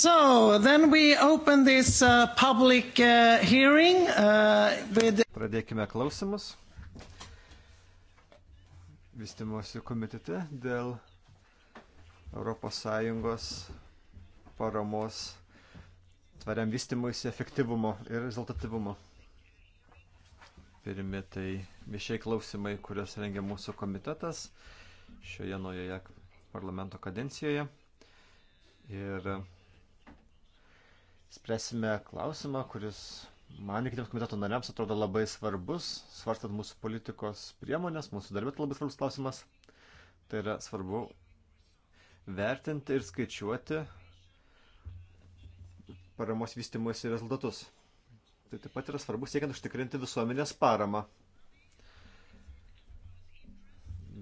So, then we open this uh, public uh, hearing uh, with... Pradėkime klausimus. Vystimuosiu komitete dėl ES paramos tvariam vystimuisi efektyvumo ir rezultatyvumo. Pirmi tai viešiai klausimai, kurias rengia mūsų komitetas šioje naujoje parlamento kadencijoje. Ir Spręsime klausimą, kuris man ir kitiems komiteto nariams atrodo labai svarbus, svarstant mūsų politikos priemonės, mūsų darbėtų labai svarbus klausimas. Tai yra svarbu vertinti ir skaičiuoti paramos vystimuose rezultatus. Tai taip pat yra svarbu siekiant užtikrinti visuomenės paramą.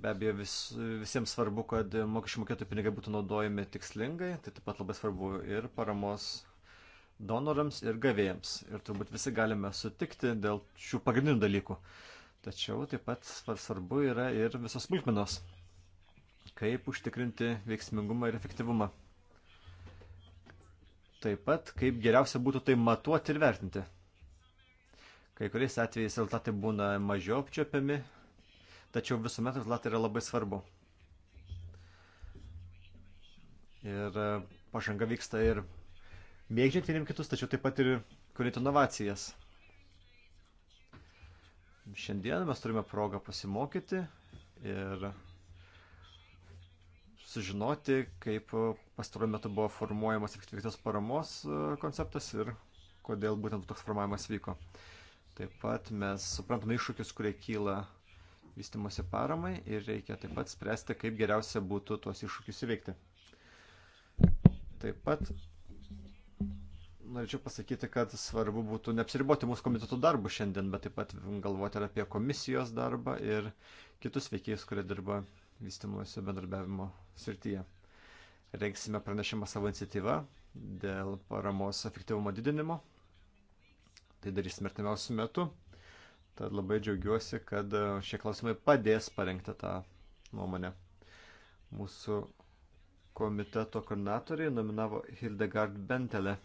Be abejo, vis, visiems svarbu, kad mokesčių mokėtojų pinigai būtų naudojami tikslingai, tai taip pat labai svarbu ir paramos donorams ir gavėjams. Ir turbūt visi galime sutikti dėl šių pagrindinių dalykų. Tačiau taip pat svarbu yra ir visos smulkmenos. Kaip užtikrinti veiksmingumą ir efektyvumą. Taip pat, kaip geriausia būtų tai matuoti ir vertinti. Kai kuriais atvejais rezultatai būna mažiau apčiopiami, tačiau visuomet rezultatai yra labai svarbu. Ir e, pažanga vyksta ir mėginti vieni kitus, tačiau taip pat ir kurėti inovacijas. Šiandien mes turime progą pasimokyti ir sužinoti, kaip pastaruoju metu buvo formuojamas efektyvios paramos e, konceptas ir kodėl būtent toks formavimas vyko. Taip pat mes suprantame iššūkius, kurie kyla vystimosi paramai ir reikia taip pat spręsti, kaip geriausia būtų tuos iššūkius įveikti. Taip pat norėčiau pasakyti, kad svarbu būtų neapsiriboti mūsų komitetų darbų šiandien, bet taip pat galvoti ir apie komisijos darbą ir kitus veikėjus, kurie dirba vystimuose bendradarbiavimo srityje. Rengsime pranešimą savo iniciatyvą dėl paramos efektyvumo didinimo. Tai darysime artimiausių metų. Tad labai džiaugiuosi, kad šie klausimai padės parengti tą nuomonę. Mūsų komiteto koordinatoriai nominavo Hildegard Bentelę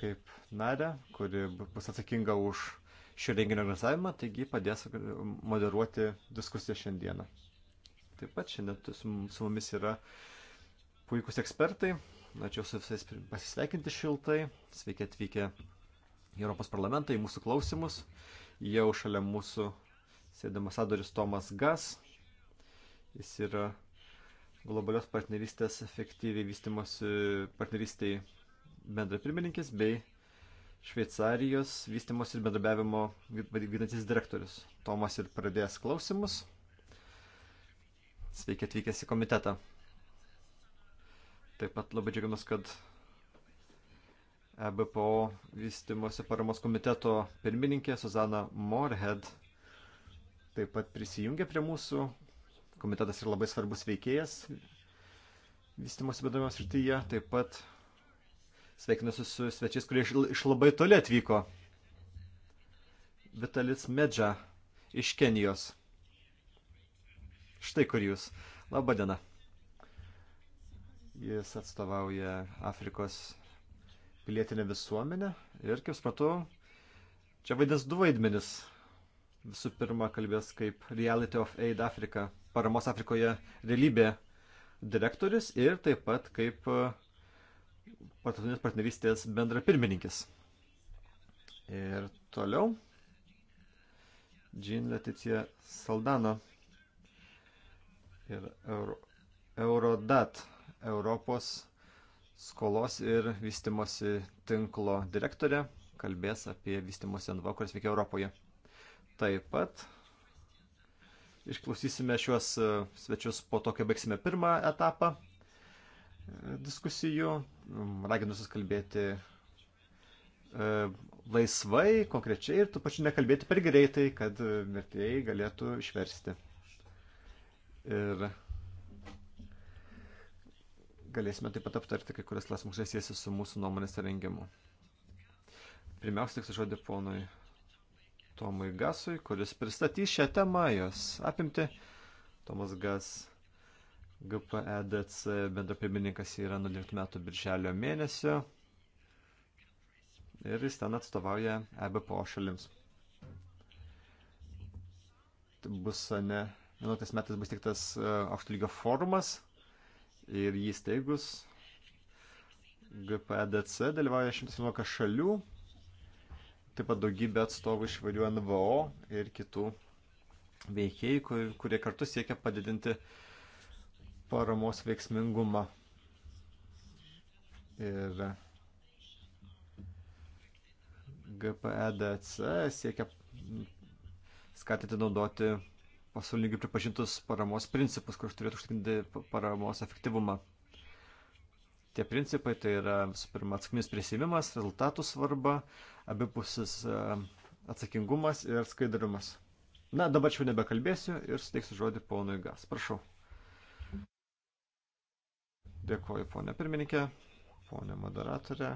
kaip narę, kuri bus atsakinga už šio renginio organizavimą, taigi padės moderuoti diskusiją šiandieną. Taip pat šiandien su mumis yra puikūs ekspertai. Norėčiau su visais pasisveikinti šiltai. Sveiki atvykę į Europos parlamentą, į mūsų klausimus. Jau šalia mūsų sėdė ambasadoris Tomas Gas. Jis yra globalios partnerystės efektyviai vystimosi partnerystėje bendrapirmininkis bei Šveicarijos vystimos ir bendrabiavimo vykdantis direktorius. Tomas ir pradės klausimus. Sveiki atvykęs į komitetą. Taip pat labai džiaugiamės, kad EBPO vystimosi paramos komiteto pirmininkė Suzana Morhead taip pat prisijungia prie mūsų. Komitetas yra labai svarbus veikėjas vystimosi bendrovėms rytyje. Taip pat sveikinuosi su svečiais, kurie iš labai toli atvyko. Vitalis Medža iš Kenijos. Štai kur jūs. Labadiena. Jis atstovauja Afrikos pilietinę visuomenę ir, kaip supratau, čia vaidins du vaidmenis. Visų pirma, kalbės kaip Reality of Aid Africa, paramos Afrikoje realybė direktorius ir taip pat kaip uh, Patatinės partnerystės bendra pirmininkis. Ir toliau. Jean Leticija Saldana ir Euro, Eurodat Europos skolos ir vystimosi tinklo direktorė kalbės apie vystimosi NVO, kuris veikia Europoje. Taip pat išklausysime šiuos svečius po to, kai baigsime pirmą etapą diskusijų, raginu visus kalbėti e, laisvai, konkrečiai ir tu pačiu nekalbėti per greitai, kad e, vertėjai galėtų išversti. Ir galėsime taip pat aptarti kai kurias klausimus susijęs su mūsų nuomonės rengimu. Pirmiausia, tik su žodį ponui Tomui Gasui, kuris pristatys šią temą, jos apimti. Tomas Gas GPEDC bendrapirmininkas yra nuo 19 metų birželio mėnesio ir jis ten atstovauja EBPO šalims. Tai bus ne, 11 metais bus tik tas e, aukšto lygio forumas ir jį steigus GPEDC dalyvauja 117 šalių, taip pat daugybė atstovų iš įvairių NVO ir kitų veikėjų, kur, kurie kartu siekia padidinti uh, paramos veiksmingumą. Ir GPEDC siekia skatinti naudoti pasaulygiai pripažintus paramos principus, kur turėtų užtikrinti paramos efektyvumą. Tie principai tai yra visų pirma atsakomybės prisėmimas, rezultatų svarba, abipusis e, atsakingumas ir skaidrumas. Na, dabar čia nebekalbėsiu ir suteiksiu žodį ponui Gas. Prašau. Dėkuoju, ponė pirmininkė, ponė moderatorė,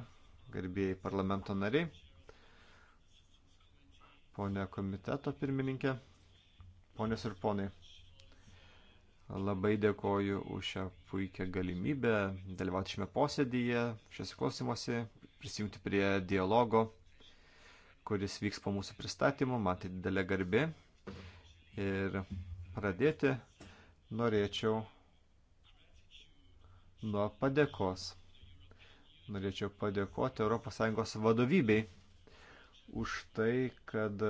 garbėjai parlamento nariai, ponė komiteto pirmininkė, ponės ir ponai. Labai dėkoju už šią puikią galimybę dalyvauti šiame posėdyje, šiuose klausimuose, prisijungti prie dialogo, kuris vyks po mūsų pristatymu, matai didelę garbį. Ir pradėti norėčiau nuo padėkos. Norėčiau padėkoti ES vadovybei už tai, kad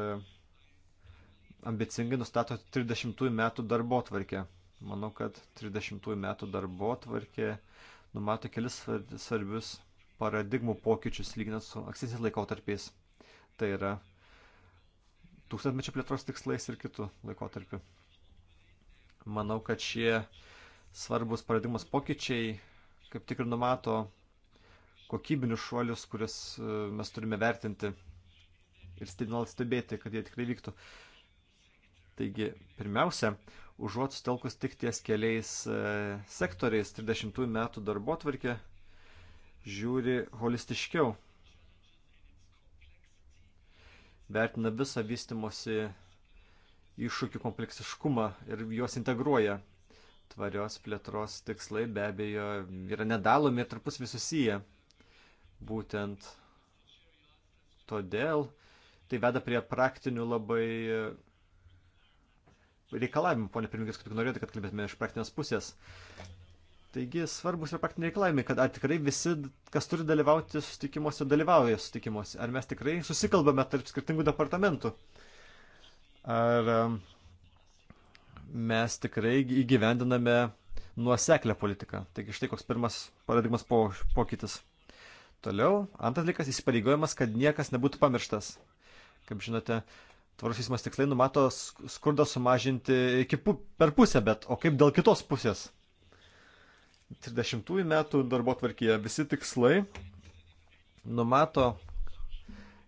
ambicingai nustato 30 metų darbo tvarkę. Manau, kad 30 metų darbo tvarkė numato kelis svarbius paradigmų pokyčius lyginant su ankstesniais laikotarpiais. Tai yra tūkstantmečio plėtros tikslais ir kitų laikotarpių. Manau, kad šie svarbus paradigmas pokyčiai kaip tik ir numato kokybinius šuolius, kuriuos e, mes turime vertinti ir nuolat stebėti, kad jie tikrai vyktų. Taigi, pirmiausia, užuot sutelkus tik ties keliais e, sektoriais 30 metų darbo tvarkė, žiūri holistiškiau, vertina visą vystimosi iššūkių kompleksiškumą ir juos integruoja tvarios plėtros tikslai be abejo yra nedalomi ir tarpusvį susiję. Būtent todėl tai veda prie praktinių labai reikalavimų. Pone pirmininkas, kad norėjote, kad kalbėtume iš praktinės pusės. Taigi svarbus yra praktiniai reikalavimai, kad ar tikrai visi, kas turi dalyvauti susitikimuose, dalyvauja susitikimuose. Ar mes tikrai susikalbame tarp skirtingų departamentų. Ar um, mes tikrai įgyvendiname nuoseklę politiką. Taigi štai koks pirmas paradigmas po, pokytis. Toliau, antras dalykas - įsipareigojimas, kad niekas nebūtų pamirštas. Kaip žinote, tvarus įsimas tikslai numato skurdą sumažinti iki pu per pusę, bet o kaip dėl kitos pusės? 30 metų darbo tvarkyje visi tikslai numato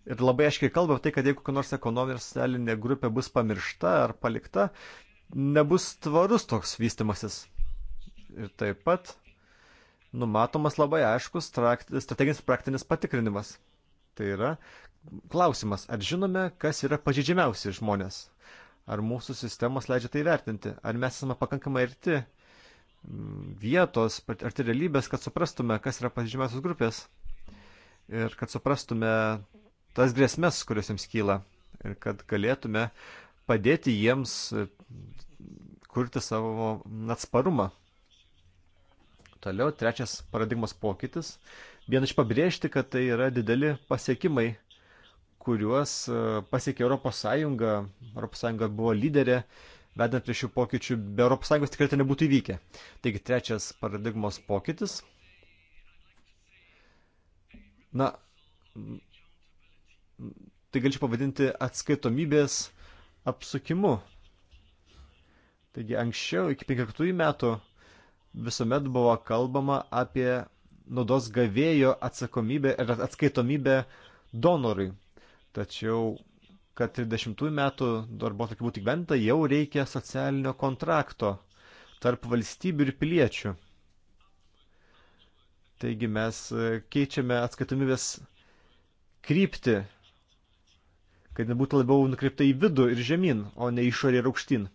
ir labai aiškiai kalba tai, kad jeigu kokia nors ekonominė ir socialinė grupė bus pamiršta ar palikta, nebus tvarus toks vystimasis. Ir taip pat numatomas labai aiškus strateginis praktinis patikrinimas. Tai yra klausimas, ar žinome, kas yra pažydžiamiausi žmonės? Ar mūsų sistemos leidžia tai vertinti? Ar mes esame pakankamai arti mm, vietos, arti realybės, kad suprastume, kas yra pažydžiamiausios grupės? Ir kad suprastume tas grėsmės, kurios jums kyla. Ir kad galėtume padėti jiems e, kurti savo atsparumą. Toliau trečias paradigmos pokytis. Vien iš pabrėžti, kad tai yra dideli pasiekimai, kuriuos e, pasiekė ES. ES buvo lyderė, vedant prie šių pokyčių, be ES tikrai tai nebūtų įvykę. Taigi trečias paradigmos pokytis. Na, tai galčiau pavadinti atskaitomybės uh, apsukimu. Taigi anksčiau, iki 15 metų, visuomet buvo kalbama apie naudos gavėjo atsakomybę ir atskaitomybę donorui. Tačiau, kad 30 metų darbo tokia būtų įgyventa, jau reikia socialinio kontrakto tarp valstybių ir piliečių. Taigi mes keičiame atskaitomybės krypti kad nebūtų labiau nukreipta į vidų ir žemyn, o ne išorį ir aukštyn.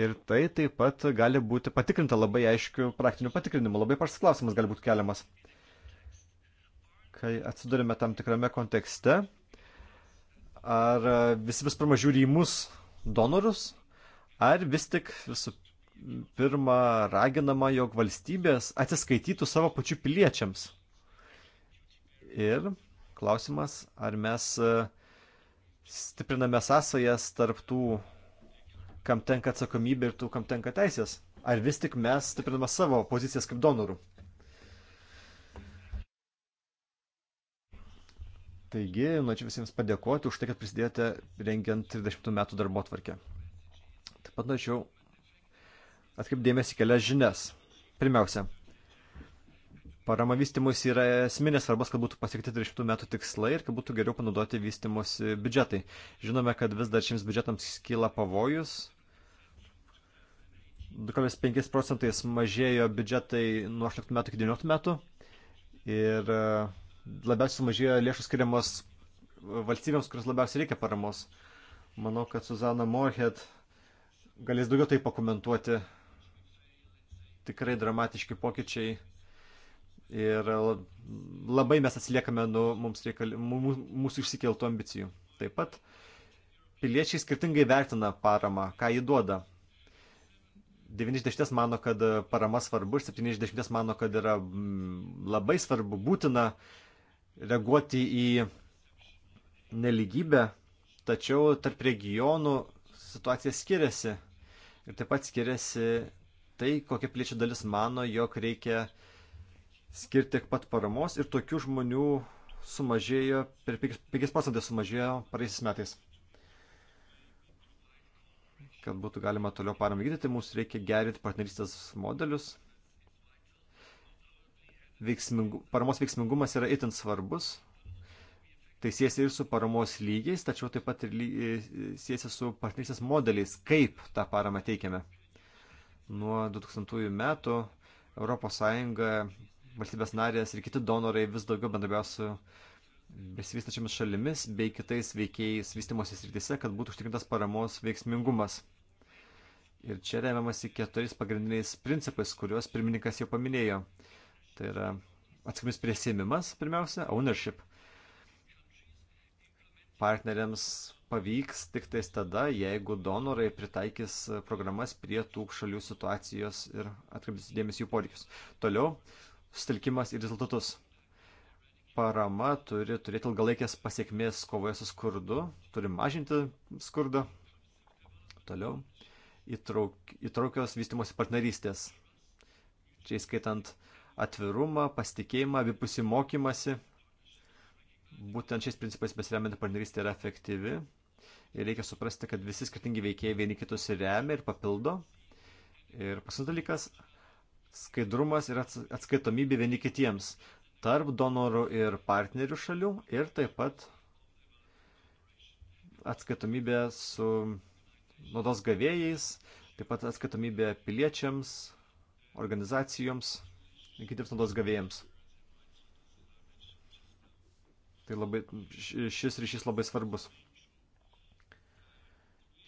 Ir tai taip pat gali būti patikrinta labai aiškiu praktiniu patikrinimu, labai paprastas klausimas gali būti keliamas. Kai atsidurime tam tikrame kontekste, ar visi vis pirma žiūri į mus donorus, ar vis tik visų pirma raginama, jog valstybės atsiskaitytų savo pačių piliečiams. Ir klausimas, ar mes uh, stipriname sąsajas tarp tų, kam tenka atsakomybė ir tų, kam tenka teisės? Ar vis tik mes stipriname savo pozicijas kaip donorų? Taigi, norėčiau visiems padėkoti už tai, kad prisidėjote rengiant 30 metų darbo tvarkę. Taip pat norėčiau atkreipdėmėsi kelias žinias. Pirmiausia, Parama vystimus yra esminės svarbos, kad būtų pasiekti 30 metų tikslai ir kad būtų geriau panaudoti vystimus biudžetai. Žinome, kad vis dar šiems biudžetams kyla pavojus. 2,5 procentais mažėjo biudžetai nuo 18 metų iki 19 metų ir e, labiausiai sumažėjo lėšų skiriamos valstybėms, kurios labiausiai reikia paramos. Manau, kad Suzana Morhead galės daugiau tai pakomentuoti. Tikrai dramatiški pokyčiai ir labai mes atsiliekame nuo mums reikali, mūsų išsikeltų ambicijų. Taip pat piliečiai skirtingai vertina paramą, ką jį duoda. 9 iš 10 mano, kad parama svarbu ir 7 iš 10 mano, kad yra mm, labai svarbu, būtina reaguoti į neligybę, tačiau tarp regionų situacija skiriasi. Ir taip pat skiriasi tai, kokia piliečių dalis mano, jog reikia uh, skirti tiek pat paramos ir tokių žmonių sumažėjo, per 5 procentai sumažėjo praeisiais metais. Kad būtų galima toliau paramą vykdyti, tai mums reikia gerinti partnerystės modelius. Veiksmingu, paramos veiksmingumas yra itin svarbus. Tai siejasi ir su paramos lygiais, tačiau taip pat ir e, siejasi su partnerystės modeliais, kaip tą paramą teikiame. Nuo 2000 metų ES valstybės narės ir kiti donorai vis daugiau bendrabiaus su besivystačiamis šalimis bei kitais veikėjais vystimosi srityse, kad būtų užtikrintas paramos veiksmingumas. Ir čia remiamasi keturiais pagrindiniais principais, kuriuos pirmininkas jau paminėjo. Tai yra atsakomis prisėmimas, pirmiausia, ownership. Partneriams pavyks tik tais tada, jeigu donorai pritaikys programas prie tų šalių situacijos ir atkreipsis dėmesį jų poreikius. Toliau, sutelkimas į rezultatus. Parama turi turėti ilgalaikės pasiekmės kovoje su skurdu, turi mažinti skurdą. Toliau įtrauk, įtraukios vystimosi partnerystės. Čia įskaitant atvirumą, pasitikėjimą, abipusį mokymasi. Būtent šiais principais besiremianti partnerystė yra efektyvi ir reikia suprasti, kad visi skirtingi veikėjai vieni kitus remia ir papildo. Ir paskutinis dalykas skaidrumas ir atskaitomybė vieni kitiems tarp donorų ir partnerių šalių ir taip pat atskaitomybė su naudos gavėjais, taip pat atskaitomybė piliečiams, organizacijoms ir kitiems naudos gavėjams. Tai labai, šis ryšys labai svarbus.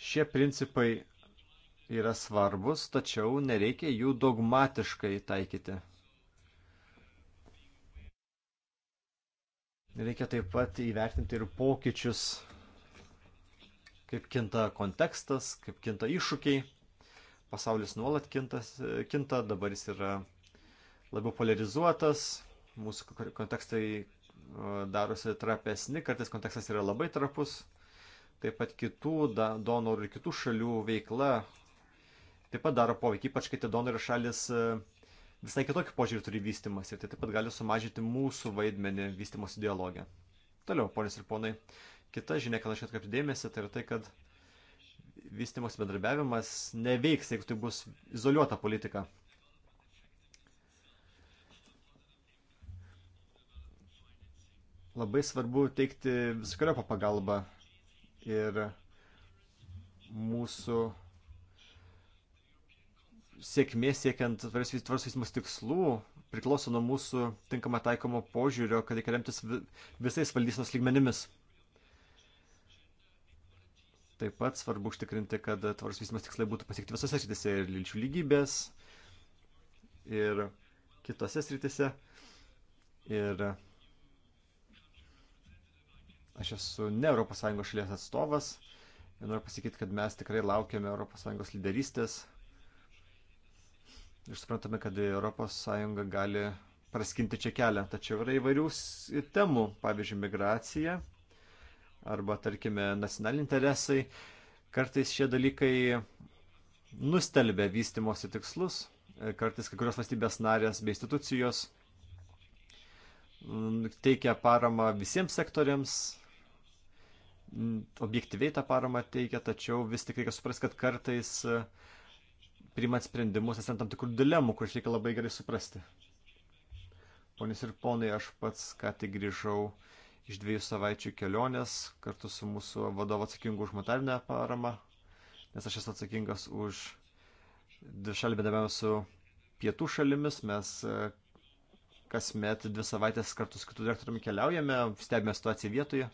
Šie principai yra svarbus, tačiau nereikia jų dogmatiškai taikyti. Reikia taip pat įvertinti ir pokyčius, kaip kinta kontekstas, kaip kinta iššūkiai. Pasaulis nuolat kintas, kinta, dabar jis yra labiau polarizuotas, mūsų kontekstai darosi trapesni, kartais kontekstas yra labai trapus. Taip pat kitų donorų ir kitų šalių veikla taip pat daro poveikį, ypač kai tie donorų šalis e, visai kitokį požiūrį turi vystimas ir tai taip pat gali sumažinti mūsų vaidmenį vystimosi dialogę. Toliau, ponės ir ponai, kita žinia, ką aš atkreipti dėmesį, tai yra tai, kad vystimos bendrabiavimas neveiks, jeigu tai bus izoliuota politika. Labai svarbu teikti visokiojo pagalbą ir mūsų sėkmė siekiant tvarios vystymosi tikslų priklauso nuo mūsų tinkamą taikomo požiūrio, kad reikia remtis visais valdysenos lygmenimis. Taip pat svarbu užtikrinti, kad tvarus vystymas tikslai būtų pasiekti visose srityse ir lyčių lygybės, ir kitose srityse. Ir aš esu ne ES šalies atstovas ir noriu pasakyti, kad mes tikrai laukiame ES lyderystės ir suprantame, kad ES gali praskinti čia kelią. Tačiau yra įvairių temų, pavyzdžiui, migracija arba, tarkime, nacionaliniai interesai. Kartais šie dalykai nustelbia vystimosi tikslus, e, kartais kai kurios valstybės narės bei institucijos mm, teikia paramą visiems sektoriams, objektyviai tą paramą teikia, tačiau vis tik reikia suprasti, kad kartais uh, priimant sprendimus, esant tam tikrų dilemų, kur reikia labai gerai suprasti. Ponis ir ponai, aš pats ką tik grįžau iš dviejų savaičių kelionės kartu su mūsų vadovu atsakingu už matarinę paramą, nes aš esu atsakingas už dvišalį bedavimą su pietų šalimis. Mes e, kasmet dvi savaitės kartu su kitų direktoriumi keliaujame, stebime situaciją vietoje.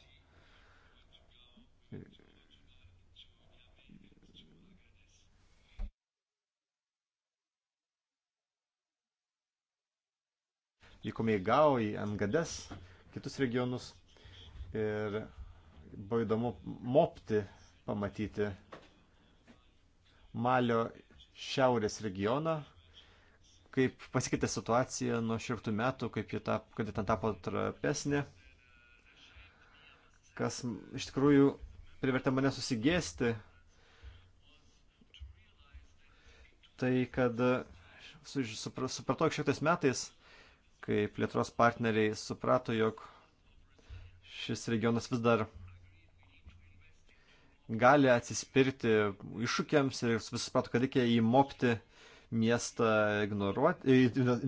į Komeigao, į Angades, kitus regionus. Ir buvo įdomu mopti, pamatyti Malio šiaurės regioną, kaip pasikeitė situacija nuo šimtų metų, kaip ji tap, kad ji ten tapo trapesnė, kas iš tikrųjų privertė mane susigėsti. Tai kad supratau, kad šiais metais kai plėtros partneriai suprato, jog šis regionas vis dar gali atsispirti iššūkiams ir vis suprato, kad reikia įmokti miestą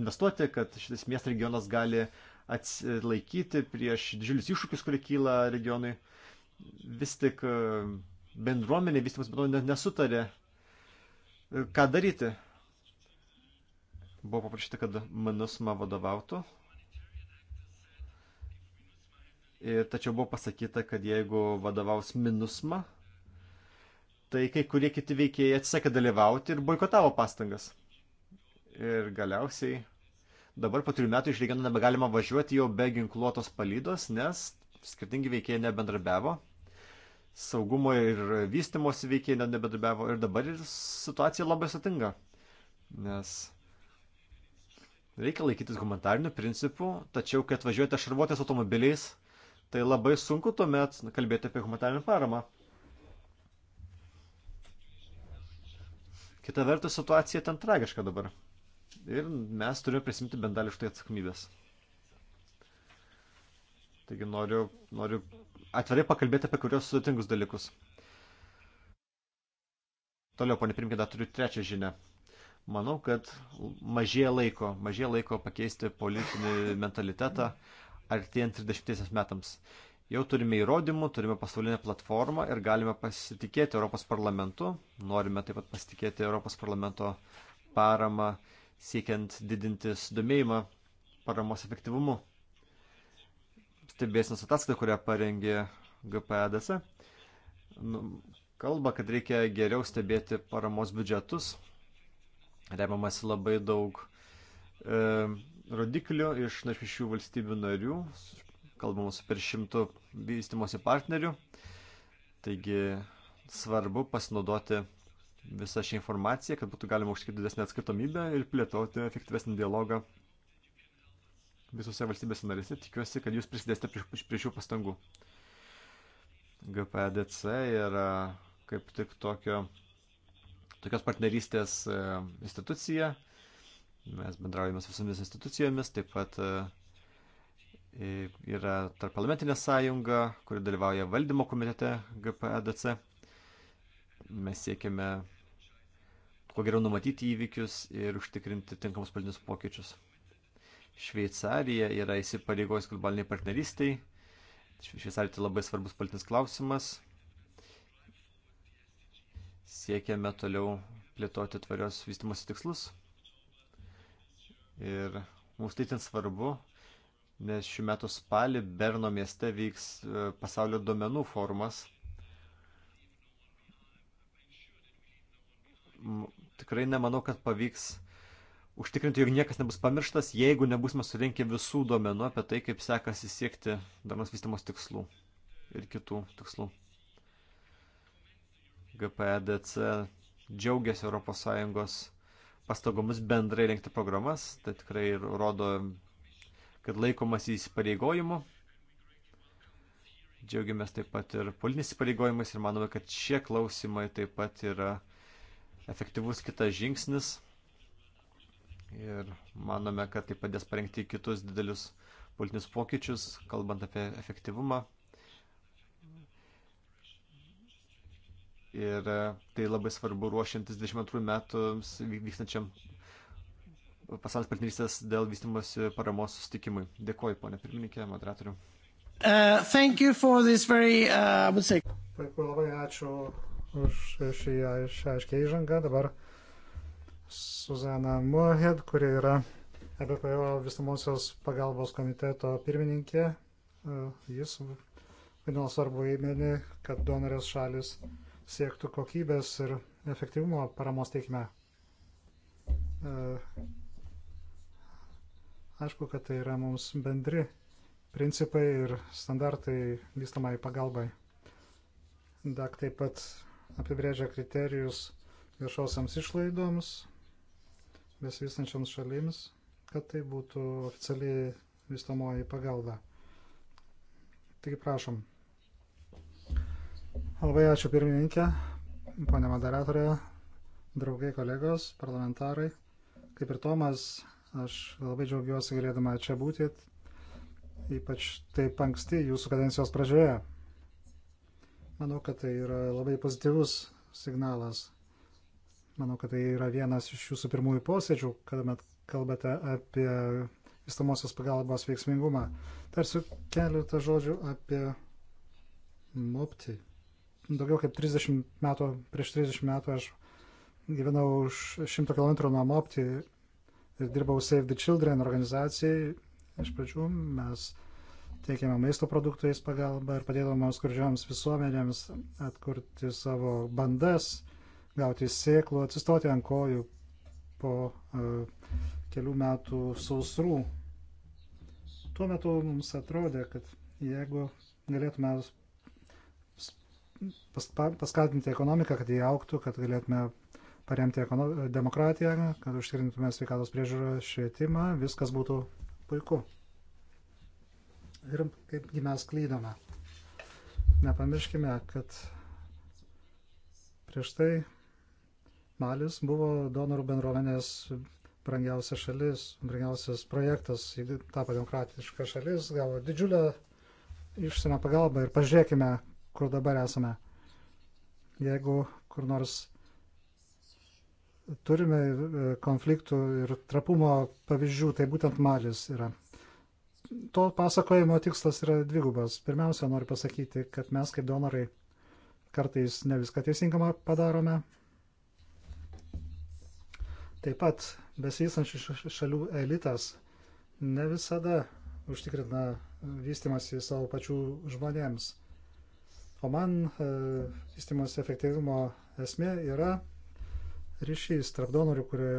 investuoti, kad šitas miestas regionas gali atsilaikyti prieš didžiulius iššūkius, kurie kyla regionui. Vis tik e, bendruomenė, vis tik bendruomenė nesutarė, e, ką daryti. Buvo paprašyta, kad MINUSMA vadovautų. Ir tačiau buvo pasakyta, kad jeigu vadovaus MINUSMA, tai kai kurie kiti veikėjai atsisakė dalyvauti ir boikotavo pastangas. Ir galiausiai dabar po trijų metų iš regiono nebegalima važiuoti jau be ginkluotos palydos, nes skirtingi veikėjai nebendrabiavo, saugumo ir vystimosi veikėjai nebendrabiavo ir dabar ir situacija labai sutinga, nes Reikia laikytis humanitarinių principų, tačiau, kai atvažiuojate šarvuotės automobiliais, tai labai sunku tuomet kalbėti apie humanitarinę paramą. Kita vertus, situacija ten tragiška dabar. Ir mes turime prisimti bent dalį iš tai atsakomybės. Taigi noriu, noriu atvirai pakalbėti apie kurios sudėtingus dalykus. Toliau, ponė Primkė, dar turiu trečią žinią. Manau, kad mažėja laiko, mažėja laiko pakeisti politinį mentalitetą artėjant 30 metams. Jau turime įrodymų, turime pasaulinę platformą ir galime pasitikėti Europos parlamentu. Norime taip pat pasitikėti Europos parlamento paramą, siekiant didinti sudomėjimą paramos efektyvumu. Stebėsinos ataskaita, kurią parengė GPADC, nu, kalba, kad reikia geriau stebėti paramos biudžetus, remiamasi labai daug e, rodiklių iš našių valstybių narių, kalbama su per šimtų vystimosi partnerių. Taigi svarbu pasinaudoti visą šią informaciją, kad būtų galima užtikrinti didesnį atskaitomybę ir plėtoti efektyvesnį dialogą visose valstybėse narėse. Tikiuosi, kad jūs prisidėsite prie, prie šių pastangų. GPDC yra kaip tik tokio tokios partnerystės e, institucija. Mes bendraujame su visomis institucijomis, taip pat e, yra tarp parlamentinė sąjunga, kuri dalyvauja valdymo komitete GPEDC. Mes siekiame kuo geriau numatyti įvykius ir užtikrinti tinkamus politinius pokyčius. Šveicarija yra įsipareigojus globaliniai partnerystiai. Šveicarija tai labai svarbus politinis klausimas siekiame toliau plėtoti tvarios vystimosi tikslus. Ir mums tai ten svarbu, nes šių metų spalį Berno mieste vyks e, pasaulio duomenų forumas. Tikrai nemanau, kad pavyks užtikrinti, jog niekas nebus pamirštas, jeigu nebusime surinkę visų duomenų apie tai, kaip sekasi siekti darnos vystimos tikslų ir kitų tikslų. GPEDC džiaugiasi ES pastagomis bendrai rengti programas, tai tikrai rodo, kad laikomas įsipareigojimu. Džiaugiamės taip pat ir politinis įsipareigojimais ir manome, kad šie klausimai taip pat yra efektyvus kitas žingsnis. Ir manome, kad tai padės parengti kitus didelius politinius pokyčius, kalbant apie efektyvumą Ir e, tai labai svarbu ruošiantis 22 metams vykstančiam pasaulis partnerystės dėl vystimosi paramos sustikimui. Dėkuoju, ponė pirmininkė, moderatoriu. Uh, very, uh, say... Puiku, labai ačiū už šį aiškiai įžangą. Dabar Suzana Mohed, kuri yra EBPO visumosios pagalbos komiteto pirmininkė. Uh, jis vaidino svarbu įmenį, kad donorės šalis uh, siektų kokybės ir efektyvumo paramos teikime. E, aišku, kad tai yra mums bendri principai ir standartai vystamai pagalbai. DAK taip pat apibrėžia kriterijus viešosiams išlaidoms besivystančioms šalims, kad tai būtų oficialiai vystamoji pagalba. Taigi prašom. Labai ačiū pirmininkė, ponė moderatorė, draugai, kolegos, parlamentarai. Kaip ir Tomas, aš labai džiaugiuosi galėdama čia būti, ypač taip anksti jūsų kadencijos pradžioje. Manau, kad tai yra labai pozityvus signalas. Manau, kad tai yra vienas iš jūsų pirmųjų posėdžių, kada kalbate apie įstamosios pagalbos veiksmingumą. Tarsiu keletą žodžių apie moptį daugiau kaip 30 metų, prieš 30 metų aš gyvenau už 100 km nuo Mopti ir dirbau Save the Children organizacijai. Iš pradžių mes teikėme maisto produktais pagalbą ir padėdavome skurdžioms visuomenėms atkurti savo bandas, gauti sėklų, atsistoti ant kojų po uh, kelių metų sausrų. Tuo metu mums atrodė, kad jeigu galėtume pas, paskatinti ekonomiką, kad jie auktų, kad galėtume paremti demokratiją, kad užtikrintume sveikatos priežiūrą, švietimą, viskas būtų puiku. Ir kaipgi mes klydome. Nepamirškime, kad prieš tai Malis buvo donorų bendruomenės brangiausia šalis, brangiausias projektas, tapo demokratiška šalis, gavo didžiulę išsienio pagalbą ir pažiūrėkime, kur dabar esame. Jeigu kur nors turime e, konfliktų ir trapumo pavyzdžių, tai būtent Malis yra. To pasakojimo tikslas yra dvigubas. Pirmiausia, noriu pasakyti, kad mes kaip donorai kartais ne viską teisingamą padarome. Taip pat besivystančių šalių elitas ne visada užtikrina vystimasi savo pačių žmonėms. O man e, vystimos efektyvumo esmė yra ryšys tarp donorių, kurie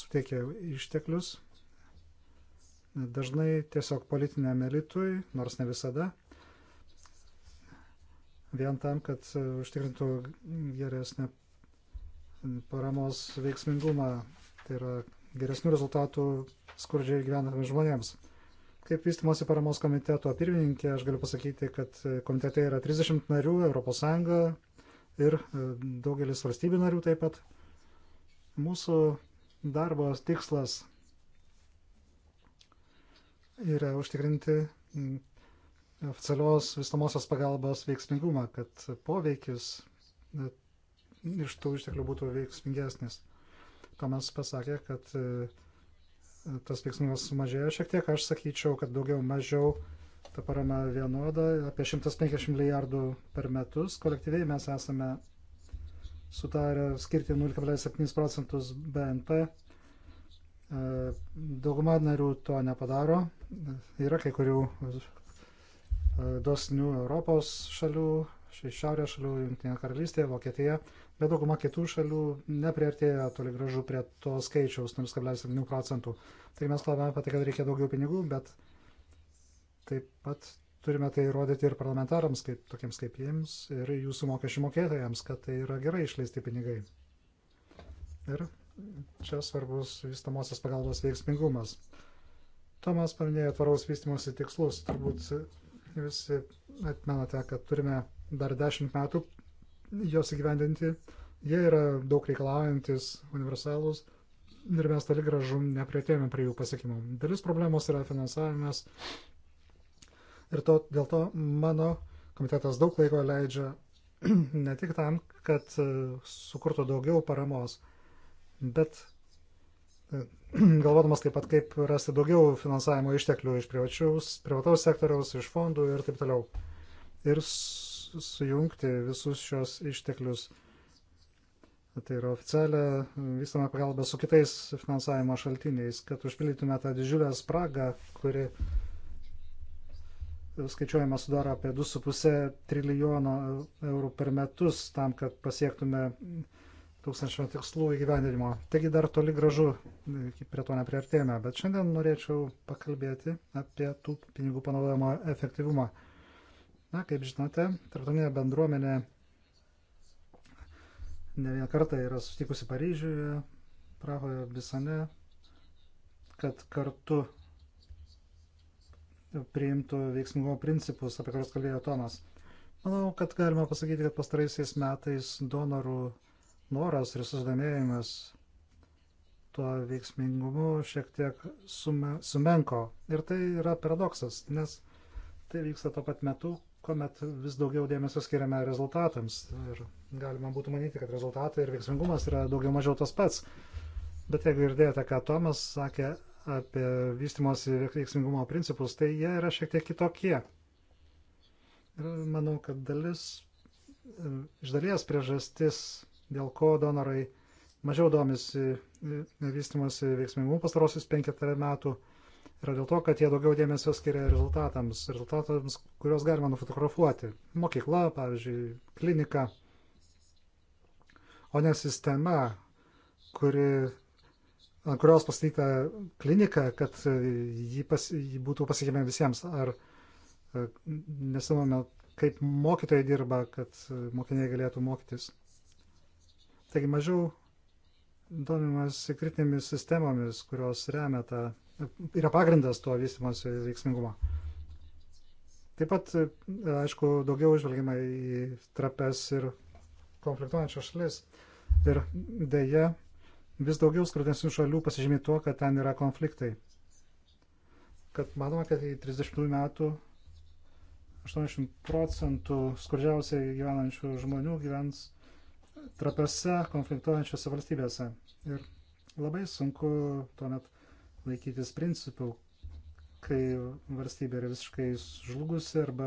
suteikia išteklius, dažnai tiesiog politiniam elitui, nors ne visada, vien tam, kad užtikrintų geresnę paramos veiksmingumą, tai yra geresnių rezultatų skurdžiai gyvenantiems žmonėms. Kaip vystimosi paramos komiteto pirmininkė, aš galiu pasakyti, kad e, komitete yra 30 narių, ES ir e, daugelis valstybių narių taip pat. Mūsų darbo tikslas yra užtikrinti oficialios vystamosios pagalbos veiksmingumą, kad poveikis e, iš tų išteklių būtų veiksmingesnis. Tomas pasakė, kad tas veiksmas sumažėjo šiek tiek. Aš sakyčiau, kad daugiau mažiau ta parama vienoda, apie 150 milijardų per metus. Kolektyviai mes esame sutarę skirti 0,7 procentus BNP. E, dauguma narių to nepadaro. Yra kai kurių e, dosnių Europos šalių, šiaurės šalių, Junktinė karalystė, Vokietija, bet dauguma kitų šalių nepriartėjo toli gražu prie to skaičiaus 0,7 procentų. Tai mes kalbame apie tai, kad reikia daugiau pinigų, bet taip pat turime tai rodyti ir parlamentarams, kaip, tokiems kaip jiems, ir jūsų mokesčių mokėtojams, kad tai yra gerai išleisti pinigai. Ir čia svarbus vystamosios pagalbos veiksmingumas. Tomas paminėjo tvaraus vystimosi tikslus. Turbūt visi atmenate, kad turime dar dešimt metų jos įgyvendinti. Jie yra daug reikalaujantis, universalūs ir mes toli gražu neprietėjome prie jų pasiekimų. Dalis problemos yra finansavimas ir to, dėl to mano komitetas daug laiko leidžia ne tik tam, kad e, sukurtų daugiau paramos, bet e, galvodamas taip pat, kaip rasti daugiau finansavimo išteklių iš privačiaus, privataus sektoriaus, iš fondų ir taip toliau. Ir sujungti visus šios išteklius. Tai yra oficialią vystamą pagalbą su kitais finansavimo šaltiniais, kad užpildytume tą didžiulę spragą, kuri skaičiuojama sudaro apie 2,5 trilijono eurų per metus tam, kad pasiektume tūkstančio tikslų įgyvendinimo. Taigi dar toli gražu, prie to nepriartėjome, bet šiandien norėčiau pakalbėti apie tų pinigų panaudojimo efektyvumą. Na, kaip žinote, tarptautinė bendruomenė ne vieną kartą yra sustikusi Paryžiuje, Prahoje, Bisane, kad kartu priimtų veiksmingumo principus, apie kuriuos kalbėjo Tomas. Manau, kad galima pasakyti, kad pastaraisiais metais donorų noras ir susidomėjimas tuo veiksmingumu šiek tiek sume, sumenko. Ir tai yra paradoksas, nes tai vyksta tuo pat metu, kuomet vis daugiau dėmesio skiriame rezultatams. Ir galima būtų manyti, kad rezultatai ir veiksmingumas yra daugiau mažiau tas pats. Bet jeigu girdėjote, ką Tomas sakė apie vystimosi veiksmingumo principus, tai jie yra šiek tiek kitokie. Ir manau, kad dalis, iš dalies priežastis, dėl ko donorai mažiau domisi vystimosi veiksmingumu pastarosius penketą metų, yra dėl to, kad jie daugiau dėmesio skiria rezultatams, rezultatams, kuriuos galima nufotografuoti. Mokykla, pavyzdžiui, klinika, o ne sistema, kuri, ant kurios pastatyta klinika, kad ji, pas, ji būtų pasiekime visiems. Ar e, nesimame, kaip mokytojai dirba, kad e, mokiniai galėtų mokytis. Taigi mažiau domimas kritinėmis sistemomis, kurios remia tą yra pagrindas to vystimosi veiksmingumo. Taip pat, aišku, daugiau žvelgiama į trapes ir konfliktuojančias šalis. Ir dėja, vis daugiau skurdesnių šalių pasižymė tuo, kad ten yra konfliktai. Kad manoma, kad į 30 metų 80 procentų skurdžiausiai gyvenančių žmonių gyvens trapiose konfliktuojančiose valstybėse. Ir labai sunku tuomet laikytis principų, kai valstybė yra visiškai žlugusi arba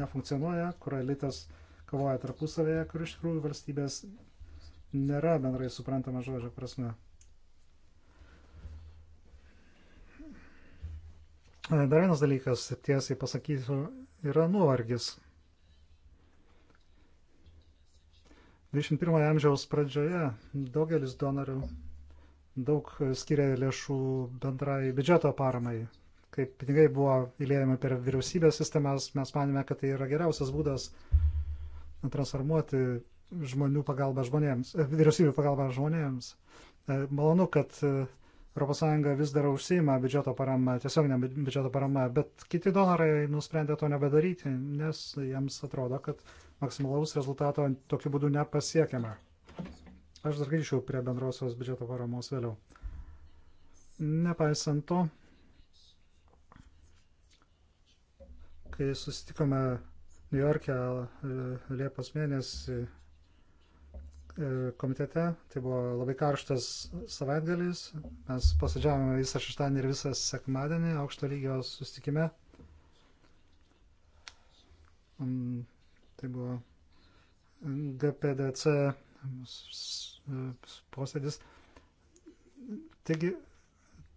nefunkcionuoja, kur elitas kovoja tarpusavėje, kur iš tikrųjų valstybės nėra bendrai suprantama žodžio prasme. Dar vienas dalykas, tiesiai pasakysiu, yra nuovargis. 21 amžiaus pradžioje daugelis donorių daug skiria lėšų bendrai biudžeto paramai. Kaip pinigai buvo įlėjami per vyriausybės sistemas, mes manėme, kad tai yra geriausias būdas transformuoti žmonių pagalbą žmonėms, eh, vyriausybių pagalbą žmonėms. Eh, malonu, kad ES eh, vis dar užsima biudžeto parama, tiesiog ne biudžeto parama, bet kiti donorai nusprendė to nebedaryti, nes jiems atrodo, kad maksimalaus rezultato tokiu būdu nepasiekiama. Aš dar grįšiu prie bendrosios biudžeto paramos vėliau. Nepaisant to, kai susitikome New York'e e, Liepos mėnesį e, komitete, tai buvo labai karštas savaitgalis, mes posėdžiavome visą šeštadienį ir visą sekmadienį aukšto lygio susitikime. Mm, tai buvo GPDC posėdis. Taigi,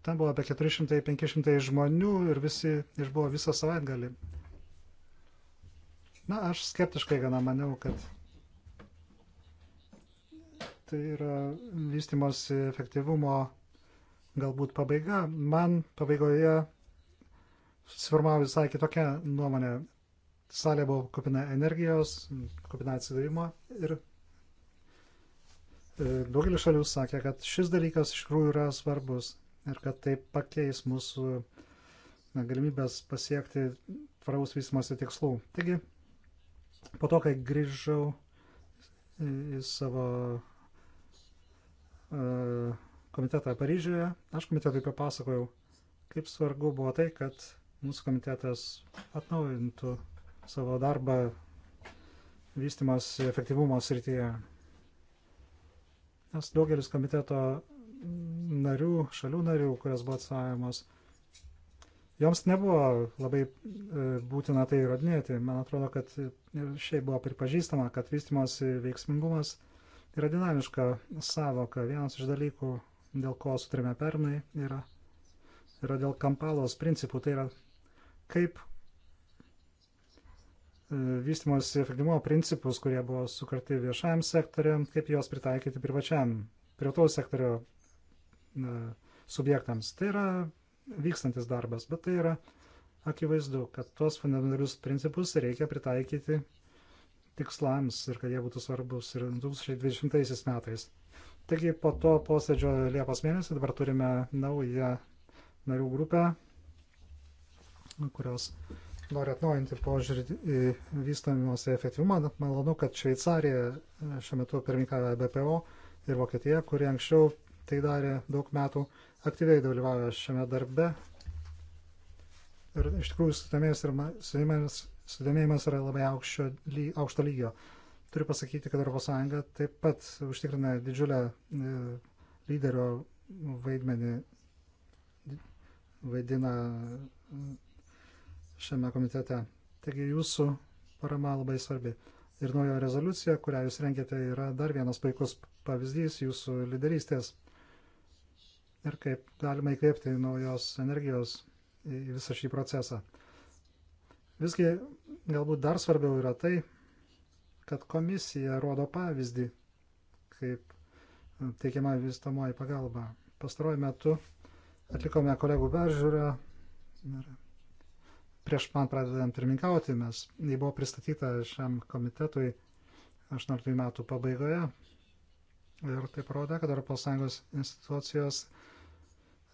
ten buvo apie 400-500 žmonių ir visi išbuvo visą savaitgalį. Na, aš skeptiškai gana maniau, kad tai yra vystimosi efektyvumo galbūt pabaiga. Man pabaigoje susiformavo visai kitokia nuomonė. Salė buvo kupina energijos, kupina atsidavimo ir E, daugelis šalių sakė, kad šis dalykas iš tikrųjų yra svarbus ir kad tai pakeis mūsų na, galimybės pasiekti tvaraus vystimosi tikslų. Taigi, po to, kai grįžau į savo uh, komitetą Paryžiuje, aš komitetui papasakojau, kaip svarbu buvo tai, kad mūsų komitetas atnaujintų savo darbą vystimos efektyvumo srityje nes daugelis komiteto narių, šalių narių, kurios buvo atstovavimos, joms nebuvo labai e, būtina tai įrodinėti. Man atrodo, kad ir šiaip buvo pripažįstama, kad vystimosi veiksmingumas yra dinamiška savoka. Vienas iš dalykų, dėl ko sutrėmė pernai, yra, yra dėl kampalos principų. Tai yra, kaip E, vystimosi efektyvumo principus, kurie buvo sukurti viešajam sektoriam, kaip juos pritaikyti privačiam, privataus sektorio e, subjektams. Tai yra vykstantis darbas, bet tai yra akivaizdu, kad tuos fundamentalius principus reikia pritaikyti tikslams ir kad jie būtų svarbus ir 2020 metais. Taigi po to posėdžio Liepos mėnesį dabar turime naują narių grupę, kurios nori atnaujinti požiūrį į vystomimuose efektyvumą. Malonu, kad Šveicarija e, šiuo metu pirmininkavę BPO ir Vokietija, kurie anksčiau tai darė daug metų, aktyviai dalyvauja šiame darbe. Ir iš tikrųjų sudomėjimas yra labai aukščio, aukšto lygio. Turiu pasakyti, kad ES taip pat užtikrina didžiulę e, lyderio vaidmenį, vaidina šiame komitete. Taigi jūsų parama labai svarbi. Ir naujo rezoliucija, kurią jūs renkite, yra dar vienas puikus pavyzdys jūsų lyderystės ir kaip galima įkvėpti naujos energijos į visą šį procesą. Visgi galbūt dar svarbiau yra tai, kad komisija rodo pavyzdį, kaip e, teikiama vystamoji pagalba. Pastaruoju metu atlikome kolegų peržiūrą ir prieš man pradedant pirmininkauti, mes jį buvo pristatyta šiam komitetui 18 metų pabaigoje. Ir tai parodė, kad ES institucijos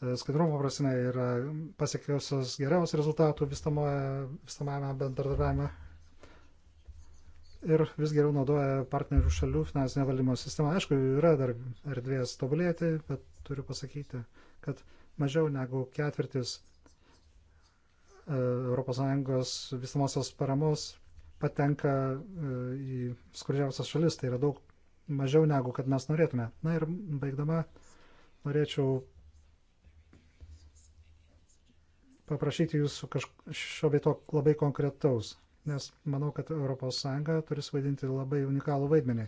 e, skaidrumo prasme yra pasiekiausios geriausių rezultatų vystamajame bendradarbiavime ir vis geriau naudoja partnerių šalių finansinio valdymo sistemą. Aišku, yra dar erdvės tobulėti, bet turiu pasakyti, kad mažiau negu ketvirtis ES visumosios paramos patenka e, į skurdžiausias šalis, tai yra daug mažiau negu kad mes norėtume. Na ir baigdama, norėčiau paprašyti jūsų kažko vieto labai konkretaus, nes manau, kad ES turi suvaidinti labai unikalų vaidmenį.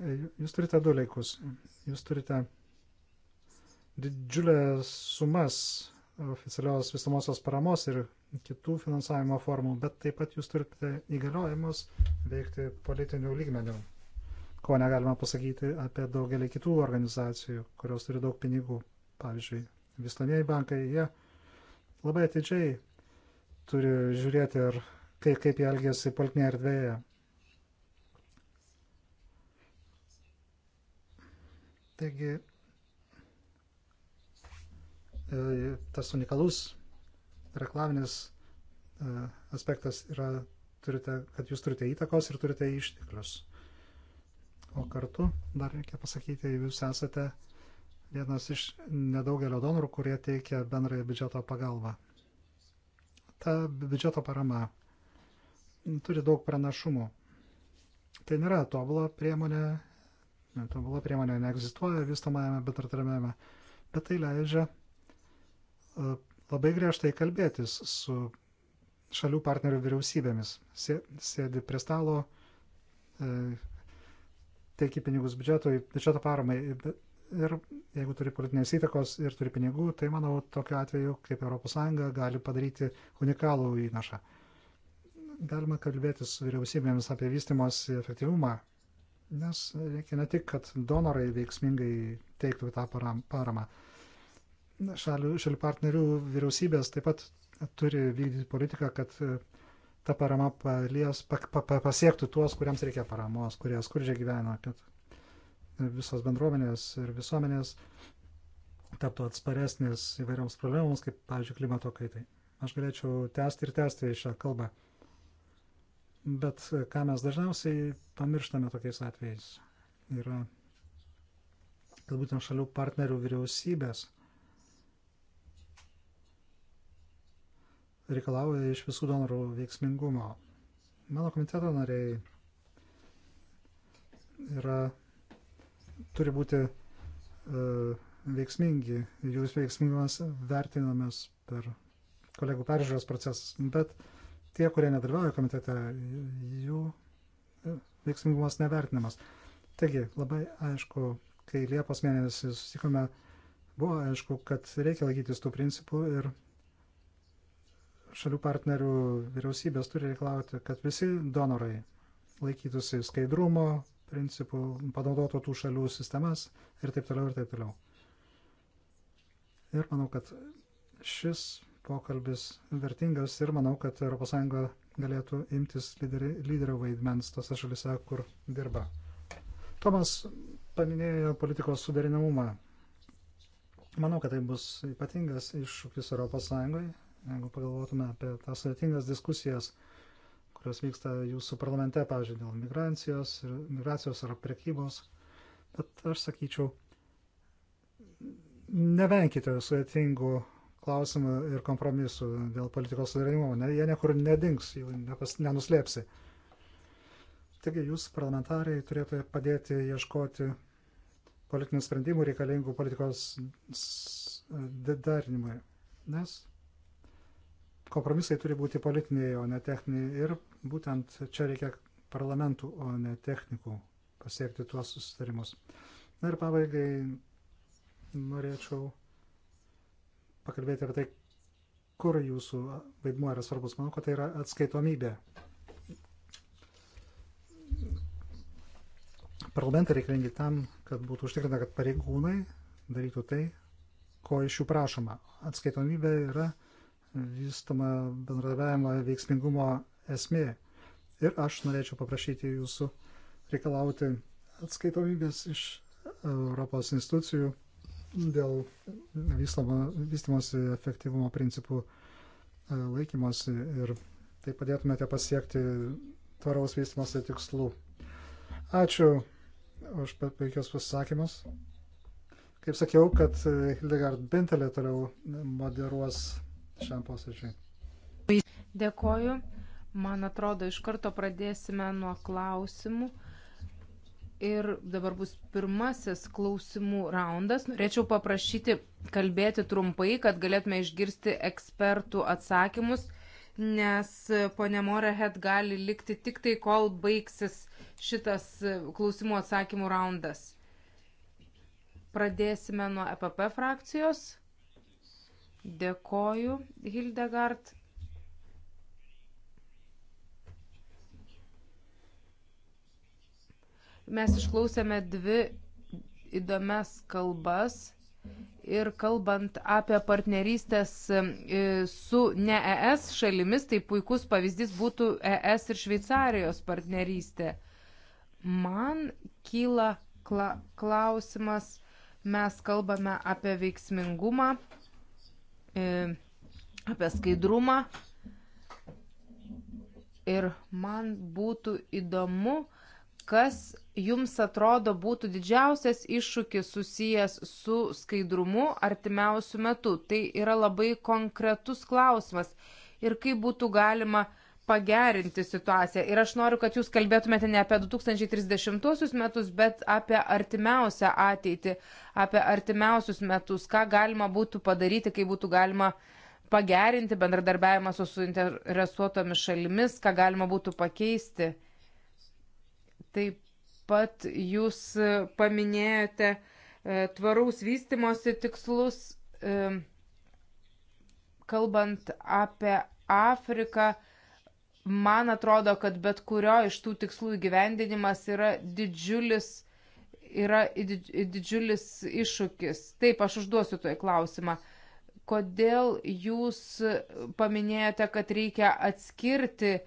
E, jūs turite du laikus. Jūs turite didžiulės sumas oficialios visumosios paramos ir kitų finansavimo formų, bet taip pat jūs turite įgaliojimus veikti politinių lygmenių, ko negalima pasakyti apie daugelį kitų organizacijų, kurios turi daug pinigų. Pavyzdžiui, visuomieji bankai, jie labai atidžiai turi žiūrėti, ar kaip, kaip jie elgėsi politinėje erdvėje. Taigi, E, tas unikalus reklaminis e, aspektas yra, turite, kad jūs turite įtakos ir turite išteklius. O kartu dar reikia pasakyti, jūs esate vienas iš nedaugelio donorų, kurie teikia bendrąją biudžeto pagalbą. Ta biudžeto parama turi daug pranašumų. Tai nėra tobula priemonė, tobula priemonė neegzistuoja vystamajame bendratarmėme, bet tai leidžia labai griežtai kalbėtis su šalių partnerių vyriausybėmis. Sėdi prie stalo, e, teiki pinigus biudžetui, biudžeto paramai. Ir jeigu turi politinės įtakos ir turi pinigų, tai manau, tokiu atveju kaip ES gali padaryti unikalų įnašą. Galima kalbėti su vyriausybėmis apie vystimos efektyvumą, nes reikia ne tik, kad donorai veiksmingai teiktų tą paramą, šalių, šalių partnerių vyriausybės taip pat turi vykdyti politiką, kad e, ta parama palies, pa, pa, pa, pasiektų tuos, kuriems reikia paramos, kurie skurdžiai gyvena, kad visos bendruomenės ir visuomenės taptų atsparesnės įvairioms problemams, kaip, pavyzdžiui, klimato kaitai. Aš galėčiau tęsti ir tęsti šią kalbą. Bet e, ką mes dažniausiai pamirštame tokiais atvejais, yra, kad būtent šalių partnerių vyriausybės reikalauja iš visų donorų veiksmingumo. Mano komiteto nariai yra, turi būti uh, veiksmingi, jūs veiksmingumas vertinamas per kolegų peržiūros procesas, bet tie, kurie nedalyvauja komitete, jų e, veiksmingumas nevertinamas. Taigi, labai aišku, kai Liepos mėnesį susitikome, buvo aišku, kad reikia laikytis tų principų ir šalių partnerių vyriausybės turi reikalauti, kad visi donorai laikytųsi skaidrumo principų, panaudotų tų šalių sistemas ir taip toliau ir taip toliau. Ir manau, kad šis pokalbis vertingas ir manau, kad ES galėtų imtis lyderio vaidmens tose šalise, kur dirba. Tomas paminėjo politikos suderinamumą. Manau, kad tai bus ypatingas iššūkis ES jeigu pagalvotume apie tas sudėtingas diskusijas, kurios vyksta jūsų parlamente, pavyzdžiui, dėl migracijos, migracijos ar prekybos. Bet aš sakyčiau, nevenkite sudėtingų klausimų ir kompromisų dėl politikos sudarinimo. Ne, jie niekur nedings, jų nepas, nenuslėpsi. Taigi jūs, parlamentarai, turėtų padėti ieškoti politinių sprendimų reikalingų politikos darinimui. Nes kompromisai turi būti politiniai, o ne techniniai. Ir būtent čia reikia parlamentų, o ne technikų pasiekti tuos susitarimus. Na ir pabaigai norėčiau pakalbėti apie tai, kur jūsų vaidmuo yra svarbus. Manau, kad tai yra atskaitomybė. Parlamentai reikalingi tam, kad būtų užtikrinta, kad pareigūnai darytų tai, ko iš jų prašoma. Atskaitomybė yra vystoma bendradarbiavimo veiksmingumo esmė. Ir aš norėčiau paprašyti jūsų reikalauti atskaitomybės iš Europos institucijų dėl vystimosi efektyvumo principų e, laikymosi ir tai padėtumėte pasiekti tvaraus vystimosi tikslų. Ačiū už puikius pasisakymus. Kaip sakiau, kad Hildegard Bentelė toliau moderuos šiam posėdžiui. Dėkoju. Man atrodo, iš karto pradėsime nuo klausimų. Ir dabar bus pirmasis klausimų raundas. Norėčiau paprašyti kalbėti trumpai, kad galėtume išgirsti ekspertų atsakymus, nes ponė Morehead gali likti tik tai, kol baigsis šitas klausimų atsakymų raundas. Pradėsime nuo EPP frakcijos. Dėkoju, Hildegard. Mes išklausėme dvi įdomias kalbas ir kalbant apie partnerystės e, su ne ES šalimis, tai puikus pavyzdys būtų ES ir Šveicarijos partnerystė. Man kyla kla klausimas, mes kalbame apie veiksmingumą, E, apie skaidrumą. Ir man būtų įdomu, kas jums atrodo būtų didžiausias iššūkis susijęs su skaidrumu artimiausių metų. Tai yra labai konkretus klausimas. Ir kaip būtų galima uh, pagerinti situaciją. Ir aš noriu, kad jūs kalbėtumėte ne apie 2030 metus, bet apie artimiausią ateitį, apie artimiausius metus, ką galima būtų padaryti, kaip būtų galima pagerinti bendradarbiavimą su suinteresuotomis šalimis, ką galima būtų pakeisti. Taip pat jūs e, paminėjote e, tvaraus vystimosi tikslus, e, kalbant apie Afriką, e, man atrodo, kad bet kurio iš tų tikslų įgyvendinimas yra didžiulis, yra didžiulis iššūkis. Taip, aš užduosiu toj klausimą. Kodėl jūs paminėjote, kad reikia atskirti e,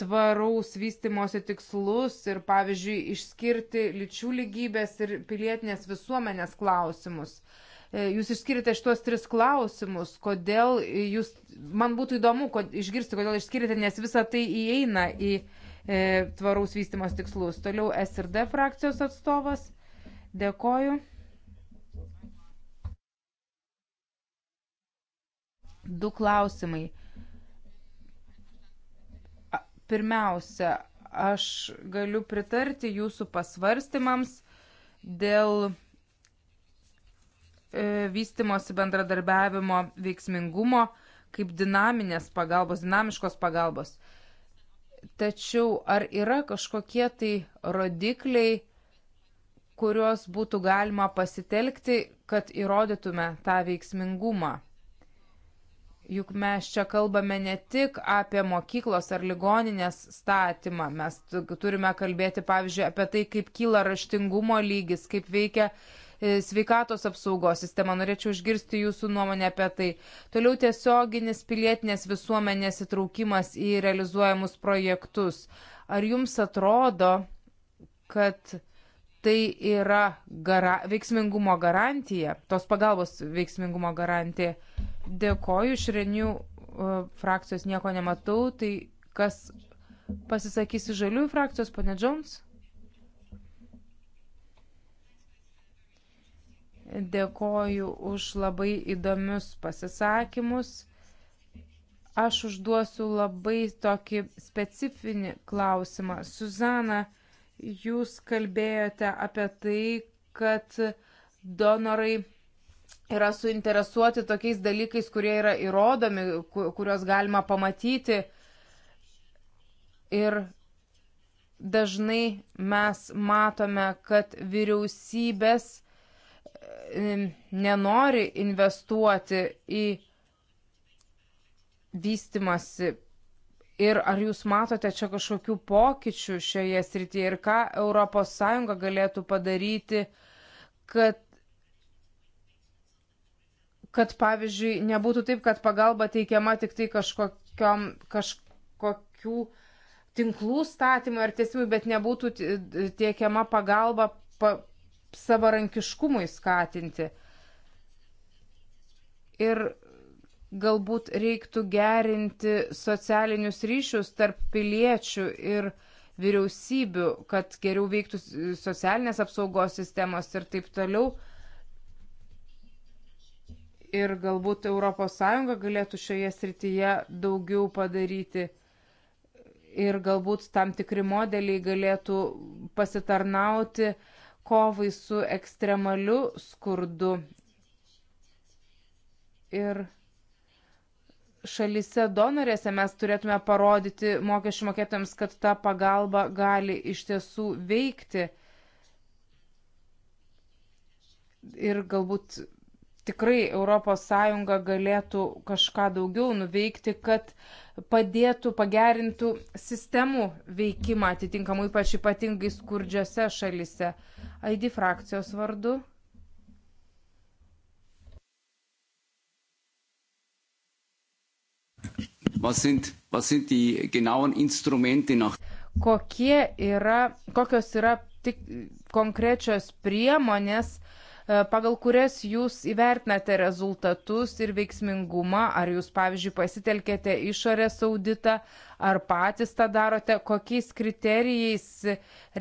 tvaraus vystimosi tikslus ir, pavyzdžiui, išskirti lyčių lygybės ir pilietinės visuomenės klausimus? Uh, E, jūs išskirite šitos tris klausimus, kodėl jūs, man būtų įdomu kod, išgirsti, kodėl išskirite, nes visa tai įeina į e, tvaraus vystimos tikslus. Toliau SRD frakcijos atstovas, dėkoju. Du klausimai. Pirmiausia, aš galiu pritarti jūsų pasvarstymams dėl E, vystimosi bendradarbiavimo veiksmingumo kaip dinaminės pagalbos, dinamiškos pagalbos. Tačiau ar yra kažkokie tai rodikliai, kuriuos būtų galima pasitelkti, kad įrodytume tą veiksmingumą? Juk mes čia kalbame ne tik apie mokyklos ar ligoninės statymą, mes turime kalbėti, pavyzdžiui, apie tai, kaip kyla raštingumo lygis, kaip veikia uh, E, sveikatos apsaugos sistemą. Norėčiau išgirsti jūsų nuomonę apie tai. Toliau tiesioginis pilietinės visuomenės įtraukimas į realizuojamus projektus. Ar jums atrodo, kad tai yra gara, veiksmingumo garantija, tos pagalbos veiksmingumo garantija? Dėkoju, iš Renių e, frakcijos nieko nematau, tai kas pasisakys iš žaliųjų frakcijos, ponė Džons? Dėkoju už labai įdomius pasisakymus. Aš užduosiu labai tokį specifinį klausimą. Suzana, jūs kalbėjote apie tai, kad donorai yra suinteresuoti tokiais dalykais, kurie yra įrodomi, kuriuos galima pamatyti. Ir dažnai mes matome, kad vyriausybės nenori investuoti į vystimasi. Ir ar jūs matote čia kažkokių pokyčių šioje srityje ir ką ES galėtų padaryti, kad, kad pavyzdžiui, nebūtų taip, kad pagalba teikiama tik tai kažkokiam, kažkokių tinklų statymui ar tiesimui, bet nebūtų tiekiama pagalba pa, savarankiškumui skatinti. Ir galbūt reiktų gerinti socialinius ryšius tarp piliečių ir vyriausybių, kad geriau veiktų socialinės apsaugos sistemos ir taip toliau. Ir galbūt ES galėtų šioje srityje daugiau padaryti. Ir galbūt tam tikri modeliai galėtų pasitarnauti uh, kovai su ekstremaliu skurdu ir šalise donorėse mes turėtume parodyti mokesčių mokėtams, kad ta pagalba gali iš tiesų veikti. Ir galbūt tikrai ES galėtų kažką daugiau nuveikti, kad padėtų, pagerintų sistemų veikimą atitinkamų, ypač ypatingai skurdžiose šalise. ID frakcijos vardu. Was sind, was sind die genauen Instrumente nach? Kokie yra, kokios yra tik konkrečios priemonės, uh, E, pagal kurias jūs įvertinate rezultatus ir veiksmingumą, ar jūs, pavyzdžiui, pasitelkėte išorės auditą, ar patys tą darote, kokiais kriterijais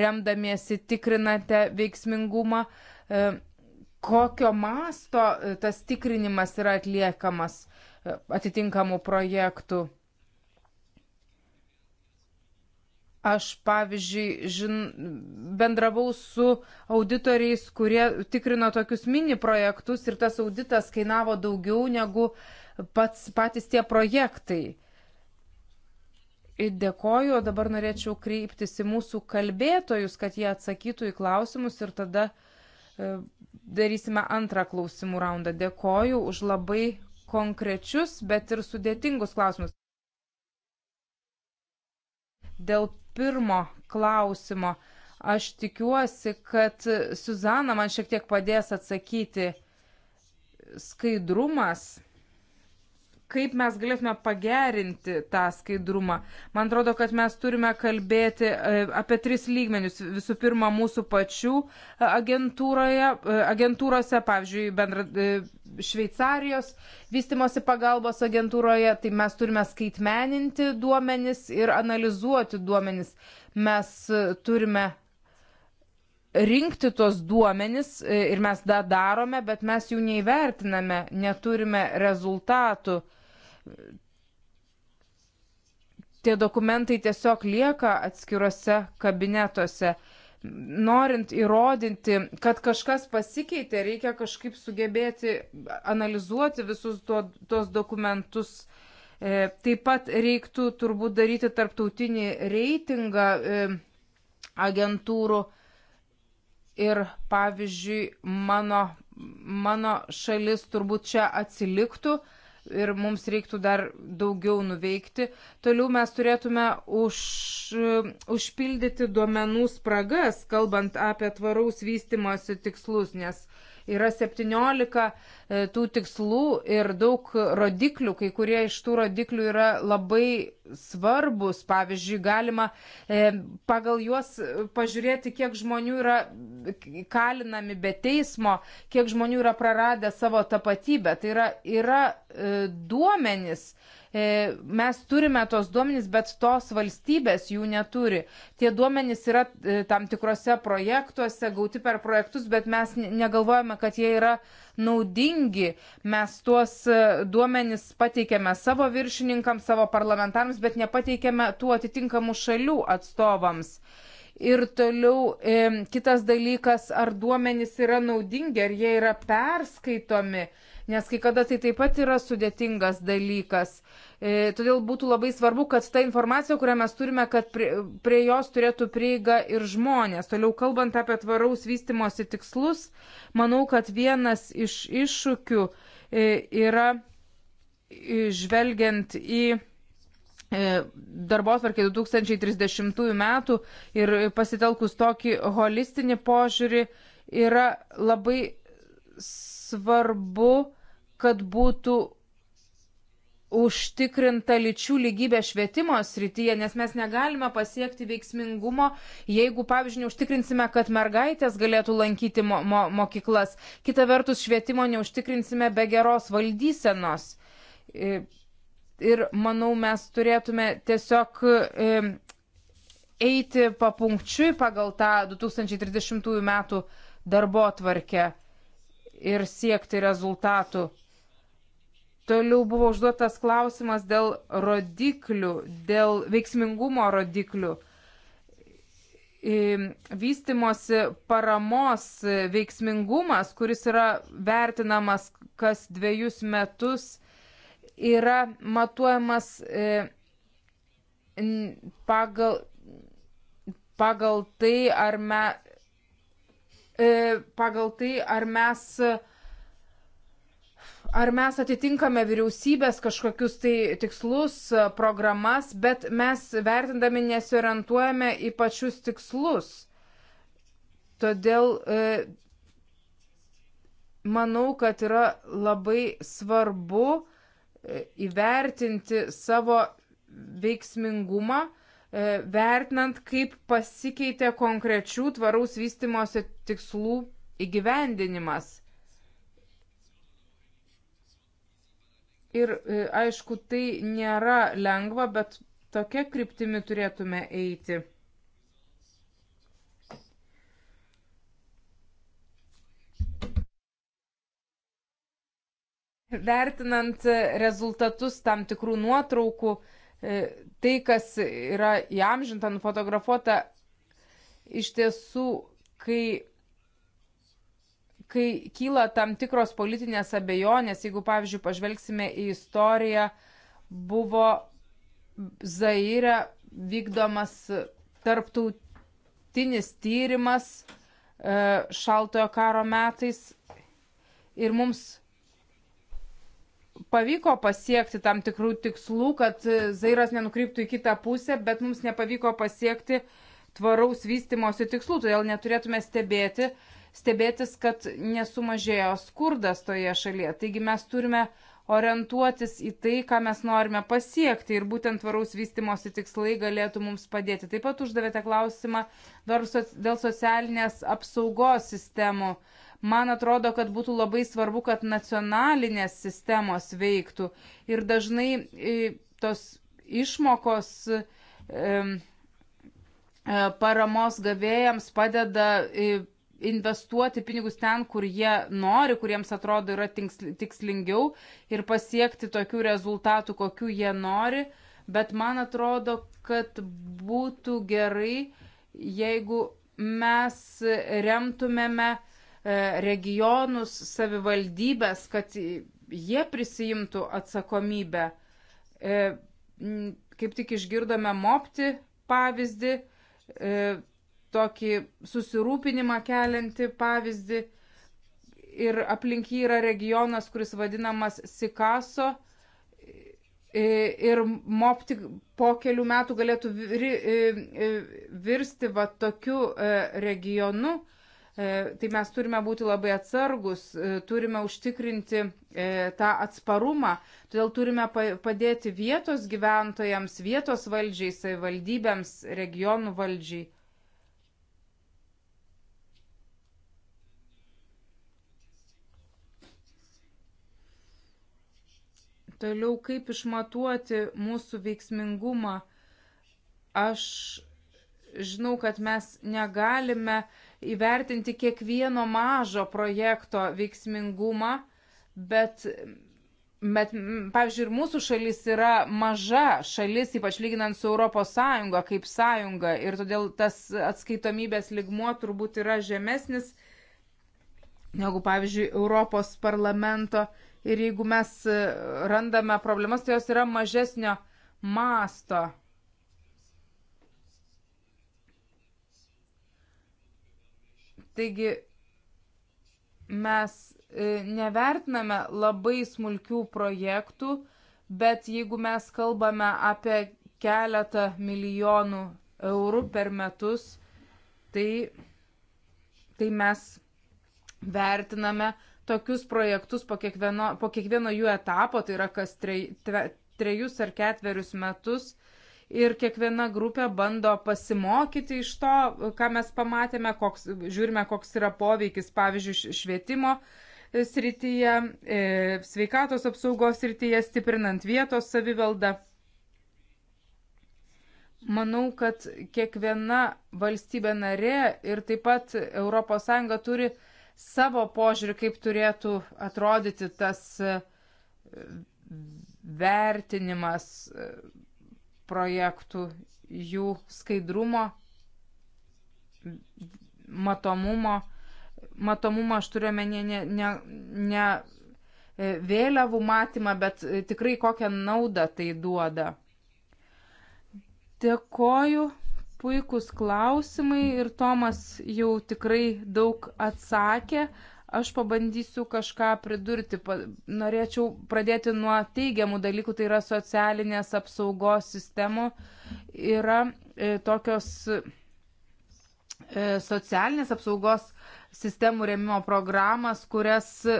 remdamiesi tikrinate veiksmingumą, e, kokio masto e, tas tikrinimas yra atliekamas atitinkamų projektų. Aš, pavyzdžiui, žin, bendravau su auditoriais, kurie tikrino tokius mini projektus ir tas auditas kainavo daugiau negu pats, patys tie projektai. Ir dėkoju, o dabar norėčiau kreiptis į mūsų kalbėtojus, kad jie atsakytų į klausimus ir tada e, darysime antrą klausimų raundą. Dėkoju už labai konkrečius, bet ir sudėtingus klausimus. Dėl pirmo klausimo aš tikiuosi, kad Suzana man šiek tiek padės atsakyti. Skaidrumas kaip mes galėtume pagerinti tą skaidrumą. Man atrodo, kad mes turime kalbėti e, apie tris lygmenius. Visų pirma, mūsų pačių e, e, agentūrose, pavyzdžiui, bendra, Šveicarijos vystimosi pagalbos agentūroje, tai mes turime skaitmeninti duomenis ir analizuoti duomenis. Mes turime rinkti tos duomenis ir mes tą darome, bet mes jų neįvertiname, neturime rezultatų. Uh, tie dokumentai tiesiog lieka atskiruose kabinetuose. Norint įrodinti, kad kažkas pasikeitė, reikia kažkaip sugebėti analizuoti visus to, tos dokumentus. E, taip pat reiktų turbūt daryti tarptautinį reitingą e, agentūrų. Ir pavyzdžiui, mano, mano šalis turbūt čia atsiliktų, e, ir mums reiktų dar daugiau nuveikti. Toliau mes turėtume už, užpildyti duomenų spragas, kalbant apie tvaraus vystimosi tikslus, nes Yra 17 e, tų tikslų ir daug rodiklių, kai kurie iš tų rodiklių yra labai svarbus. Pavyzdžiui, galima e, pagal juos pažiūrėti, kiek žmonių yra kalinami be teismo, kiek žmonių yra praradę savo tapatybę. Tai yra, yra e, duomenys E, mes turime tos duomenys, bet tos valstybės jų neturi. Tie duomenys yra e, tam tikrose projektuose, gauti per projektus, bet mes negalvojame, kad jie yra naudingi. Mes tuos e, duomenys pateikėme savo viršininkams, savo parlamentarams, bet nepateikėme tų atitinkamų šalių atstovams. Ir toliau e, kitas dalykas, ar duomenys yra naudingi, ar jie yra perskaitomi. E, nes kai kada tai taip pat yra sudėtingas dalykas. E, todėl būtų labai svarbu, kad ta informacija, kurią mes turime, kad prie, prie jos turėtų prieiga ir žmonės. Toliau kalbant apie tvaraus vystimosi tikslus, manau, kad vienas iš iššūkių e, yra e, žvelgiant į darbos varkė 2030 metų ir pasitelkus tokį holistinį požiūrį yra labai svarbu kad būtų užtikrinta lyčių lygybė švietimo srityje, nes mes negalime pasiekti veiksmingumo, jeigu, pavyzdžiui, neužtikrinsime, kad mergaitės galėtų lankyti mo mo mokyklas. Kita vertus, švietimo neužtikrinsime be geros valdysenos. E, ir manau, mes turėtume tiesiog e, eiti papunkčiui pagal tą 2030 metų darbo tvarkę ir siekti rezultatų. Toliau buvo užduotas klausimas dėl rodiklių, dėl veiksmingumo rodiklių. Vystimosi paramos veiksmingumas, kuris yra vertinamas kas dviejus metus, yra matuojamas e, pagal, pagal tai, ar me, e, pagal tai, ar mes ar mes atitinkame vyriausybės kažkokius tai tikslus, programas, bet mes vertindami nesiorientuojame į pačius tikslus. Todėl e, manau, kad yra labai svarbu e, įvertinti savo veiksmingumą, e, vertinant, kaip pasikeitė konkrečių tvaraus vystimosi tikslų įgyvendinimas. Ir e, aišku, tai nėra lengva, bet tokia kryptimi turėtume eiti. Vertinant rezultatus tam tikrų nuotraukų, e, tai, kas yra įamžinta, nufotografuota, iš tiesų, kai kai kyla tam tikros politinės abejonės, jeigu, pavyzdžiui, pažvelgsime į istoriją, buvo Zaire vykdomas tarptautinis tyrimas e, šaltojo karo metais ir mums pavyko pasiekti tam tikrų tikslų, kad Zairas nenukryptų į kitą pusę, bet mums nepavyko pasiekti tvaraus vystimosi tikslų, todėl neturėtume stebėti, uh, stebėtis, kad nesumažėjo skurdas toje šalyje. Taigi mes turime orientuotis į tai, ką mes norime pasiekti ir būtent tvaraus vystimosi tikslai galėtų mums padėti. Taip pat uždavėte klausimą dėl socialinės apsaugos sistemų. Man atrodo, kad būtų labai svarbu, kad nacionalinės sistemos veiktų ir dažnai e, tos išmokos e, e, paramos gavėjams padeda investuoti pinigus ten, kur jie nori, kuriems atrodo yra tikslingiau ir pasiekti tokių rezultatų, kokių jie nori. Bet man atrodo, kad būtų gerai, jeigu mes remtumėme e, regionus, savivaldybės, kad jie prisijimtų atsakomybę. E, kaip tik išgirdome mopti pavyzdį, e, tokį susirūpinimą keliantį pavyzdį. Ir aplink jį yra regionas, kuris vadinamas Sikaso. Ir mopti po kelių metų galėtų virsti va tokiu e, regionu. E, tai mes turime būti labai atsargus, e, turime užtikrinti tą atsparumą, todėl turime padėti vietos gyventojams, vietos valdžiai, savivaldybėms, regionų valdžiai. Toliau, kaip išmatuoti mūsų veiksmingumą. Aš žinau, kad mes negalime įvertinti kiekvieno mažo projekto veiksmingumą, bet Bet, pavyzdžiui, ir mūsų šalis yra maža šalis, ypač lyginant su ES kaip sąjunga, ir todėl tas atskaitomybės ligmuo turbūt yra žemesnis negu, pavyzdžiui, Europos parlamento ir jeigu mes e, randame problemas, tai jos yra mažesnio masto. Taigi mes e, nevertiname labai smulkių projektų, bet jeigu mes kalbame apie keletą milijonų eurų per metus, tai, tai mes vertiname tokius projektus po kiekvieno, po kiekvieno jų etapo, tai yra kas trej, tve, trejus ar ketverius metus. Ir kiekviena grupė bando pasimokyti iš to, ką mes pamatėme, koks, žiūrime, koks yra poveikis, pavyzdžiui, švietimo e, srityje, e, sveikatos apsaugos srityje, stiprinant vietos savivaldą. Manau, kad kiekviena valstybė narė ir taip pat ES turi uh, savo požiūrį, kaip turėtų atrodyti tas e, vertinimas e, projektų, jų skaidrumo, matomumo. Matomumą aš turiu menį ne, ne, ne e, vėliavų matymą, bet tikrai kokią naudą tai duoda. Dėkoju puikūs klausimai ir Tomas jau tikrai daug atsakė. Aš pabandysiu kažką pridurti. Norėčiau pradėti nuo teigiamų dalykų, tai yra socialinės apsaugos sistemų. Yra e, tokios e, socialinės apsaugos sistemų remimo programas, kurias e,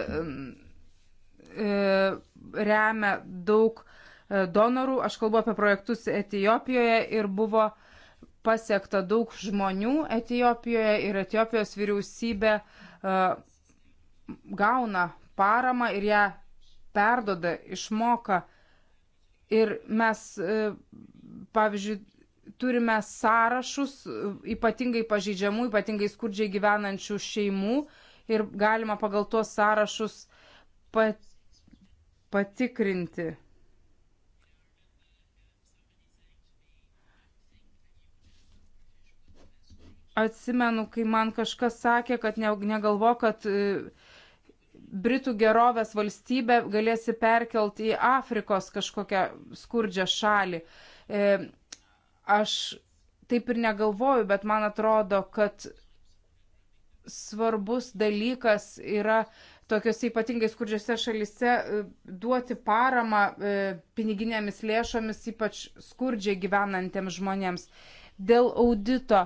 remia daug e, donorų. Aš kalbu apie projektus Etijopijoje ir buvo e, pasiekta daug žmonių Etijopijoje ir Etijopijos vyriausybė e, gauna paramą ir ją perdoda, išmoka. Ir mes, e, pavyzdžiui, turime sąrašus e, ypatingai pažeidžiamų, ypatingai skurdžiai gyvenančių šeimų ir galima pagal tuos sąrašus pat, patikrinti. atsimenu, kai man kažkas sakė, kad ne, negalvo, kad e, Britų gerovės valstybė galėsi perkelti į Afrikos kažkokią skurdžią šalį. E, aš taip ir negalvoju, bet man atrodo, kad svarbus dalykas yra tokiuose ypatingai skurdžiose šalise e, duoti paramą piniginėmis lėšomis ypač skurdžiai gyvenantiems žmonėms. Dėl audito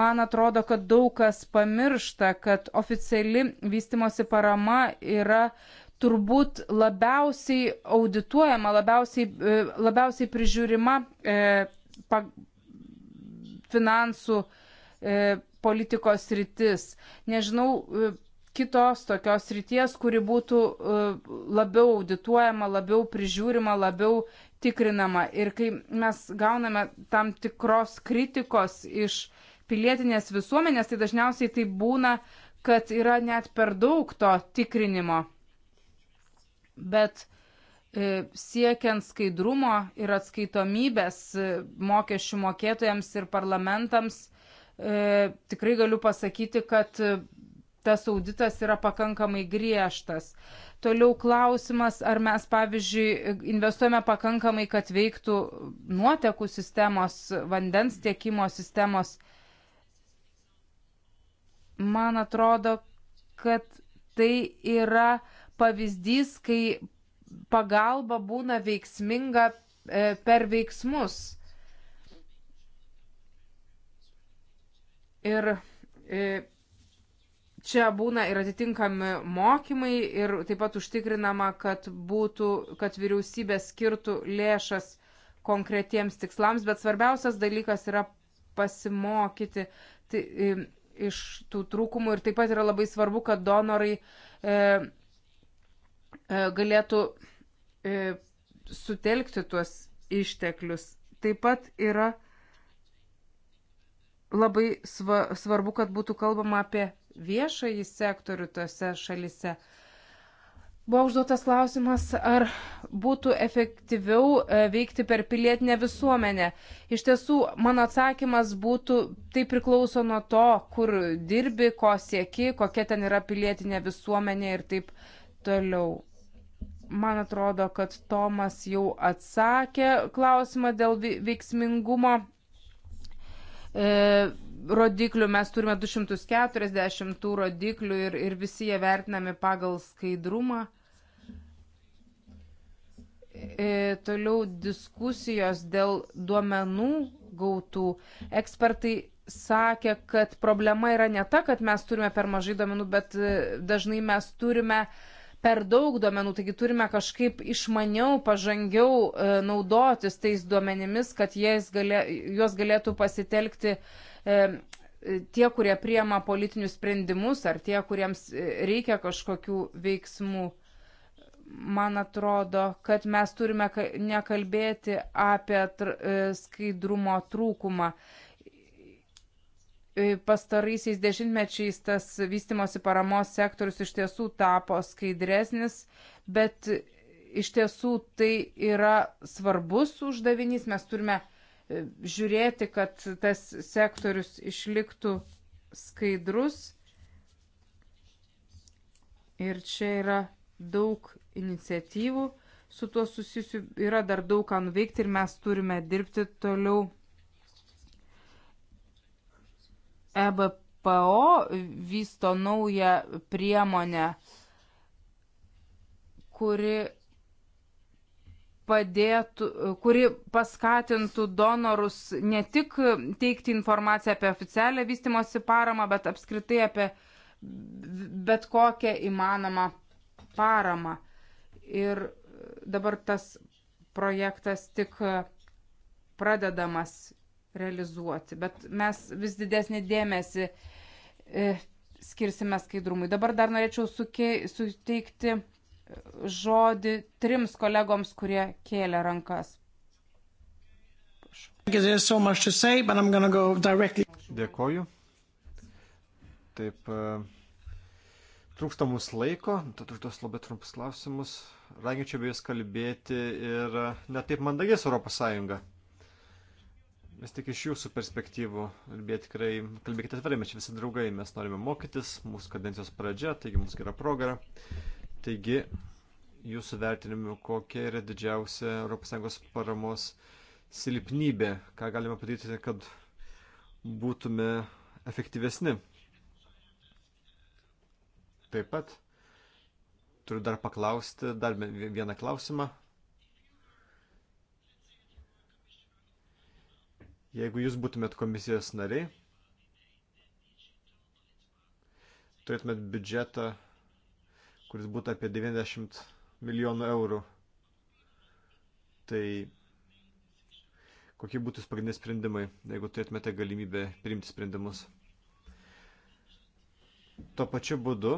man atrodo, kad daug kas pamiršta, kad oficiali vystimosi parama yra turbūt labiausiai audituojama, labiausiai, e, labiausiai prižiūrima e, pa, finansų e, politikos rytis. Nežinau, e, kitos tokios ryties, kuri būtų e, labiau audituojama, labiau prižiūrima, labiau tikrinama. Ir kai mes gauname tam tikros kritikos iš pilietinės visuomenės, tai dažniausiai tai būna, kad yra net per daug to tikrinimo. Bet e, siekiant skaidrumo ir atskaitomybės e, mokesčių mokėtojams ir parlamentams, e, tikrai galiu pasakyti, kad tas auditas yra pakankamai griežtas. Toliau klausimas, ar mes, pavyzdžiui, investuojame pakankamai, kad veiktų nuotekų sistemos, vandens tiekimo sistemos. Man atrodo, kad tai yra pavyzdys, kai pagalba būna veiksminga e, per veiksmus. Ir e, Čia būna ir atitinkami mokymai ir taip pat užtikrinama, kad, būtų, kad vyriausybė skirtų lėšas konkretiems tikslams, bet svarbiausias dalykas yra pasimokyti tai, iš tų trūkumų ir taip pat yra labai svarbu, kad donorai e, e, galėtų e, sutelkti tuos išteklius. Taip pat yra labai sva, svarbu, kad būtų kalbama apie viešąjį sektorių tose šalise. Buvo užduotas klausimas, ar būtų efektyviau e, veikti per pilietinę visuomenę. Iš tiesų, mano atsakymas būtų, tai priklauso nuo to, kur dirbi, ko sieki, kokia ten yra pilietinė visuomenė ir taip toliau. Man atrodo, kad Tomas jau atsakė klausimą dėl veiksmingumo. E, rodiklių, mes turime 240 tų rodiklių ir, ir visi jie vertinami pagal skaidrumą. E, toliau diskusijos dėl duomenų gautų. Ekspertai sakė, kad problema yra ne ta, kad mes turime per mažai duomenų, bet e, dažnai mes turime per daug duomenų, taigi turime kažkaip išmaniau, pažangiau e, naudotis tais duomenimis, kad galė, juos galėtų pasitelkti uh, E, tie, kurie priema politinius sprendimus ar tie, kuriems e, reikia kažkokių veiksmų. Man atrodo, kad mes turime nekalbėti apie e, skaidrumo trūkumą. Pastaraisiais dešimtmečiais tas vystimosi paramos sektorius iš tiesų tapo skaidresnis, bet iš tiesų tai yra svarbus uždavinys. Mes turime uh, žiūrėti, kad tas sektorius išliktų skaidrus. Ir čia yra daug iniciatyvų su tuo susijusiu, yra dar daug ką nuveikti ir mes turime dirbti toliau. EBPO vysto naują priemonę, kuri padėtų, kuri paskatintų donorus ne tik teikti informaciją apie oficialią vystimosi paramą, bet apskritai apie bet kokią įmanomą paramą. Ir dabar tas projektas tik pradedamas realizuoti, bet mes vis didesnį dėmesį e, skirsime skaidrumui. Dabar dar norėčiau suke, suteikti žodį trims kolegoms, kurie kėlė rankas. Dėkoju. Taip, e, trūksta mums laiko, tad už tos labai trumpus klausimus. Raginčiau beje kalbėti ir e, netaip mandagės Europos Sąjunga. Vis tik iš jūsų perspektyvų, bet tikrai kalbėkite atvirai, mes čia visi draugai, mes norime mokytis, mūsų kadencijos pradžia, taigi mums gera proga. Yra. Taigi, jūsų vertinimu, kokia yra didžiausia ES paramos silpnybė, ką galime padaryti, kad būtume efektyvesni. Taip pat turiu dar paklausti, dar vieną klausimą. Jeigu jūs būtumėt komisijos nariai, turėtumėt biudžetą kuris būtų apie 90 milijonų eurų. Tai kokie būtų pagrindiniai sprendimai, jeigu turėtumėte galimybę priimti sprendimus. Tuo pačiu būdu,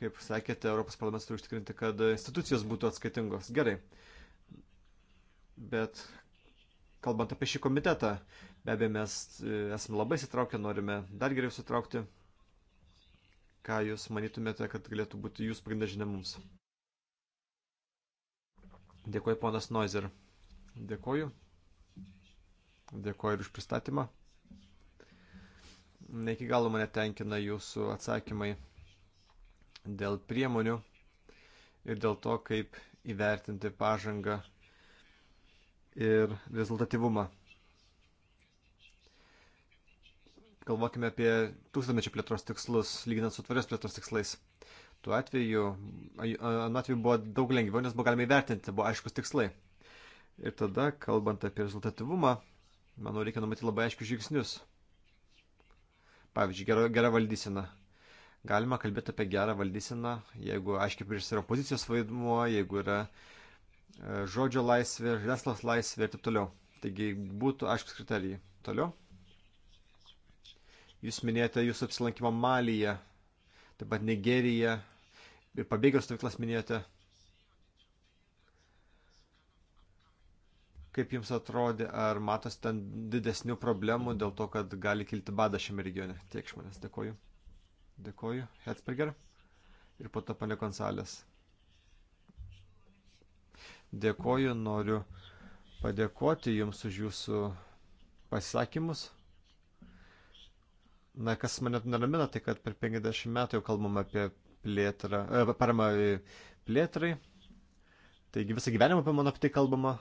kaip sakėte, Europos parlamentas turi užtikrinti, kad institucijos būtų atskaitingos. Gerai. Bet kalbant apie šį komitetą, be abejo, mes e, esame labai sitraukę, norime dar geriau sitraukti ką jūs manytumėte, kad galėtų būti jūs pagrindinė žinia mums. Dėkuoju, ponas Noizer. Dėkuoju. Dėkuoju ir už pristatymą. Ne iki galo mane tenkina jūsų atsakymai dėl priemonių ir dėl to, kaip įvertinti pažangą ir rezultatyvumą. galvokime apie tūkstantmečio plėtros tikslus, lyginant su tvarios plėtros tikslais. Tuo atveju, anu atveju buvo daug lengviau, nes buvo galima įvertinti, buvo aiškus tikslai. Ir tada, kalbant apie rezultatyvumą, manau, reikia numatyti labai aiškius žingsnius. Pavyzdžiui, gera, gera valdysena. Galima kalbėti apie gerą valdyseną, jeigu aiškiai prieš yra pozicijos vaidmuo, jeigu yra e, žodžio laisvė, žiniasklaidos laisvė ir taip toliau. Taigi būtų aiškus kriterijai. Toliau Jūs minėjote jūsų apsilankimą Malyje, taip pat Nigerija ir pabėgėlių stovyklas minėjote. Kaip jums atrodė, ar matos ten didesnių problemų dėl to, kad gali kilti badą šiame regione? Tiek iš manęs, dėkoju. Dėkoju, Hetzberger. Ir po to pane Konsalės. Dėkoju, noriu padėkoti jums už jūsų pasisakymus. Na, kas mane neramina, tai kad per 50 metų jau kalbam apie plėtrą, e, paramą plėtrai. Taigi visą gyvenimą apie mano apie tai kalbama.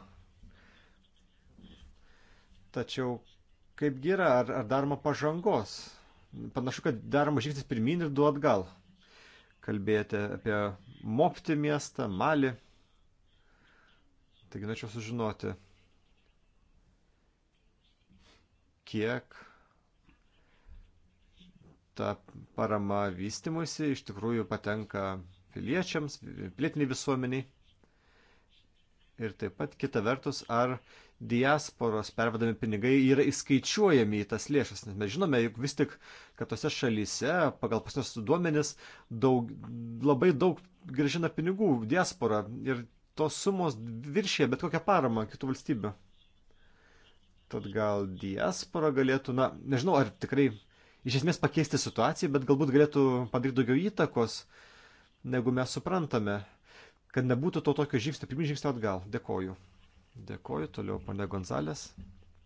Tačiau kaipgi yra, ar, ar daroma pažangos? Panašu, kad daroma žingsnis pirmin ir du atgal. Kalbėjote apie Mopti miestą, Mali. Taigi norėčiau sužinoti, kiek ta parama vystimuisi iš tikrųjų patenka piliečiams, pilietiniai visuomeniai. Ir taip pat kita vertus, ar diasporos pervedami pinigai yra įskaičiuojami į tas lėšas, nes mes žinome, juk vis tik, kad tose šalyse pagal pasnius duomenis daug, labai daug grįžina pinigų diaspora ir tos sumos viršė bet kokią paramą kitų valstybių. Tad gal diaspora galėtų, na, nežinau, ar tikrai iš esmės pakeisti situaciją, bet galbūt galėtų padaryti daugiau įtakos, negu mes suprantame, kad nebūtų to tokio žingsnio, pirminį žingsnį atgal. Dėkoju. Dėkoju, toliau pane Gonzalės,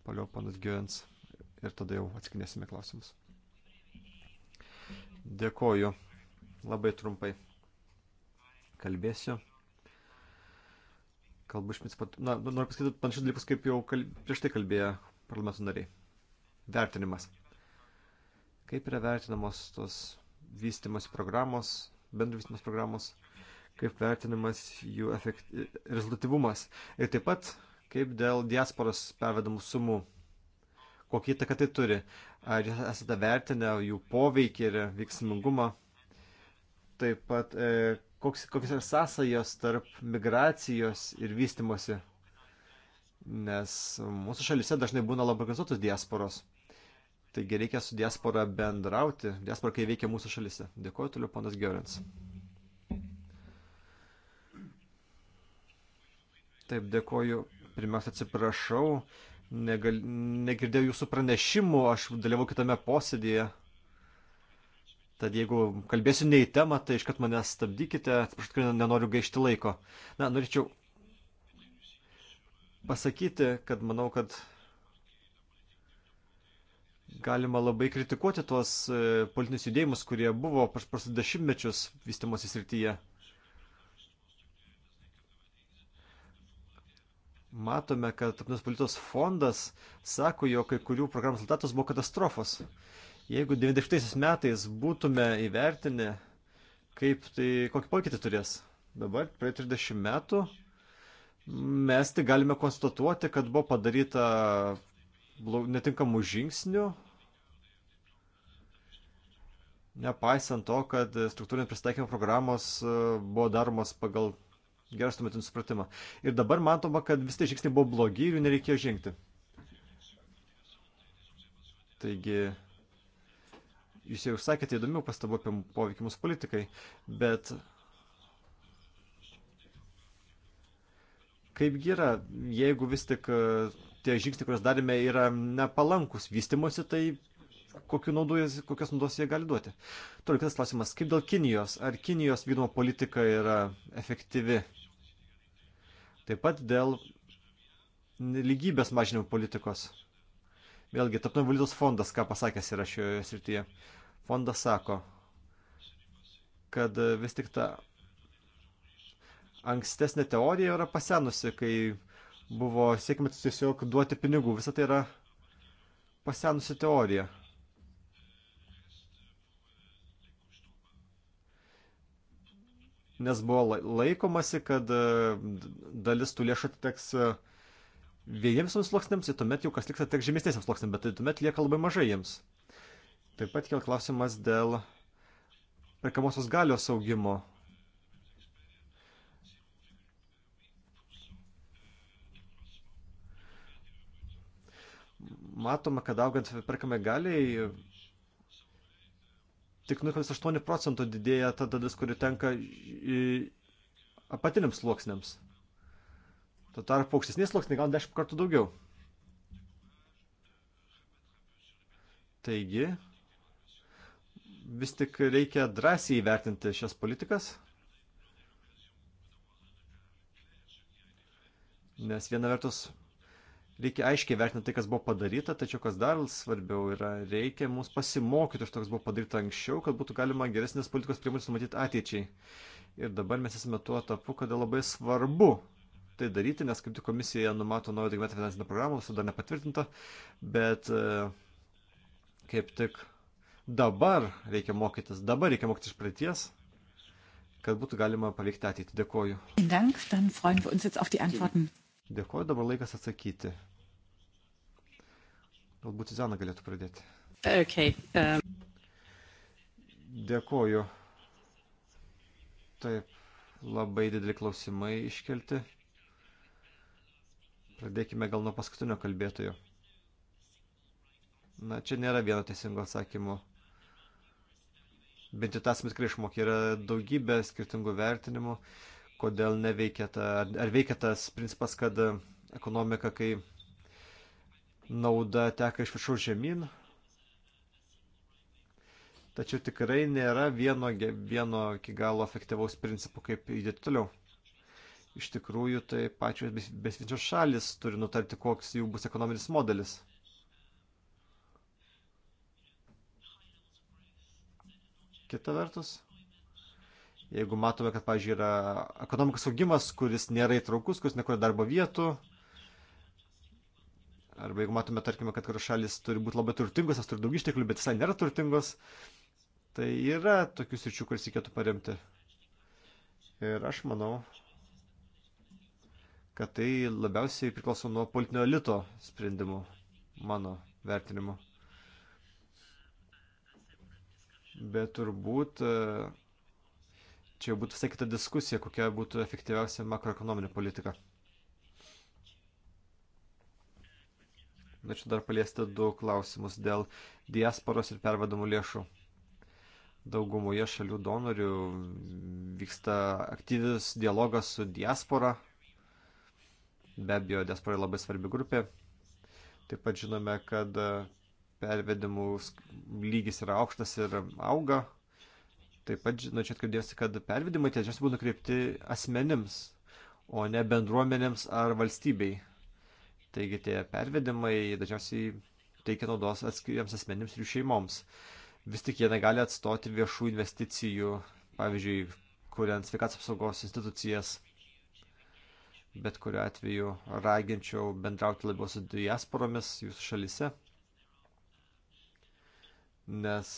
toliau panas Gyvens ir tada jau atsakinėsime klausimus. Dėkoju. Labai trumpai kalbėsiu. Kalbu iš principo, na, noriu pasakyti panašius dalykus, kaip jau kalb... prieš tai kalbėjo parlamento nariai. Vertinimas. Kaip yra vertinamos tos vystimas programos, bendro vystimas programos, kaip vertinamas jų efekt... rezultatyvumas ir taip pat kaip dėl diasporos pervedamų sumų, kokie įtaką tai turi, ar esate vertinę jų poveikį ir veiksmingumą, taip pat e, koks, kokios yra sąsajos tarp migracijos ir vystimosi, nes mūsų šalise dažnai būna labai organizuotos diasporos. Taigi reikia su diaspora bendrauti, diaspora, kai veikia mūsų šalise. Dėkuoju toliau, ponas Gerens. Taip, dėkuoju. Pirmiausia, atsiprašau, negal, negirdėjau jūsų pranešimų, aš dalyvau kitame posėdėje. Tad jeigu kalbėsiu ne į temą, tai iškart mane stabdykite, atsiprašau, kad nenoriu gaišti laiko. Na, norėčiau pasakyti, kad manau, kad galima labai kritikuoti tuos e, politinius judėjimus, kurie buvo prieš dešimtmečius vystimosi srityje. Matome, kad Tarptautinės politos fondas sako, jog kai kurių programų rezultatas buvo katastrofos. Jeigu 90 metais būtume įvertinę, kaip tai, kokį pokytį tai turės, dabar praeit 30 metų, mes tik galime konstatuoti, kad buvo padaryta netinkamų žingsnių, nepaisant to, kad struktūrinio pristaikymo programos e, buvo daromos pagal gerą tuometinį supratimą. Ir dabar matoma, kad visi tai žingsniai buvo blogi ir jų nereikėjo žengti. Taigi, jūs jau sakėte įdomių pastabų apie poveikimus politikai, bet kaipgi yra, jeigu vis tik e, tie žingsniai, kuriuos darėme, yra nepalankus vystimosi, tai naudos, kokios naudos jie gali duoti. Toliau kitas klausimas, kaip dėl Kinijos, ar Kinijos vykdoma politika yra efektyvi? Taip pat dėl lygybės mažinimo politikos. Vėlgi, Tapnų valiutos fondas, ką pasakęs yra šioje srityje. Fondas sako, kad vis tik ta ankstesnė teorija yra pasenusi, kai buvo siekime tiesiog duoti pinigų. Visą tai yra pasenusi teorija. nes buvo laikomasi, kad e, dalis tų lėšų atiteks e, vieniems sluoksniams, ir tuomet jau kas liks atiteks žemesnėms sluoksniams, bet tai tuomet lieka labai mažai jiems. Taip pat kėl klausimas dėl perkamosios galios augimo. Matoma, kad augant perkamai galiai tik 0,8 procento didėja ta dalis, kuri tenka apatiniams sluoksniams. Tuo tarpu aukštesnės sluoksniai gal 10 kartų daugiau. Taigi, vis tik reikia drąsiai įvertinti šias politikas, nes viena vertus Reikia aiškiai vertinti tai, kas buvo padaryta, tačiau kas dar svarbiau yra, reikia mums pasimokyti iš to, kas buvo padaryta anksčiau, kad būtų galima geresnės politikos priemonės numatyti ateičiai. Ir dabar mes esame tuo etapu, kada labai svarbu tai daryti, nes kaip tik komisija numato naują daugiametę finansinę programą, visą dar nepatvirtinta, bet e, kaip tik dabar reikia mokytis, dabar reikia mokytis iš praeities, kad būtų galima paveikti ateitį. Dėkoju. Dėkoju, dabar laikas atsakyti. Galbūt Zana galėtų pradėti. Okay, um... Dėkoju. Taip, labai dideli klausimai iškelti. Pradėkime gal nuo paskutinio kalbėtojo. Na, čia nėra vieno teisingo atsakymo. Bent jau tas tikrai išmokė, yra daugybė skirtingų vertinimų, kodėl neveikia ta, ar veikia tas principas, kad ekonomika, kai nauda teka iš viršų žemyn. Tačiau tikrai nėra vieno, vieno iki galo efektyvaus principų, kaip judėti toliau. Iš tikrųjų, tai pačios besvinčios šalis turi nutarti, koks jų bus ekonominis modelis. Kita vertus, jeigu matome, kad, pavyzdžiui, yra ekonomikos augimas, kuris nėra įtraukus, kuris nekuria darbo vietų, Arba jeigu matome, tarkime, kad kažkokios šalis turi būti labai turtingos, jos turi daug išteklių, bet visai nėra turtingos, tai yra tokių sričių, kuris reikėtų paremti. Ir aš manau, kad tai labiausiai priklauso nuo politinio elito sprendimų, mano vertinimu. Bet turbūt e, čia būtų visai kita diskusija, kokia būtų efektyviausia makroekonominė politika. Norėčiau dar paliesti du klausimus dėl diasporos ir pervedamų lėšų. Daugumoje šalių donorių vyksta aktyvis dialogas su diaspora. Be abejo, diaspora labai svarbi grupė. Taip pat žinome, kad pervedimų lygis yra aukštas ir auga. Taip pat norėčiau nu, atkreipdėsi, kad pervedimai tiesiog būtų nukreipti asmenims, o ne bendruomenėms ar valstybei. Taigi tie pervedimai dažniausiai teikia naudos atskiriams asmenims ir jų šeimoms. Vis tik jie negali atstoti viešų investicijų, pavyzdžiui, kuriant sveikatos apsaugos institucijas. Bet kuriu atveju raginčiau bendrauti labiau su diasporomis jūsų šalise, nes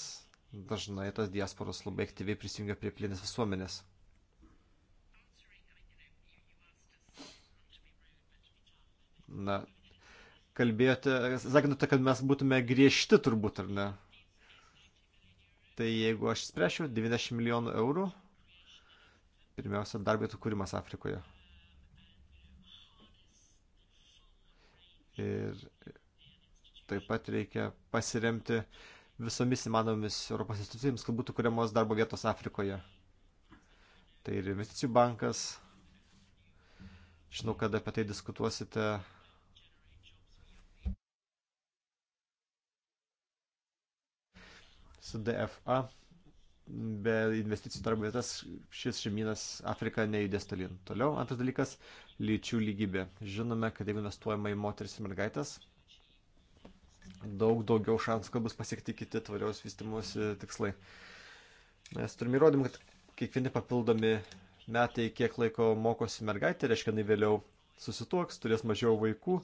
dažnai tos diasporos labai aktyviai prisijungia prie plinės visuomenės. na, kalbėjote, sakinote, kad mes būtume griežti turbūt, ar ne? Tai jeigu aš spręšiu 90 milijonų eurų, pirmiausia, darbo vietų kūrimas Afrikoje. Ir taip pat reikia pasiremti visomis įmanomis Europos institucijomis, kad būtų kuriamos darbo vietos Afrikoje. Tai ir investicijų bankas. Žinau, kad apie tai diskutuosite su DFA. Be investicijų darbo vietas šis žemynas Afrika nejudės tolyn. Toliau antras dalykas - lyčių lygybė. Žinome, kad jeigu investuojama į moteris ir mergaitės, daug daugiau šansų, kad bus pasiekti kiti tvariaus vystimosi tikslai. Mes turime įrodymą, kad kiekvieni papildomi metai, kiek laiko mokosi mergaitė, reiškia, jinai vėliau susituoks, turės mažiau vaikų,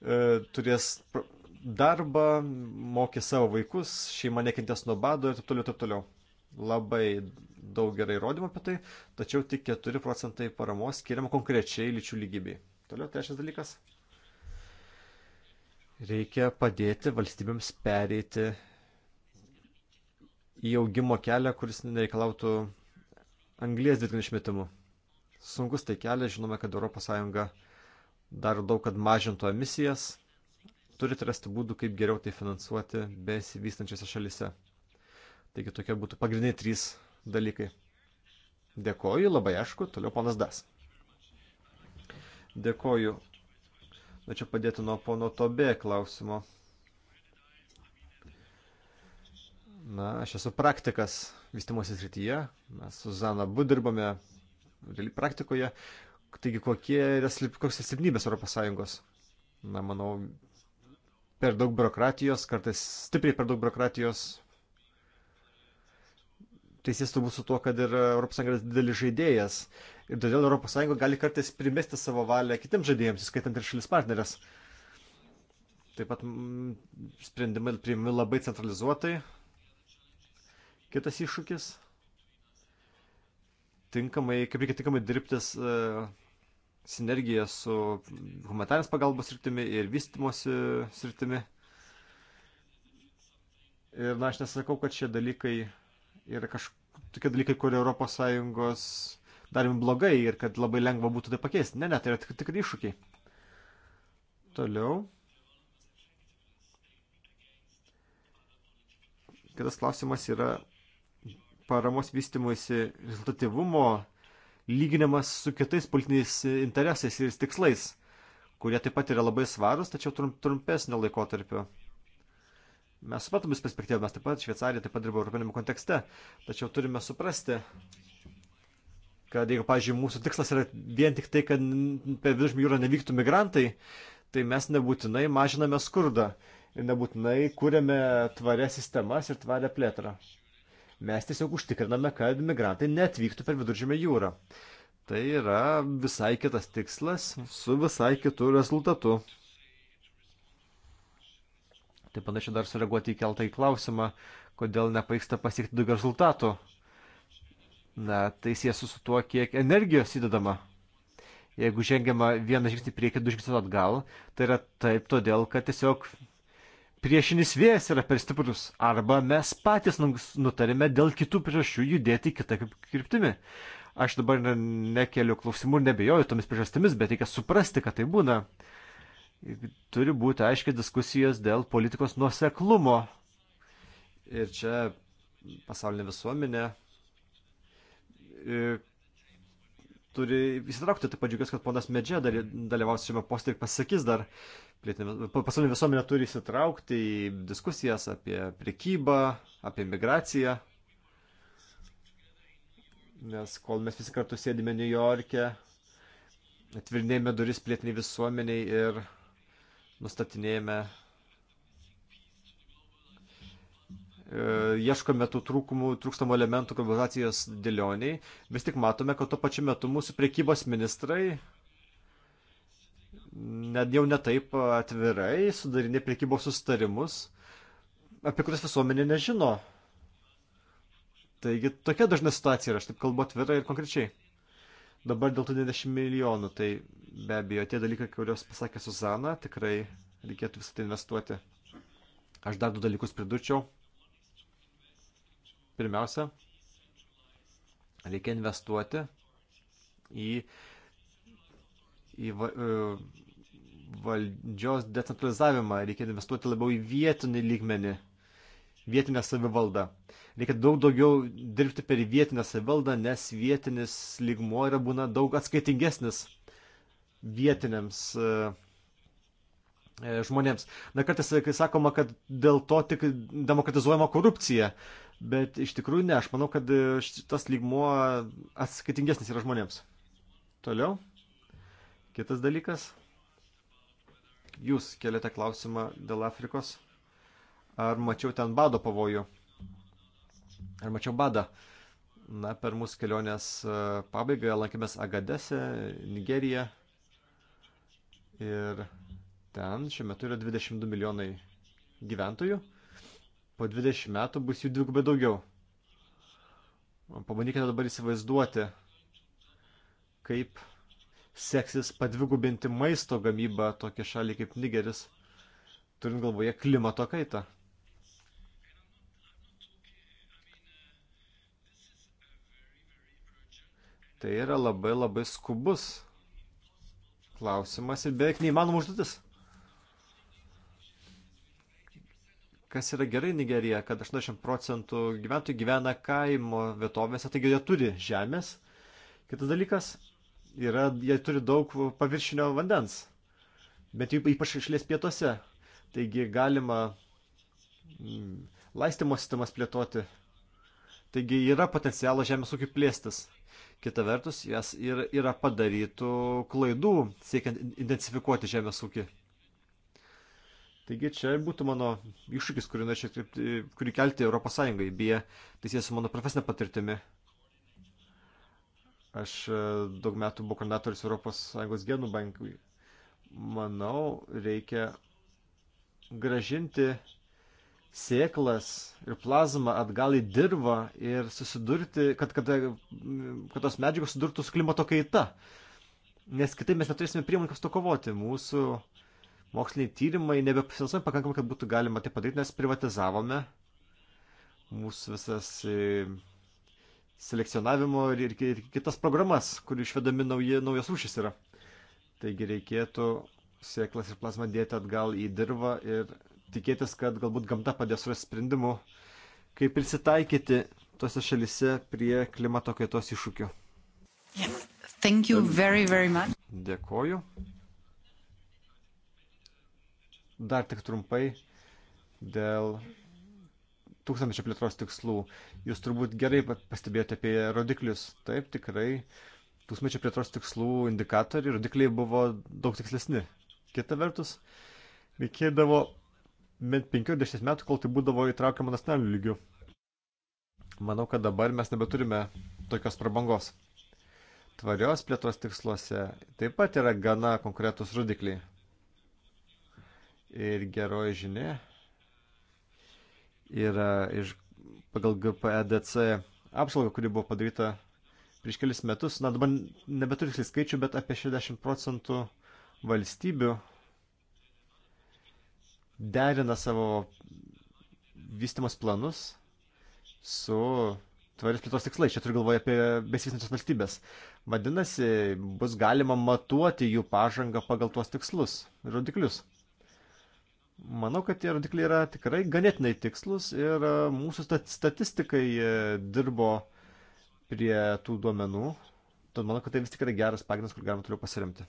e, turės darbą, mokė savo vaikus, šeima nekentės nuo bado ir taip toliau, taip toliau. Labai daug gerai įrodymų apie tai, tačiau tik 4 procentai paramos skiriama konkrečiai lyčių lygybei. Toliau trečias dalykas. Reikia padėti valstybėms pereiti į augimo kelią, kuris nereikalautų anglies dvideginio išmetimų. Sunkus tai kelias, žinome, kad ES daro daug, kad mažintų emisijas, turite rasti būdų, kaip geriau tai finansuoti besivystančiose šalise. Taigi tokie būtų pagrindiniai trys dalykai. Dėkoju, labai aišku, toliau ponas Das. Dėkoju. Na čia padėti nuo pono Tobė klausimo. Na, aš esu praktikas vystimosi srityje, mes su Zana abu dirbame praktikoje, taigi kokie yra, koks yra silpnybės ES? Na, manau, per daug biurokratijos, kartais stipriai per daug biurokratijos. Teisės turbūt su tuo, kad ir ES yra didelis žaidėjas. Ir todėl ES gali kartais primesti savo valią kitiems žaidėjams, įskaitant ir šalis partnerės. Taip pat m, mm, sprendimai priimami labai centralizuotai. Kitas iššūkis. Tinkamai, kaip reikia tinkamai dirbtis uh, sinergija su humanitarės pagalbos sritimi ir vystimosi sritimi. Ir, na, aš nesakau, kad šie dalykai yra kažkokie dalykai, kur ES darim blogai ir kad labai lengva būtų tai pakeisti. Ne, ne, tai yra tikrai tik iššūkiai. Toliau. Kitas klausimas yra paramos vystimuisi rezultatyvumo lyginamas su kitais politiniais interesais ir tikslais, kurie taip pat yra labai svarus, tačiau trumpesnio laikotarpio. Mes supratome vis perspektyvą, mes taip pat Šveicarija taip pat dirba europinėme kontekste, tačiau turime suprasti, kad jeigu, pavyzdžiui, mūsų tikslas yra vien tik tai, kad per viduržmį jūrą nevyktų migrantai, tai mes nebūtinai mažiname skurdą ir nebūtinai kūrėme tvarias sistemas ir tvarę plėtrą. Mes tiesiog užtikriname, kad migrantai netvyktų per viduržėmę jūrą. Tai yra visai kitas tikslas su visai kitu rezultatu. Taip panašiai dar sureaguoti į keltą į klausimą, kodėl nepavyksta pasiekti daugiau rezultatų. Na, tai siesi su tuo, kiek energijos įdedama jeigu žengiama vieną žingsnį priekį, du žingsnius atgal, tai yra taip todėl, kad tiesiog priešinis vėjas yra per stiprus, arba mes patys nutarėme dėl kitų priežasčių judėti kitą kryptimį. Aš dabar nekeliu klausimų ir nebejoju tomis priežastimis, bet reikia suprasti, kad tai būna. Turi būti aiškiai diskusijos dėl politikos nuoseklumo. Ir čia pasaulinė visuomenė e, turi įsitraukti. Taip pat džiugiuosi, kad ponas Medžė dalyvaus šiame poste ir pasakys dar, pasaulinė visuomenė turi įsitraukti į diskusijas apie prekybą, apie migraciją. Nes kol mes visi kartu sėdime New York'e, atvirnėjame duris plėtiniai visuomeniai ir nustatinėjame E, ieškome tų trūkumų, trūkstamų elementų globalizacijos dėlioniai, vis tik matome, kad tuo pačiu metu mūsų priekybos ministrai net jau netaip atvirai sudarinė priekybos sustarimus, apie kurias visuomenė nežino. Taigi tokia dažna situacija ir aš taip kalbu atvirai ir konkrečiai. Dabar dėl tų 20 milijonų, tai be abejo, tie dalykai, kuriuos pasakė Suzana, tikrai reikėtų visą tai investuoti. Aš dar du dalykus pridurčiau. Pirmiausia, reikia investuoti į, į va, e, valdžios decentralizavimą, reikia investuoti labiau į vietinį lygmenį, vietinę savivaldą. Reikia daug daugiau dirbti per vietinę savivaldą, nes vietinis lygmuo yra būna daug atskaitingesnis vietiniams e, e, žmonėms. Na kartais, kai sakoma, kad dėl to tik demokratizuojama korupcija, Bet iš tikrųjų ne, aš manau, kad e, šitas lygmuo atskaitingesnis yra žmonėms. Toliau. Kitas dalykas. Jūs keliate klausimą dėl Afrikos. Ar mačiau ten bado pavojų? Ar mačiau badą? Na, per mūsų kelionės e, pabaigą lankėmės Agadese, Nigerija. Ir ten šiuo metu yra 22 milijonai gyventojų po 20 metų bus jų dvigubai daugiau. Pabandykite dabar įsivaizduoti, kaip seksis padvigubinti maisto gamybą tokiai šaliai kaip Nigeris, turint galvoje klimato kaitą. Tai yra labai labai skubus klausimas ir beveik neįmanoma užduotis. kas yra gerai Nigerija, kad 80 procentų gyventojų gyvena kaimo vietovėse, taigi jie turi žemės. Kitas dalykas yra, jie turi daug paviršinio vandens, bet ypač išlės pietuose. Taigi galima mm, laistymo sistemas plėtoti. Taigi yra potencialo žemės ūkiui plėstis. Kita vertus, jas ir yra padarytų klaidų siekiant identifikuoti žemės ūkį. Taigi čia būtų mano iššūkis, kurį norėčiau kurį kelti Europos Sąjungai, beje, tai siejasi su mano profesinė patirtimi. Aš e, daug metų buvau koordinatorius Europos Sąjungos genų bankui. Manau, reikia gražinti sėklas ir plazmą atgal į dirvą ir susidurti, kad, kad, kad tos medžiagos sudurtų su klimato kaita. Nes kitaip mes neturėsime priemonių, kas to kovoti. Mūsų uh, moksliniai tyrimai nebefinansuojami pakankamai, kad būtų galima tai padaryti, nes privatizavome mūsų visas e, selekcionavimo ir, ir kitas programas, kur išvedami nauji, naujos rūšys yra. Taigi reikėtų sėklas ir plazmą dėti atgal į dirvą ir tikėtis, kad galbūt gamta padės surasti sprendimų, kaip prisitaikyti tose šalise prie klimato kaitos iššūkių. Yeah. Thank you very, very much. Dėkoju. Dar tik trumpai dėl tūkstančio plėtros tikslų. Jūs turbūt gerai pastebėjote apie rodiklius. Taip, tikrai tūkstančio plėtros tikslų indikatoriai, rodikliai buvo daug tikslesni. Kita vertus, reikėdavo bent 50 metų, kol tai būdavo įtraukiama nacionaliniu lygiu. Manau, kad dabar mes nebeturime tokios prabangos. Tvarios plėtros tiksluose taip pat yra gana konkretus rodikliai. Ir geroji žinia yra iš, pagal GPEDC apžvalgą, kuri buvo padaryta prieš kelis metus, na dabar nebeturiu tiksliai skaičių, bet apie 60 procentų valstybių derina savo vystimas planus su tvarios plėtos tikslais. Čia turiu galvoje apie besivystančias valstybės. Vadinasi, bus galima matuoti jų pažangą pagal tuos tikslus, rodiklius. Manau, kad tie rodikliai yra tikrai ganėtinai tikslus ir e, mūsų statistikai e, dirbo prie tų duomenų. Tad manau, kad tai vis tik yra geras pagrindas, kur galima toliau pasiremti.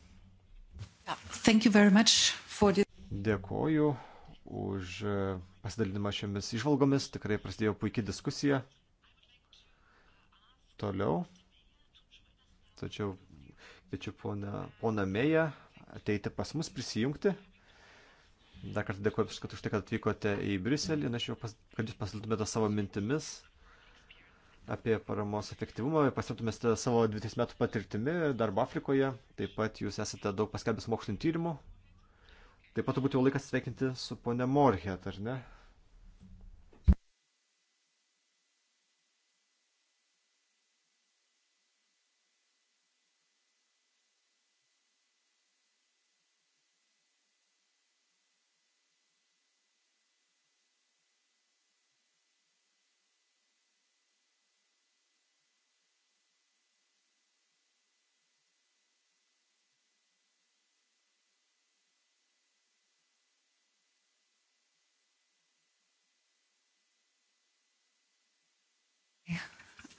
The... Dėkoju už e, pasidalinimą šiomis išvalgomis. Tikrai prasidėjo puikia diskusija. Toliau. Tačiau kviečiu poną Meją ateiti pas mus prisijungti. Dar kartą dėkuoju, kad už tai, kad atvykote į Briuselį. Na, aš jau, pas, kad jūs pasidalintumėte savo mintimis apie paramos efektyvumą, pasidalintumėte savo 20 metų patirtimi darbo Afrikoje. Taip pat jūs esate daug paskelbęs mokslinio tyrimų. Taip pat turbūt jau laikas sveikinti su ponė Morhet, ar ne?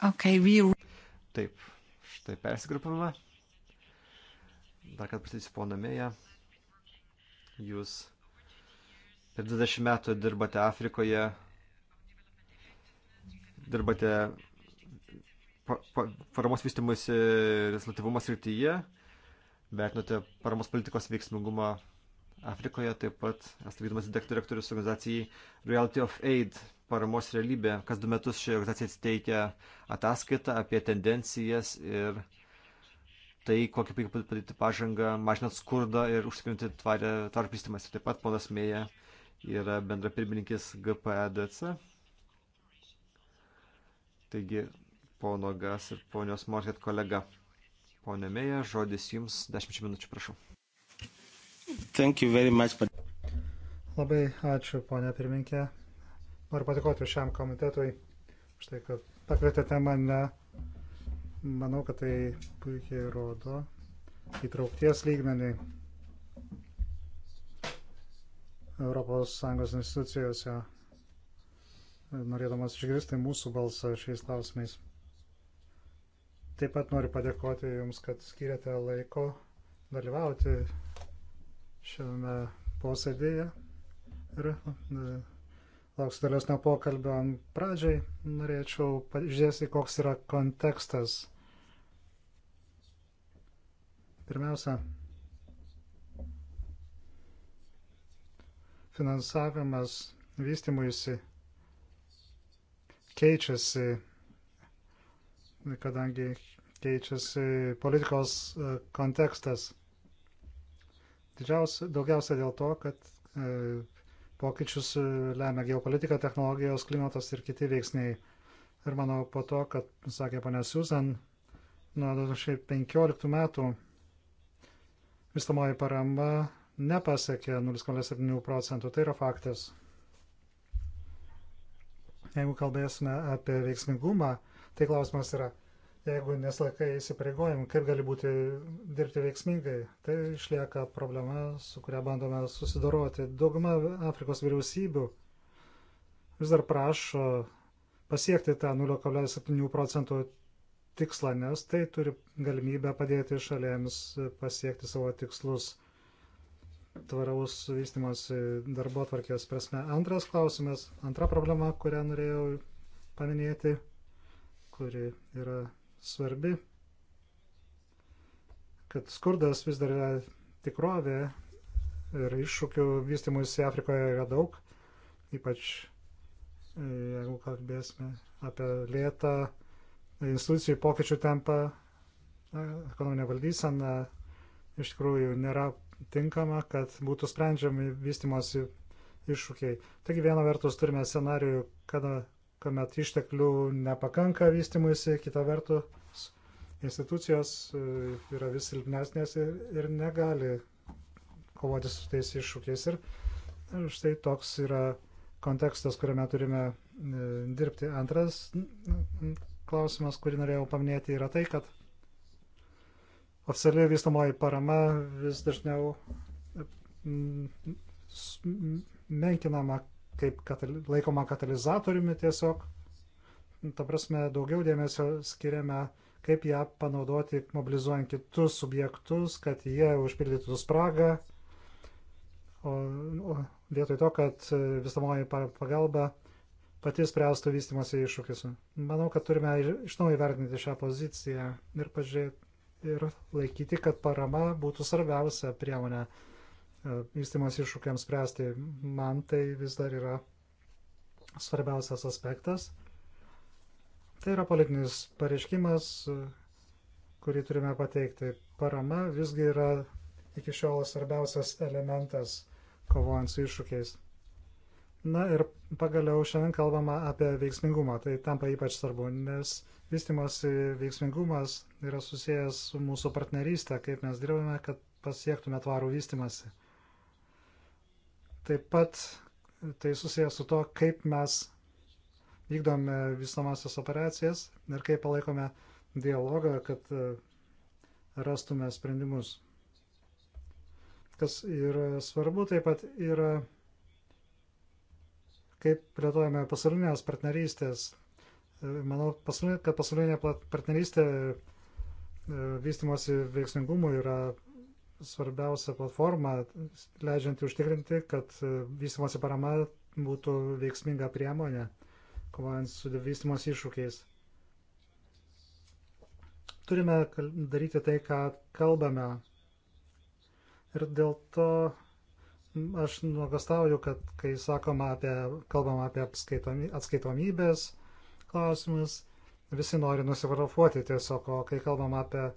Okay, we... Taip, štai persigrupavome. Dar kad pristatysiu poną Mėją. Jūs per 20 metų dirbate Afrikoje, dirbate paramos vystimuisi rezultatyvumo srityje, vertinote paramos politikos veiksmingumą Afrikoje, taip pat esu vykdomas direktorius organizacijai Reality of Aid paramos realybė. Kas du metus ši organizacija teikia ataskaitą apie tendencijas ir tai, kokį puikiai padaryti pažangą, mažinant skurdą ir užtikrinti tvarų pristimas. Taip pat ponas Mėja yra bendra pirmininkis GPEDC. Taigi, pono Gas ir ponios Morket kolega. Pone Mėja, žodis jums, 10 minučių prašau. Labai ačiū, ponė pirminkė. Noriu patikoti šiam komitetui už tai, kad pakvietėte mane. Manau, kad tai puikiai rodo įtraukties lygmenį ES institucijose, norėdamas išgirsti mūsų balsą šiais klausimais. Taip pat noriu padėkoti Jums, kad skiriate laiko dalyvauti šiame posėdėje ir e, lauksiu tolesnio pokalbio. Pradžiai norėčiau pažiūrėti, koks yra kontekstas. Pirmiausia, finansavimas vystimuisi keičiasi, kadangi keičiasi politikos e, kontekstas. Didžiausia, daugiausia dėl to, kad e, pokyčius e, lemia geopolitika, technologijos, klimatas ir kiti veiksniai. Ir manau po to, kad, sakė ponė Susan, nuo 2015 metų vystamoji parama nepasiekė 0,7 procentų. Tai yra faktas. Jeigu kalbėsime apie veiksmingumą, tai klausimas yra, jeigu neslaikai įsipareigojim, kaip gali būti dirbti veiksmingai, tai išlieka problema, su kuria bandome susidoroti. Dauguma Afrikos vyriausybių vis dar prašo pasiekti tą 0,7 procentų tikslą, nes tai turi galimybę padėti šalėms pasiekti savo tikslus tvaraus vystimosi darbo atvarkės prasme. Antras klausimas, antra problema, kurią norėjau paminėti, kuri yra svarbi, kad skurdas vis dar yra tikrovė ir iššūkių vystimus į Afrikoje yra daug, ypač e, jeigu kalbėsime apie lėtą institucijų pokyčių tempą, ekonominę valdyseną, iš tikrųjų nėra tinkama, kad būtų sprendžiami vystimosi iššūkiai. Taigi viena vertus turime scenarijų, kada kuomet išteklių nepakanka vystimuisi, kita vertus institucijos e, yra vis silpnesnės ir, ir negali kovoti su tais iššūkiais. Ir e, štai toks yra kontekstas, kuriame turime e, dirbti. Antras klausimas, kurį norėjau paminėti, yra tai, kad oficialiai vystamoji parama vis dažniau menkinama kaip katali, laikoma katalizatoriumi tiesiog. Ta prasme, daugiau dėmesio skiriame, kaip ją panaudoti, mobilizuojant kitus subjektus, kad jie užpildytų spragą. O, o vietoj to, kad e, visamoji pagalba pati spręstų vystimosi iššūkius. Manau, kad turime iš naujo įvertinti šią poziciją ir pažiūrėti ir laikyti, kad parama būtų svarbiausia priemonė E, vystimas iššūkiams spręsti, man tai vis dar yra svarbiausias aspektas. Tai yra politinis pareiškimas, e, kurį turime pateikti. Parama visgi yra iki šiol svarbiausias elementas kovojant su iššūkiais. Na ir pagaliau šiandien kalbama apie veiksmingumą. Tai tampa ypač svarbu, nes vystimas veiksmingumas yra susijęs su mūsų partnerystė, kaip mes dirbame, kad pasiektume tvarų vystimasi. Taip pat tai susijęs su to, kaip mes vykdome vystamasias operacijas ir kaip palaikome dialogą, kad e, rastume sprendimus. Kas yra svarbu, taip pat yra kaip plėtojame pasaulinės partnerystės. E, manau, kad pasaulinė partnerystė e, vystimosi veiksmingumų yra svarbiausia platforma, leidžianti užtikrinti, kad vystimosi parama būtų veiksminga priemonė, kovojant su vystimos iššūkiais. Turime daryti tai, ką kalbame. Ir dėl to aš nuogastauju, kad kai sakoma apie, kalbama apie atskaitomybės klausimus, visi nori nusivarofuoti tiesiog, o kai kalbama apie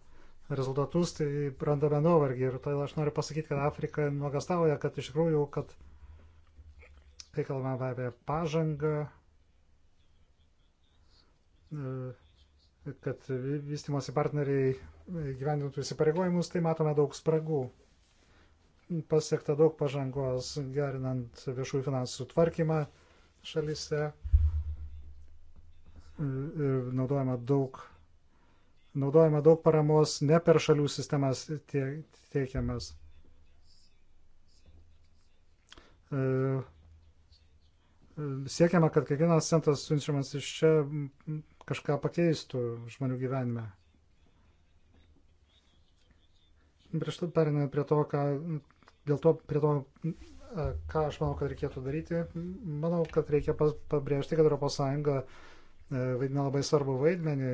rezultatus, tai randame nuovargį. Ir todėl aš noriu pasakyti, kad Afrika nuogastavoja, kad iš tikrųjų, kad kai kalbame apie pažangą, e, kad vystimosi partneriai gyvendintų įsipareigojimus, tai matome daug spragų. Pasiekta daug pažangos gerinant viešųjų finansų tvarkymą šalyse, e, e, naudojama daug naudojama daug paramos ne per šalių sistemas teikiamas. E, e, siekiama, kad kiekvienas centas siunčiamas iš čia kažką pakeistų žmonių gyvenime. Prieš tai perinant prie to, ką, dėl to, prie to, e, ką aš manau, kad reikėtų daryti, manau, kad reikia pabrėžti, kad ES vaidina labai svarbu vaidmenį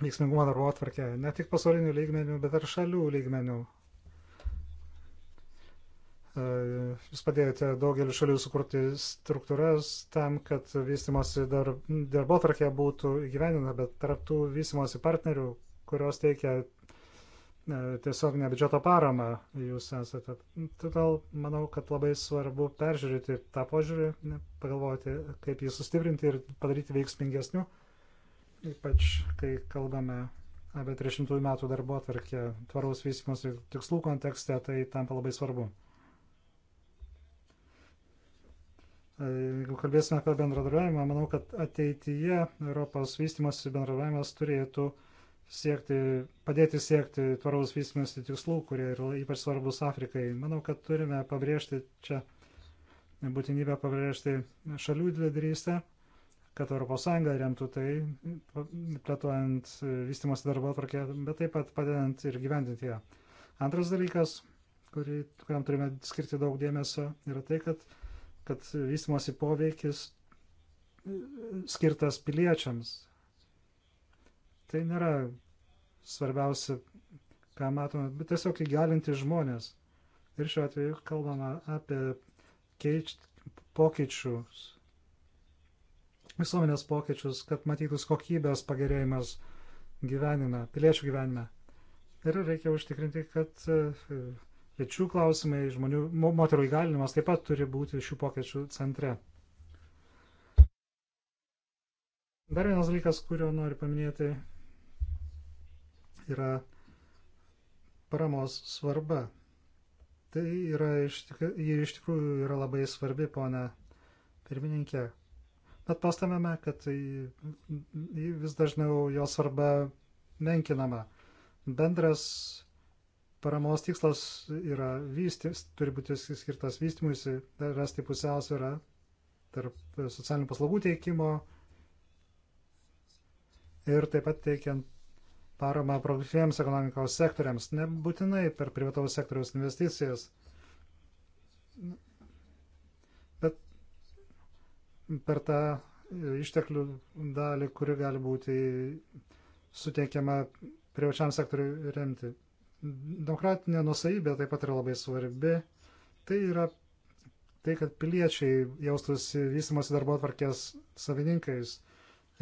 veiksmingumo darbo atvarkę, ne tik pasaulinių lygmenių, bet ir šalių lygmenių. E, jūs padėjote daugelį šalių sukurti struktūras tam, kad vystimosi dar, darbo atvarkė būtų įgyvenina, bet tarptų vystimosi partnerių, kurios teikia e, tiesiog ne biudžeto paramą jūs esate. Todėl manau, kad labai svarbu peržiūrėti tą požiūrį, pagalvoti, kaip jį sustiprinti ir padaryti veiksmingesniu ypač kai kalbame apie 300 metų darbo atvarkę tvaraus vystimus tikslų kontekste, tai tampa labai svarbu. E, jeigu kalbėsime apie bendradarbiavimą, manau, kad ateityje Europos vystimosi bendradarbiavimas turėtų siekti, padėti siekti tvaraus vystimosi tikslų, kurie yra ypač svarbus Afrikai. Manau, kad turime pabrėžti čia būtinybę pabrėžti šalių lyderystę kad ES remtų tai, plėtojant e, vystimosi darbo atvarkę, bet taip pat padedant ir gyvendinti ją. Antras dalykas, kurį, kuriam turime skirti daug dėmesio, yra tai, kad, kad vystimosi poveikis e, skirtas piliečiams. Tai nėra svarbiausia, ką matome, bet tiesiog įgalinti žmonės. Ir šiuo atveju kalbama apie keič, pokyčius visuomenės pokyčius, kad matytus kokybės pagerėjimas gyvenime, piliečių gyvenime. Ir reikia užtikrinti, kad e, lyčių klausimai, žmonių, moterų įgalinimas taip pat turi būti šių pokyčių centre. Dar vienas dalykas, kurio noriu paminėti, yra paramos svarba. Tai yra, ji iš tikrųjų yra labai svarbi, ponia pirmininkė bet pastamėme, kad tai vis dažniau jo svarba menkinama. Bendras paramos tikslas yra vystis, turi būti skirtas vystimuisi, rasti pusiausvyrą tarp socialinių paslaugų teikimo ir taip pat teikiant paramą produktyviems ekonomikos sektoriams, nebūtinai per privataus sektoriaus investicijas per tą e, išteklių dalį, kuri gali būti suteikiama privačiam sektoriui remti. Demokratinė nusaibė taip pat yra labai svarbi. Tai yra tai, kad piliečiai jaustųsi vystimosi darbo atvarkės savininkais.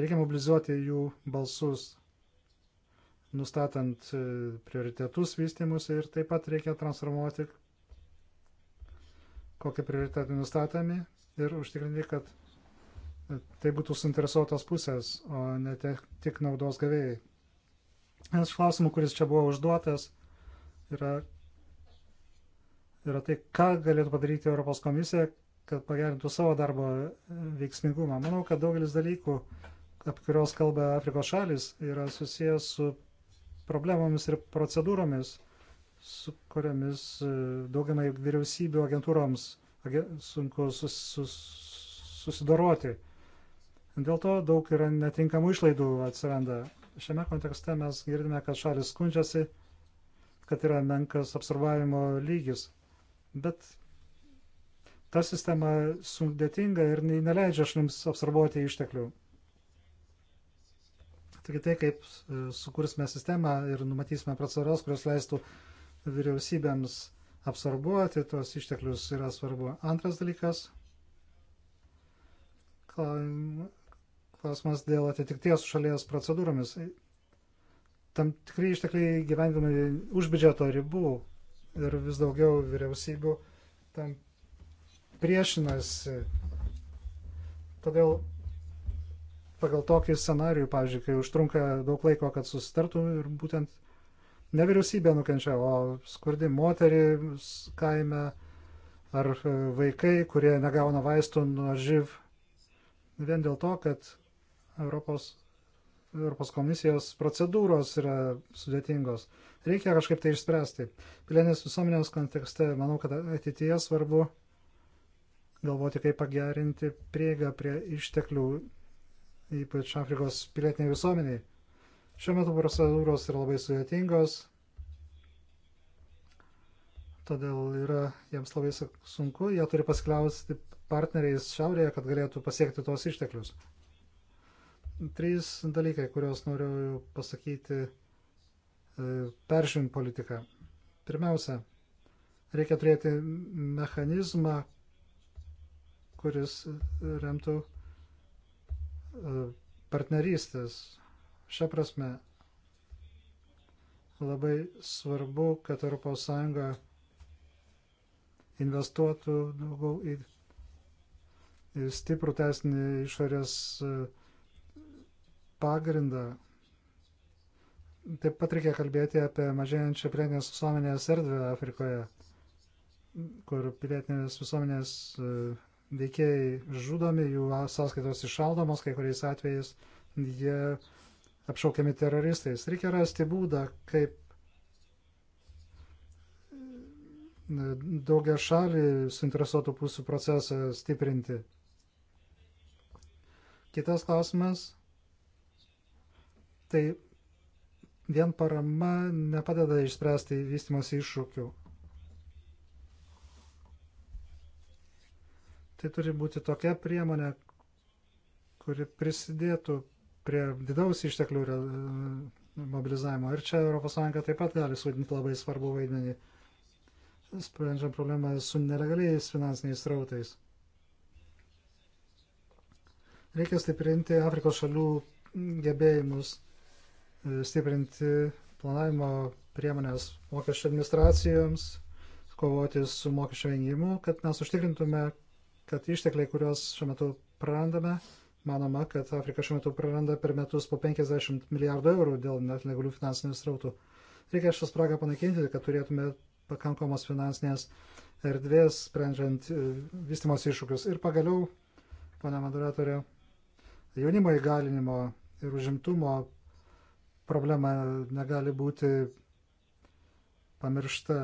Reikia mobilizuoti jų balsus, nustatant e, prioritetus vystimus ir taip pat reikia transformuoti, kokie prioritetai nustatomi ir užtikrinti, kad tai būtų suinteresuotos pusės, o ne tik naudos gavėjai. Vienas iš klausimų, kuris čia buvo užduotas, yra, yra tai, ką galėtų padaryti Europos komisija, kad pagerintų savo darbo veiksmingumą. Manau, kad daugelis dalykų, apie kurios kalba Afrikos šalis, yra susijęs su problemomis ir procedūromis, su kuriamis e, daugiamai vyriausybių agentūroms sunku sus, sus, susidoroti. Dėl to daug yra netinkamų išlaidų atsiranda. Šiame kontekste mes girdime, kad šalis skundžiasi, kad yra menkas apsarvavimo lygis. Bet ta sistema sudėtinga ir neleidžia šalims apsarbuoti išteklių. Taigi tai, kaip e, sukursime sistemą ir numatysime procedūras, kurios leistų vyriausybėms apsarbuoti tuos išteklius, yra svarbu. Antras dalykas Klausimas dėl atitikties šalies procedūromis. Tam tikrai ištekliai gyvendami už biudžeto ribų ir vis daugiau vyriausybių tam priešinasi. Todėl pagal tokį scenarių, pavyzdžiui, kai užtrunka daug laiko, kad susitartų ir būtent ne vyriausybė nukenčia, o skurdi moteris kaime ar vaikai, kurie negauna vaistų nuo živ vien dėl to, kad Europos, Europos komisijos procedūros yra sudėtingos. Reikia kažkaip tai išspręsti. Pilienės visuomenės kontekste manau, kad ateityje svarbu galvoti, kaip pagerinti prieigą prie išteklių, ypač Afrikos pilietiniai visuomeniai. Šiuo metu procedūros yra labai sudėtingos, todėl yra jiems labai sunku, jie turi paskliausti partneriais šiaurėje, kad galėtų pasiekti tuos išteklius. Trys dalykai, kuriuos noriu pasakyti e, peržiūrint politiką. Pirmiausia, reikia turėti mechanizmą, kuris remtų e, partnerystės. Šią prasme labai svarbu, kad ES investuotų daugiau į, į stiprų teisinį išorės uh, pagrindą. Taip pat reikia kalbėti apie mažėjančią pilietinės visuomenės erdvę Afrikoje, kur pilietinės visuomenės e, veikėjai žudomi, jų sąskaitos išaldomos, kai kuriais atvejais jie apšaukiami teroristais. Reikia rasti būdą, kaip e, daugia šalį suinteresuotų pusių procesą stiprinti. Kitas klausimas tai vien parama nepadeda išspręsti vystimos iššūkių. Tai turi būti tokia priemonė, kuri prisidėtų prie vidaus išteklių mobilizavimo. Ir čia ES taip pat gali suvaidinti labai svarbu vaidmenį, sprendžiant problemą su nelegaliais finansiniais rautais. Reikia stiprinti Afrikos šalių gebėjimus E, stiprinti planavimo priemonės mokesčio administracijoms, kovoti su mokesčio vengimu, kad mes užtikrintume, kad ištekliai, kuriuos šiuo metu prarandame, manoma, kad Afrika šiuo metu praranda per metus po 50 milijardų eurų dėl net legalių finansinių srautų. Reikia šią spragą panaikinti, kad turėtume pakankamos finansinės erdvės, sprendžiant e, vystimos iššūkius. Ir pagaliau, ponia moderatorė, jaunimo įgalinimo ir užimtumo problema negali būti pamiršta.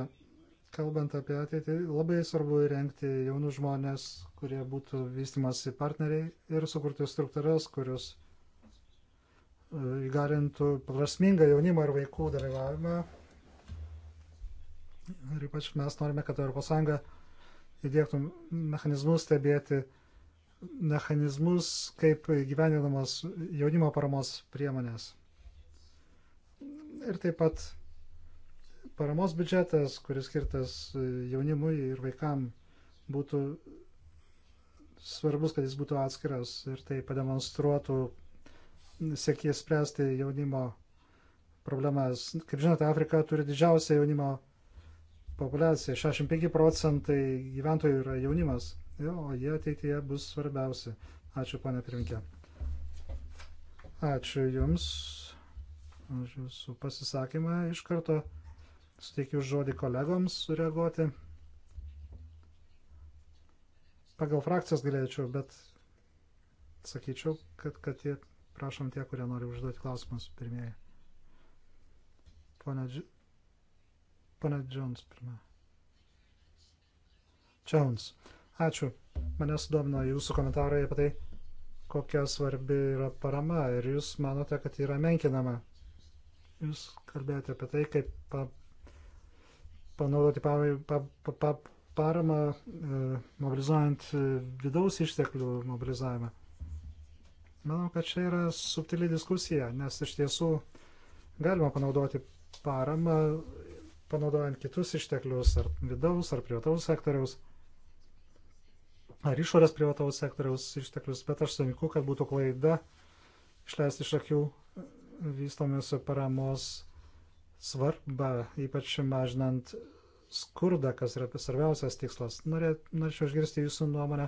Kalbant apie ateitį, labai svarbu įrengti jaunus žmonės, kurie būtų vystimasi partneriai ir sukurti struktūras, kurios e, įgalintų prasmingą jaunimo ir vaikų dalyvavimą. Ir ypač mes norime, kad ES įdėktų mechanizmus stebėti mechanizmus, kaip gyveninamos jaunimo paramos priemonės. Ir taip pat paramos biudžetas, kuris skirtas e, jaunimui ir vaikam, būtų svarbus, kad jis būtų atskiras ir tai pademonstruotų siekis spręsti jaunimo problemas. Kaip žinote, Afrika turi didžiausią jaunimo populiaciją. 65 procentai gyventojų yra jaunimas, o jie ateityje bus svarbiausi. Ačiū, ponė pirminkė. Ačiū Jums už jūsų pasisakymą. Iš karto suteikiu žodį kolegoms sureaguoti. Pagal frakcijas galėčiau, bet sakyčiau, kad, kad tie, prašom tie, kurie nori užduoti klausimus pirmieji. Pone, Dž... Pone Jones pirmą. Jones. Ačiū. Mane sudomino jūsų komentarai apie tai, kokia svarbi yra parama ir jūs manote, kad yra menkinama. Jūs kalbėjote apie tai, kaip pa, panaudoti pa, pa, pa, pa, paramą, e, mobilizuojant e, vidaus išteklių mobilizavimą. Manau, kad čia yra subtili diskusija, nes iš tiesų galima panaudoti paramą, panaudojant kitus išteklius ar vidaus, ar privataus sektoriaus, ar išorės privataus sektoriaus išteklius, bet aš sunku, kad būtų klaida išleisti iš akių vystomis paramos svarbą, ypač mažinant skurdą, kas yra svarbiausias tikslas. Norėčiau išgirsti jūsų nuomonę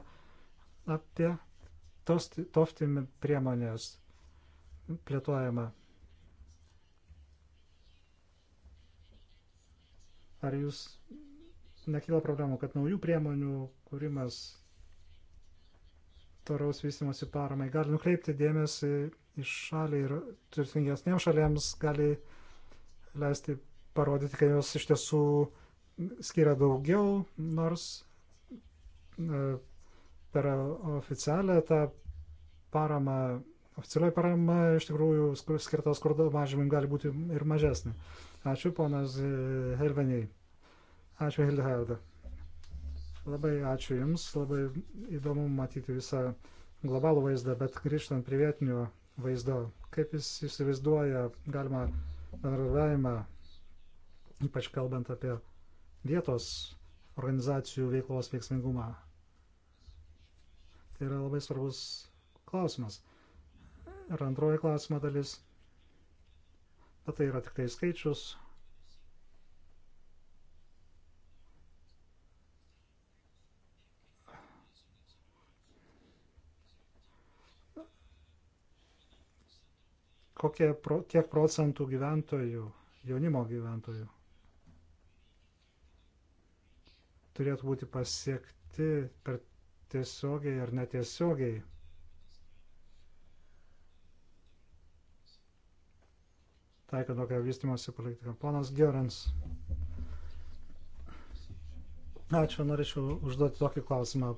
apie toftimi priemonės plėtojimą. Ar jūs nekyla problemų, kad naujų priemonių kūrimas tvaraus vystimosi paramai gali nukreipti dėmesį iš šaliai ir turtingesniems šalėms gali leisti parodyti, kad jos iš tiesų skiria daugiau, nors e, per oficialią tą paramą, oficialioji parama iš tikrųjų skirta skurdo mažymui gali būti ir mažesnė. Ačiū ponas e, Helvenijai. Ačiū Hildeharda. Labai ačiū Jums, labai įdomu matyti visą globalų vaizdą, bet grįžtant prie vietinių vaizdo. Kaip jis įsivaizduoja galima bendradavimą, ypač kalbant apie vietos organizacijų veiklos veiksmingumą. Tai yra labai svarbus klausimas. Ir antroji klausimo dalis. Bet tai yra tik tai skaičius, kokie, pro, kiek procentų gyventojų, jaunimo gyventojų turėtų būti pasiekti per tiesiogiai ar netiesiogiai. Taikant tokią vystimosi politiką. Ponas Gerans. Ačiū, norėčiau užduoti tokį klausimą,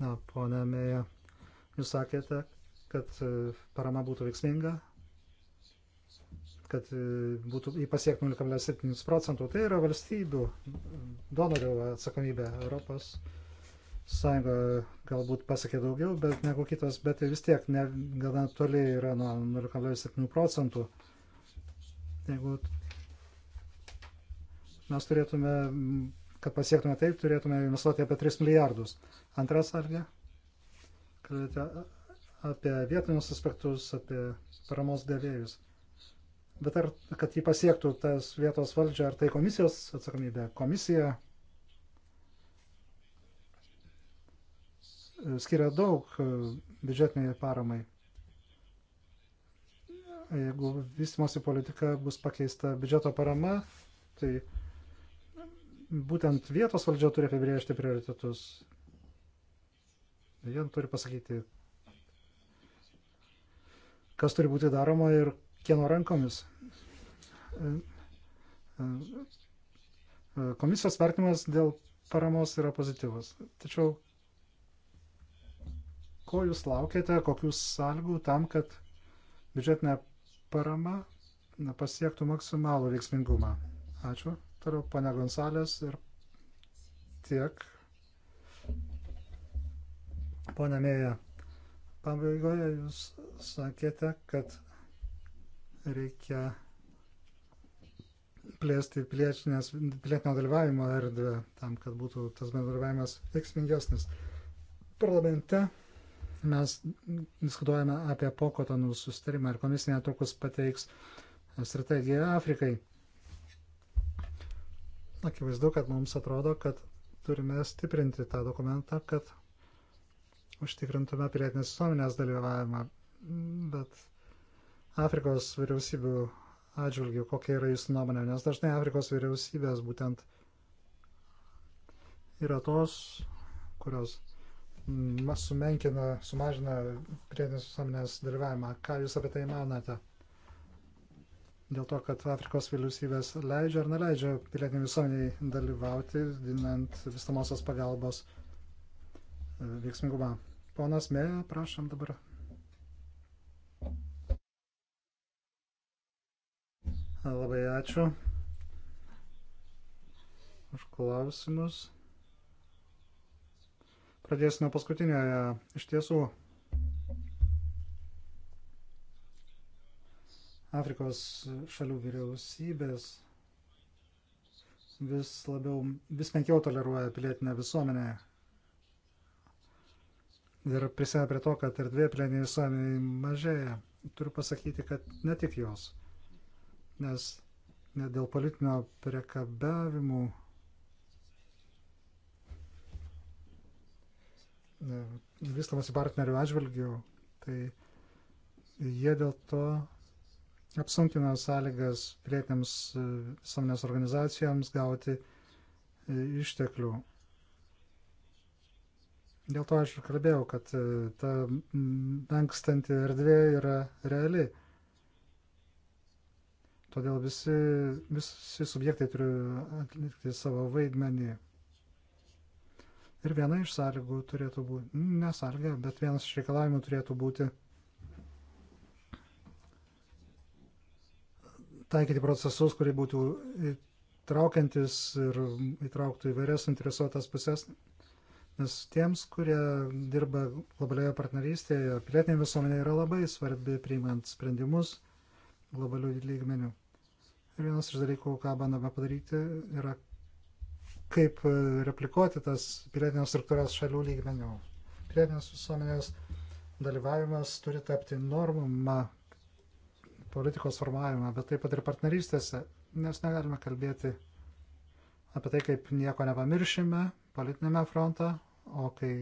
na, ponė Mėja. Jūs sakėte, kad e, parama būtų veiksminga, kad e, būtų į pasiektų 0,7 procentų. Tai yra valstybių donorių atsakomybė. Europos sąjunga galbūt pasakė daugiau, bet negu kitos, bet tai vis tiek ne, gana toli yra nuo 0,7 procentų. Jeigu mes turėtume, kad pasiektume taip, turėtume investuoti apie 3 milijardus. Antras argi? Kalbėjote apie vietinius aspektus, apie paramos gavėjus. Bet ar, kad jį pasiektų tas vietos valdžia, ar tai komisijos atsakomybė? Komisija e, skiria daug e, biudžetiniai paramai. Jeigu vystimosi politika bus pakeista biudžeto parama, tai būtent vietos valdžia turi apibriežti prioritetus. Jie turi pasakyti, kas turi būti daroma ir kieno rankomis. Komisijos vertimas dėl paramos yra pozityvus. Tačiau ko jūs laukiate, kokių sąlygų tam, kad biudžetinė parama pasiektų maksimalų veiksmingumą? Ačiū. Toliau pane Gonsalės ir tiek. Pone Mėja, pabaigoje jūs sakėte, kad reikia plėsti pilietinio dalyvavimo erdvę tam, kad būtų tas bendradarbiavimas veiksmingesnis. Parlamente mes diskutuojame apie pokotonų sustarimą ir komisija netrukus pateiks strategiją Afrikai. Akivaizdu, kad mums atrodo, kad turime stiprinti tą dokumentą, kad užtikrintume pilietinės visuomenės dalyvavimą, bet Afrikos vyriausybių atžvilgių, kokia yra jūsų nuomonė, nes dažnai Afrikos vyriausybės būtent yra tos, kurios mm, sumenkina, sumažina pilietinės visuomenės dalyvavimą. Ką jūs apie tai manate? Dėl to, kad Afrikos vyriausybės leidžia ar neleidžia pilietiniai visuomeniai dalyvauti, didinant vistamosios pagalbos e, veiksmingumą. Ponas Mė, prašom dabar Labai ačiū už klausimus. Pradėsiu nuo paskutinioje. Iš tiesų, Afrikos šalių vyriausybės vis labiau, vis menkiau toleruoja pilietinę visuomenę. Ir prisėda prie to, kad erdvė pilietiniai visuomeniai mažėja. Turiu pasakyti, kad ne tik jos nes net dėl politinio priekabiavimų vystamasi partnerių atžvilgių, tai jie dėl to apsunkina sąlygas pilietiniams e, visuomenės organizacijoms gauti e, išteklių. Dėl to aš ir kalbėjau, kad e, ta ankstanti erdvė yra reali. Todėl visi, visi subjektai turi atlikti savo vaidmenį. Ir viena iš sąlygų turėtų būti, nesargė, bet vienas iš reikalavimų turėtų būti taikyti procesus, kurie būtų įtraukiantis ir įtrauktų įvairias interesuotas pusės. Nes tiems, kurie dirba globalioje partnerystėje, pilietinė visuomenė yra labai svarbi priimant sprendimus globalių lygmenių. Ir vienas iš dalykų, ką bandome padaryti, yra kaip e, replikuoti tas pilietinės struktūras šalių lygmenių. Pilietinės visuomenės dalyvavimas turi tapti normą politikos formavimą, bet taip pat ir partnerystėse, nes negalime kalbėti apie tai, kaip nieko nepamiršime politinėme fronte, o kai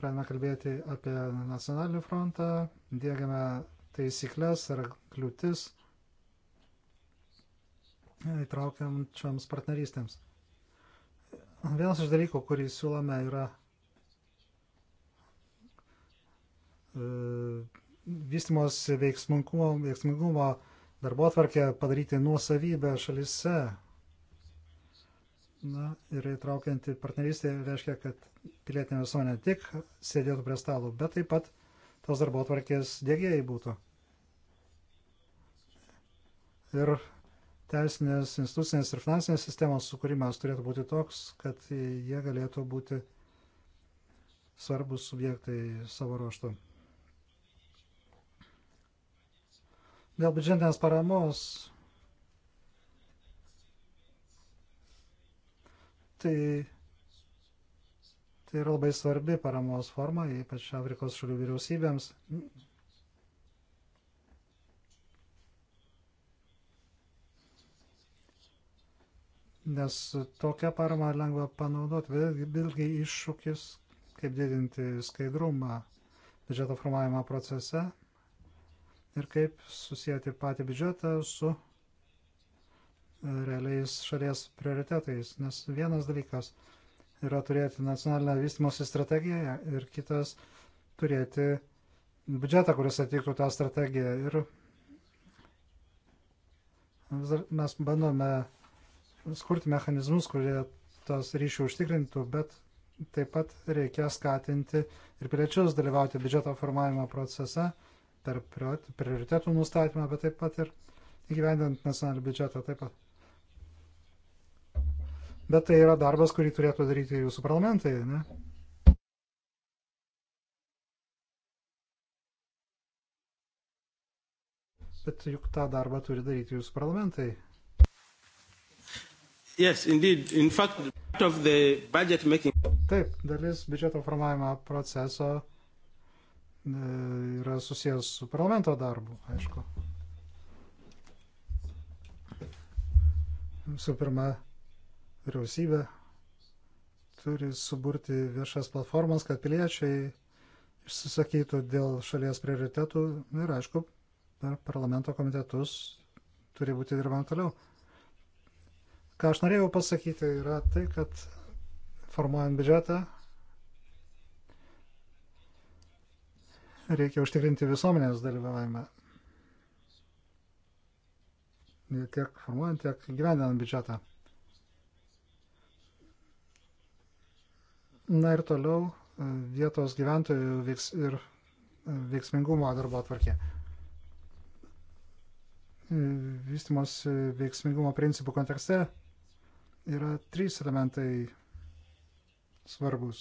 pradame kalbėti apie nacionalinį frontą, dėgiame taisyklės ar kliūtis, įtraukiančioms partnerystėms. Vienas iš dalykų, kurį siūlome, yra e, vystimos veiksmingumo, veiksmingumo darbo atvarkė padaryti nuosavybę šalise. Na, ir įtraukianti partnerystė reiškia, kad pilietinė visuomenė ne tik sėdėtų prie stalo, bet taip pat tos darbo atvarkės dėgėjai būtų. Ir teisinės, institucinės ir finansinės sistemos sukūrimas turėtų būti toks, kad jie galėtų būti svarbus subjektai savo ruoštų. Dėl biudžetinės paramos tai, tai yra labai svarbi paramos forma, ypač Afrikos šalių vyriausybėms. nes tokią paramą lengva panaudoti. Vėlgi iššūkis, kaip didinti skaidrumą biudžeto formavimo procese ir kaip susijęti patį biudžetą su e, realiais šalies prioritetais. Nes vienas dalykas yra turėti nacionalinę vystimosi strategiją ir kitas turėti biudžetą, kuris atitiktų tą strategiją. Ir mes bandome skurti mechanizmus, kurie tos ryšių užtikrintų, bet taip pat reikia skatinti ir piliečius dalyvauti biudžeto formavimo procese per prioritetų nustatymą, bet taip pat ir įgyvendinant nacionalinį biudžetą taip pat. Bet tai yra darbas, kurį turėtų daryti jūsų parlamentai, ne? Bet juk tą darbą turi daryti jūsų parlamentai. Yes, indeed. In fact, part of the budget making. Taip, dalis biudžeto formavimo proceso e, yra susijęs su parlamento darbu, aišku. Visų pirma, vyriausybė turi suburti viešas platformas, kad piliečiai išsisakytų dėl šalies prioritetų ir, aišku, per parlamento komitetus turi būti dirbama toliau. Ką aš norėjau pasakyti yra tai, kad formuojant biudžetą reikia užtikrinti visuomenės dalyvavimą. Tiek formuojant, tiek gyvendinant biudžetą. Na ir toliau e, vietos gyventojų veiks ir e, veiksmingumo darbo atvarkė. E, Vystimos veiksmingumo principų kontekste Yra trys elementai svarbus.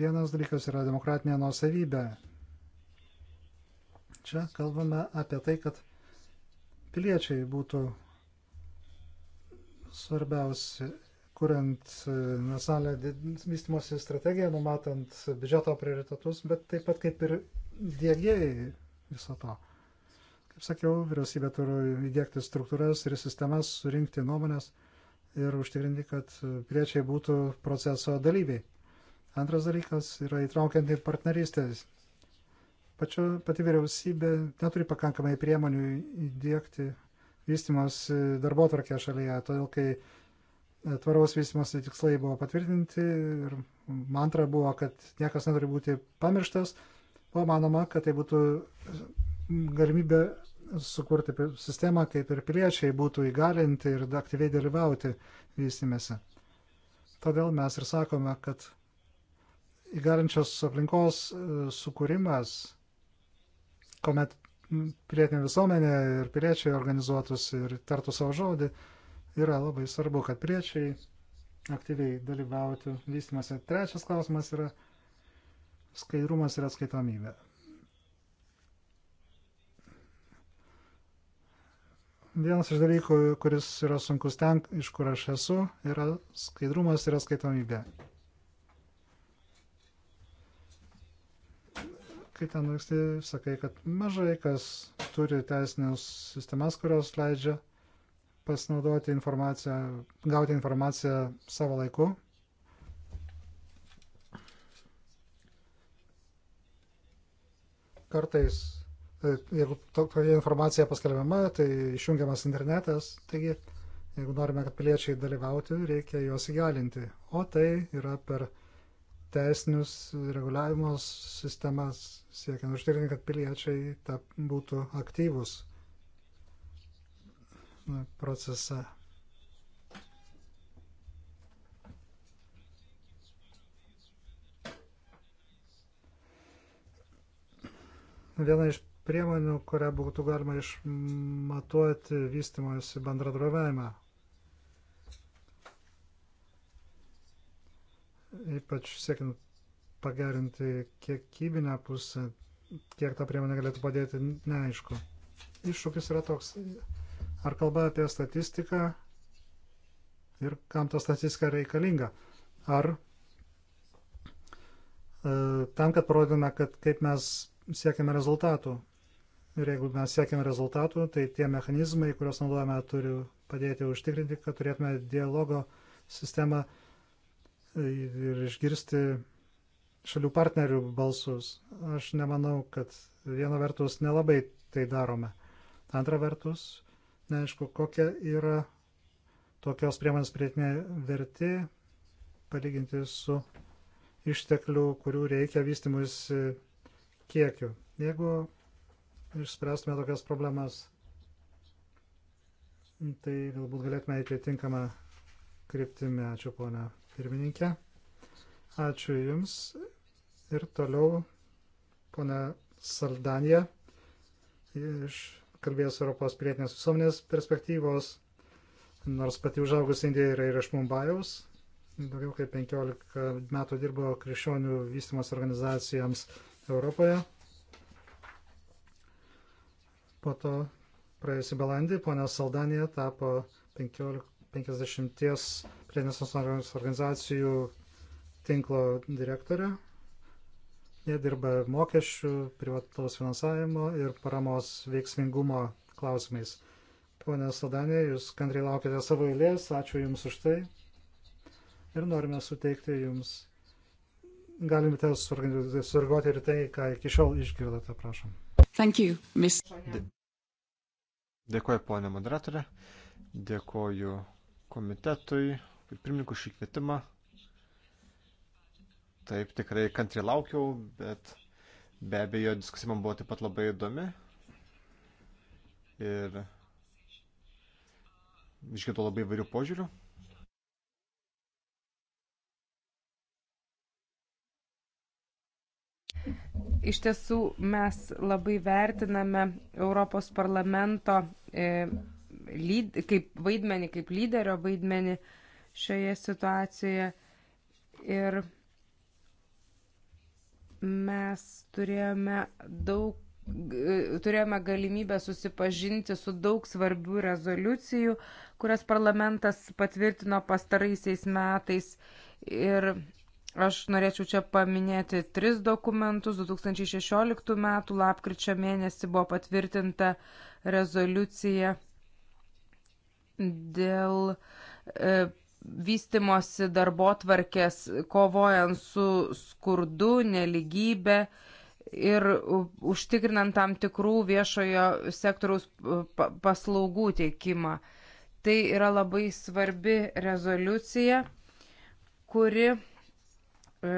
Vienas dalykas yra demokratinė nuosavybė. Čia kalbame apie tai, kad piliečiai būtų svarbiausi, kuriant e, nacionalinę vystimosi strategiją, numatant biudžeto prioritetus, bet taip pat kaip ir dėgėjai viso to. Kaip sakiau, vyriausybė turi įdėkti struktūras ir sistemas, surinkti nuomonės ir užtikrinti, kad priečiai būtų proceso dalyviai. Antras dalykas yra įtraukianti partnerystės. Pačio, pati vyriausybė neturi pakankamai priemonių įdėkti vystimos darbo tvarkę šalyje, todėl kai tvaraus vystimos tikslai buvo patvirtinti ir mantra buvo, kad niekas neturi būti pamirštas, buvo manoma, kad tai būtų galimybė sukurti sistemą, kaip ir piliečiai būtų įgalinti ir aktyviai dalyvauti vystimėse. Todėl mes ir sakome, kad įgalinčios aplinkos e, sukūrimas, kuomet pilietinė visuomenė ir piliečiai organizuotųsi ir tartų savo žodį, yra labai svarbu, kad piliečiai aktyviai dalyvautų vystimėse. Trečias klausimas yra skaidrumas ir atskaitomybė. Vienas iš dalykų, kuris yra sunkus ten, iš kur aš esu, yra skaidrumas ir atskaitomybė. Kai ten vyksti, sakai, kad mažai kas turi teisinės sistemas, kurios leidžia pasinaudoti informaciją, gauti informaciją savo laiku. Kartais E, jeigu tokia informacija paskelbiama, tai išjungiamas internetas, taigi jeigu norime, kad piliečiai dalyvautų, reikia juos įgalinti. O tai yra per teisinius reguliavimo sistemas siekiant užtikrinti, kad piliečiai ta, būtų aktyvus procese. Viena iš priemonių, kurią būtų galima išmatuoti vystimosi bendradarbiavimą. Ypač siekiant pagerinti kiekybinę pusę, kiek ta priemonė galėtų padėti, neaišku. Iššūkis yra toks, ar kalba apie statistiką ir kam ta statistika reikalinga. Ar e, tam, kad parodytume, kad kaip mes siekiame rezultatų. Ir jeigu mes siekiame rezultatų, tai tie mechanizmai, kuriuos naudojame, turi padėti užtikrinti, kad turėtume dialogo sistemą e, ir išgirsti šalių partnerių balsus. Aš nemanau, kad viena vertus nelabai tai darome. Antra vertus, neaišku, kokia yra tokios priemonės prietinė verti palyginti su išteklių, kurių reikia vystimus kiekiu. Jeigu išspręstume tokias problemas, tai galbūt galėtume eiti tinkamą kryptimį. Ačiū, ponia pirmininkė. Ačiū Jums. Ir toliau ponia Saldanija iš kalbės Europos pilietinės visuomenės perspektyvos, nors pati užaugus Indija yra ir iš Mumbajaus. Daugiau kaip 15 metų dirbo krikščionių vystimos organizacijoms Europoje. Po to praėjusį balandį ponia Saldanija tapo 15, 50 plėtinės organizacijų tinklo direktorė. Jie dirba mokesčių, privataus finansavimo ir paramos veiksmingumo klausimais. Pone Saldanė, jūs kantriai laukite savo eilės, ačiū Jums už tai. Ir norime suteikti Jums. Galime suorganizuoti ir tai, ką iki šiol išgirdote, prašom. Thank you, Ms. De Dėkuoju, ponė moderatorė. Dėkuoju komitetui ir pirmininkų šį kvietimą. Taip, tikrai kantriai laukiau, bet be abejo diskusija man buvo taip pat labai įdomi. Ir išgirdau labai įvairių požiūrių. Iš tiesų mes labai vertiname Europos parlamento e, lyd, kaip vaidmenį, kaip lyderio vaidmenį šioje situacijoje. Ir mes turėjome daug turėjome galimybę susipažinti su daug svarbių rezoliucijų, kurias parlamentas patvirtino pastaraisiais metais. Ir Aš norėčiau čia paminėti tris dokumentus. 2016 m. lapkričio mėnesį buvo patvirtinta rezoliucija dėl e, vystimosi darbo tvarkės, kovojant su skurdu, neligybė ir užtikrinant tam tikrų viešojo sektoriaus e, paslaugų teikimą. Tai yra labai svarbi rezoliucija, kuri E,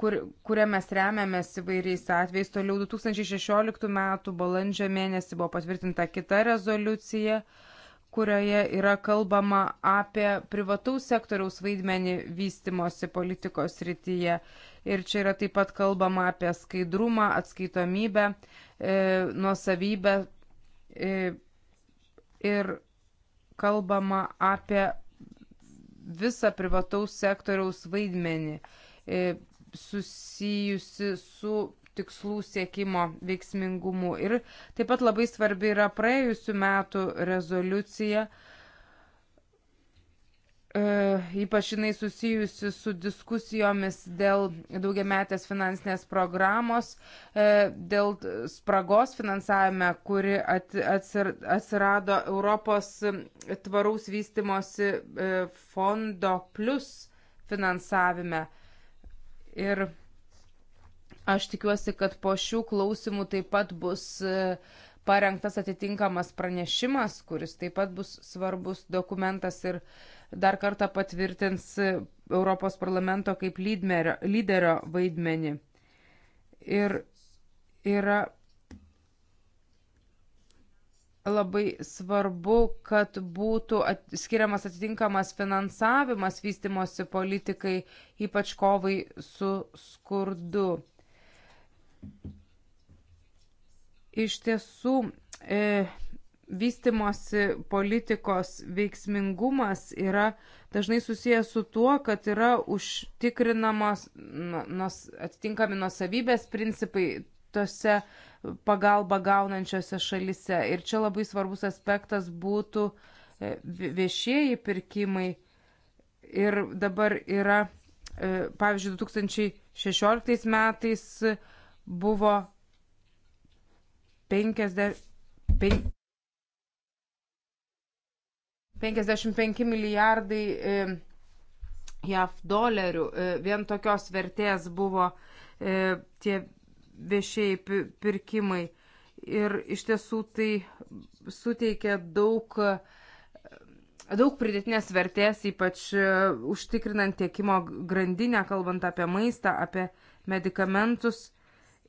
kur, kurią mes remiamės įvairiais atvejais. Toliau 2016 m. balandžio mėnesį buvo patvirtinta kita rezoliucija, kurioje yra kalbama apie privataus sektoriaus vaidmenį vystimosi politikos rytyje. Ir čia yra taip pat kalbama apie skaidrumą, atskaitomybę, e, nuosavybę e, ir kalbama apie visą privataus sektoriaus vaidmenį. E, E, susijusi su tikslų siekimo veiksmingumu. Ir taip pat labai svarbi yra praėjusių metų rezoliucija, e, ypač jinai susijusi su diskusijomis dėl daugiametės finansinės programos, e, dėl spragos finansavime, kuri atsirado Europos tvaraus vystimosi fondo plus finansavime. Ir aš tikiuosi, kad po šių klausimų taip pat bus e, parengtas atitinkamas pranešimas, kuris taip pat bus svarbus dokumentas ir dar kartą patvirtins e, Europos parlamento kaip lyderio vaidmenį. Ir yra labai svarbu, kad būtų at skiriamas atitinkamas finansavimas vystimosi politikai, ypač kovai su skurdu. Iš tiesų, e, vystimosi politikos veiksmingumas yra dažnai susijęs su tuo, kad yra užtikrinamos nos, atitinkami nusavybės principai tose pagalbą gaunančiose šalise. Ir čia labai svarbus aspektas būtų e, viešieji pirkimai. Ir dabar yra, e, pavyzdžiui, 2016 metais buvo 50, 55 milijardai e, JAV dolerių vien tokios vertės buvo tie viešieji pirkimai. Ir iš tiesų tai suteikia daug, daug pridėtinės vertės, ypač e, užtikrinant tiekimo grandinę, kalbant apie maistą, apie medikamentus.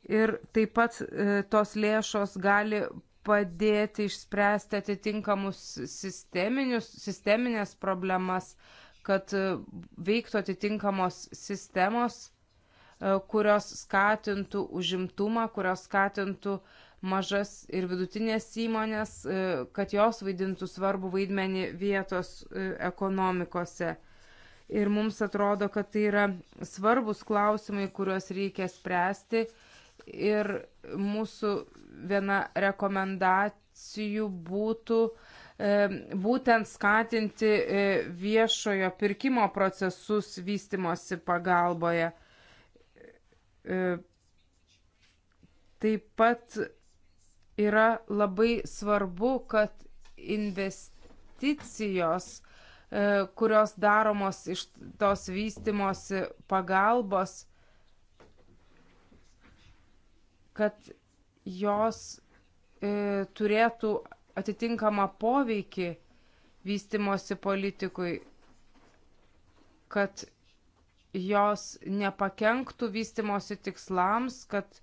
Ir taip pat e, tos lėšos gali padėti išspręsti atitinkamus sisteminės problemas, kad e, veiktų atitinkamos sistemos E, kurios skatintų užimtumą, kurios skatintų mažas ir vidutinės įmonės, e, kad jos vaidintų svarbu vaidmenį vietos e, ekonomikose. Ir mums atrodo, kad tai yra svarbus klausimai, kuriuos reikia spręsti. Ir mūsų viena rekomendacijų būtų būtent skatinti viešojo pirkimo procesus vystimosi pagalboje. E, taip pat yra labai svarbu, kad investicijos, e, kurios daromos iš tos vystimosi pagalbos, kad jos e, turėtų atitinkamą poveikį vystimosi politikui, kad jos nepakenktų vystimosi tikslams, kad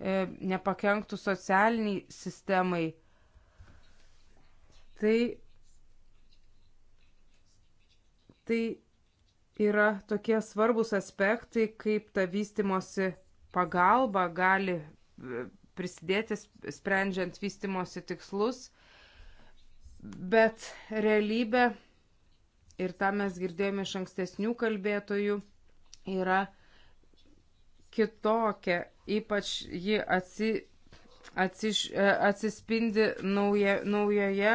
e, nepakenktų socialiniai sistemai. Tai, tai yra tokie svarbus aspektai, kaip ta vystimosi pagalba gali e, prisidėti sprendžiant vystimosi tikslus, bet realybė, ir tą mes girdėjome iš ankstesnių kalbėtojų, yra kitokia, ypač ji atsi, atsiš, e, atsispindi nauja, naujoje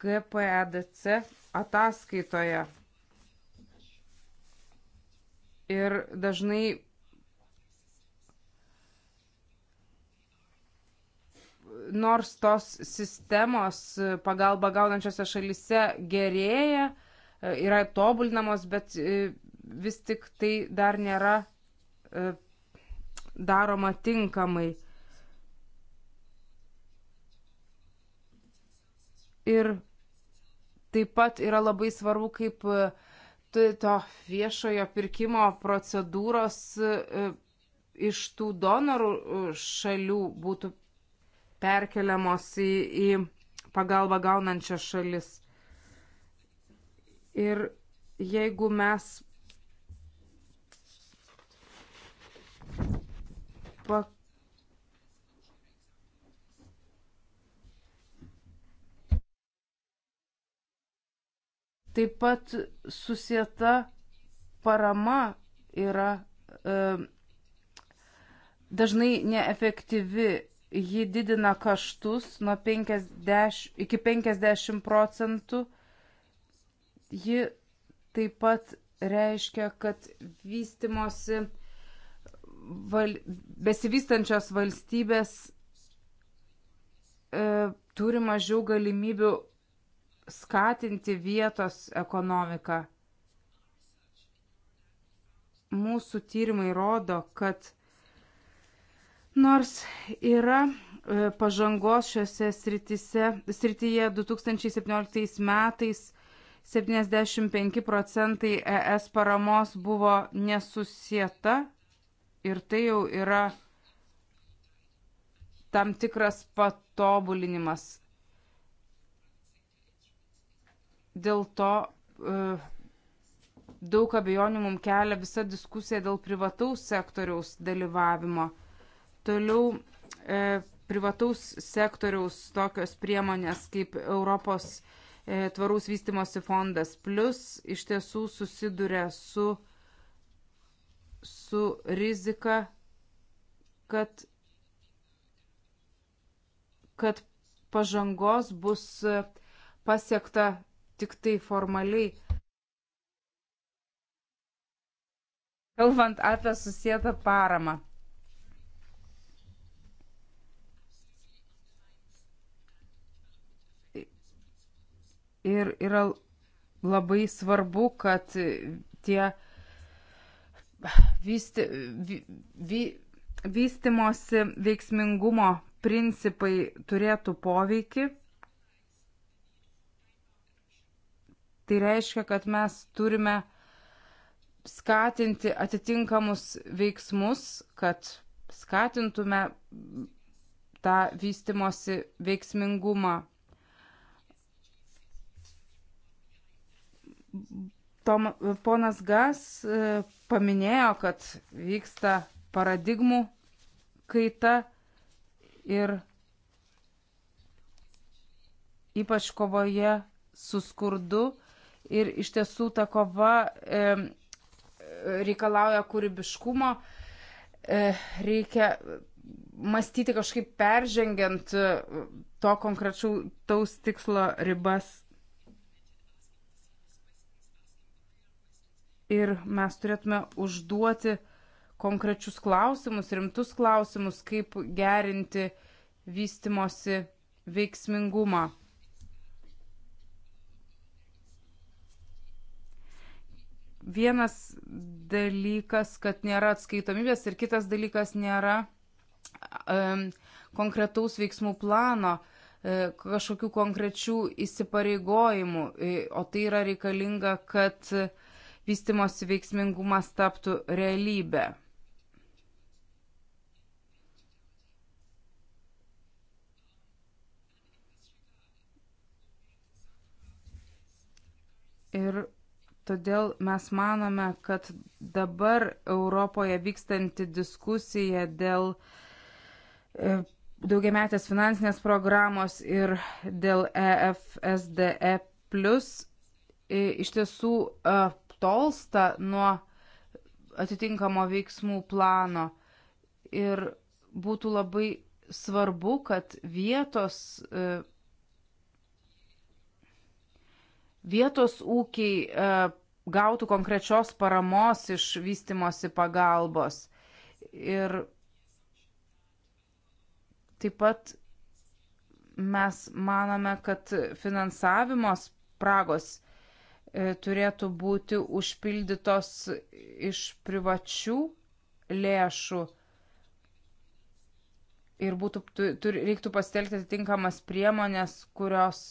GPEDC ataskaitoje. Ir dažnai nors tos sistemos pagalba gaunančiose šalise gerėja, E, yra tobulinamos, bet e, vis tik tai dar nėra e, daroma tinkamai. Ir taip pat yra labai svarbu, kaip to viešojo pirkimo procedūros iš tų donorų šalių būtų perkeliamos į, į pagalbą gaunančias šalis. Ir jeigu mes pak Taip pat susieta parama yra e, dažnai neefektyvi. Ji didina kaštus nuo 50 iki 50 procentų Ji taip pat reiškia, kad vystimosi val, besivystančios valstybės e, turi mažiau galimybių skatinti vietos ekonomiką. Mūsų tyrimai rodo, kad nors yra e, pažangos šiuose srityse, srityje 2017 metais 75 procentai ES paramos buvo nesusieta ir tai jau yra tam tikras patobulinimas. Dėl to uh, daug abejonių mums kelia visa diskusija dėl privataus sektoriaus dalyvavimo. Toliau e, privataus sektoriaus tokios priemonės kaip Europos e, E, tvaraus vystimosi fondas plus iš tiesų susiduria su, su rizika, kad, kad pažangos bus e, pasiekta tik tai formaliai. Kalbant apie susijęta paramą. ir yra labai svarbu, kad tie vysti, vy, vy, vystimosi veiksmingumo principai turėtų poveikį. Tai reiškia, kad mes turime skatinti atitinkamus veiksmus, kad skatintume tą vystimosi veiksmingumą Tom, ponas Gas e, paminėjo, kad vyksta paradigmų kaita ir ypač kovoje su skurdu. Ir iš tiesų ta kova e, reikalauja kūrybiškumo, e, reikia mąstyti kažkaip peržengiant e, to konkrečių taus tikslo ribas ir mes turėtume užduoti konkrečius klausimus, rimtus klausimus, kaip gerinti vystimosi veiksmingumą. Vienas dalykas, kad nėra atskaitomybės ir kitas dalykas nėra um, konkretaus veiksmų plano, e, kažkokių konkrečių įsipareigojimų, e, o tai yra reikalinga, kad uh, vystimosi veiksmingumas taptų realybę. Ir todėl mes manome, kad dabar Europoje vykstanti diskusija dėl e, daugiametės finansinės programos ir dėl EFSDE e plus iš tiesų e, tolsta nuo atitinkamo veiksmų plano. Ir būtų labai svarbu, kad vietos, e, vietos ūkiai e, gautų konkrečios paramos iš vystimosi pagalbos. Ir taip pat mes manome, kad finansavimo spragos E, turėtų būti užpildytos iš privačių lėšų ir būtų, tur, reiktų pasitelkti atitinkamas priemonės, kurios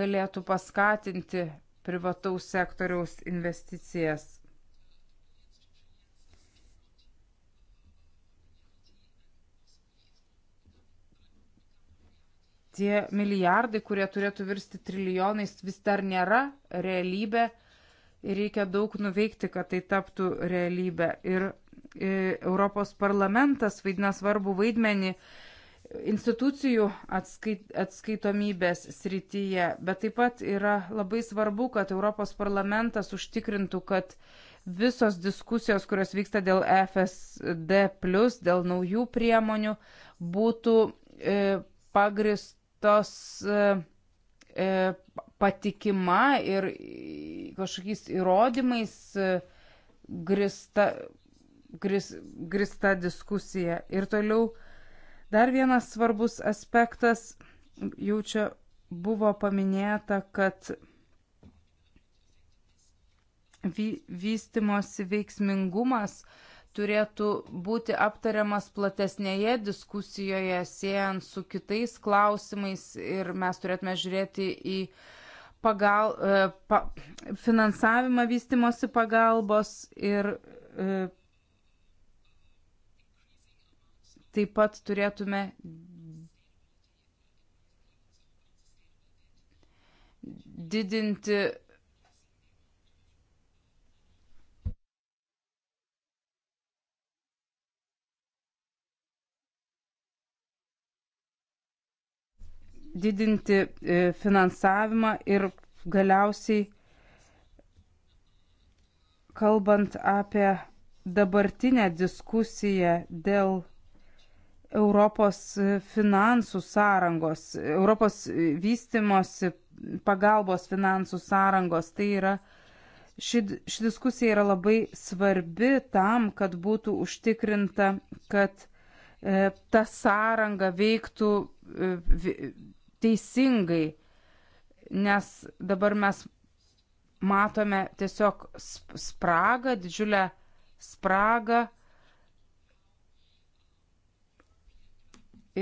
galėtų paskatinti privataus sektoriaus investicijas. tie milijardai, kurie turėtų virsti trilijonais, vis dar nėra realybė ir reikia daug nuveikti, kad tai taptų realybė. Ir e, Europos parlamentas vaidina svarbu vaidmenį institucijų atskait, atskaitomybės srityje, bet taip pat yra labai svarbu, kad Europos parlamentas užtikrintų, kad visos diskusijos, kurios vyksta dėl FSD, dėl naujų priemonių, būtų e, pagrist tos e, e, patikima ir kažkokiais įrodymais e, grista, gris, grista diskusija. Ir toliau dar vienas svarbus aspektas, jau čia buvo paminėta, kad vystimosi veiksmingumas uh, turėtų būti aptariamas platesnėje diskusijoje, siejant su kitais klausimais ir mes turėtume žiūrėti į pagal, e, pa, finansavimą vystimosi pagalbos ir e, taip pat turėtume didinti didinti e, finansavimą ir galiausiai kalbant apie dabartinę diskusiją dėl Europos finansų sąrangos, Europos vystimosi pagalbos finansų sąrangos, tai yra ši, ši diskusija yra labai svarbi tam, kad būtų užtikrinta, kad e, ta sąranga veiktų e, teisingai, nes dabar mes matome tiesiog spragą, didžiulę spragą.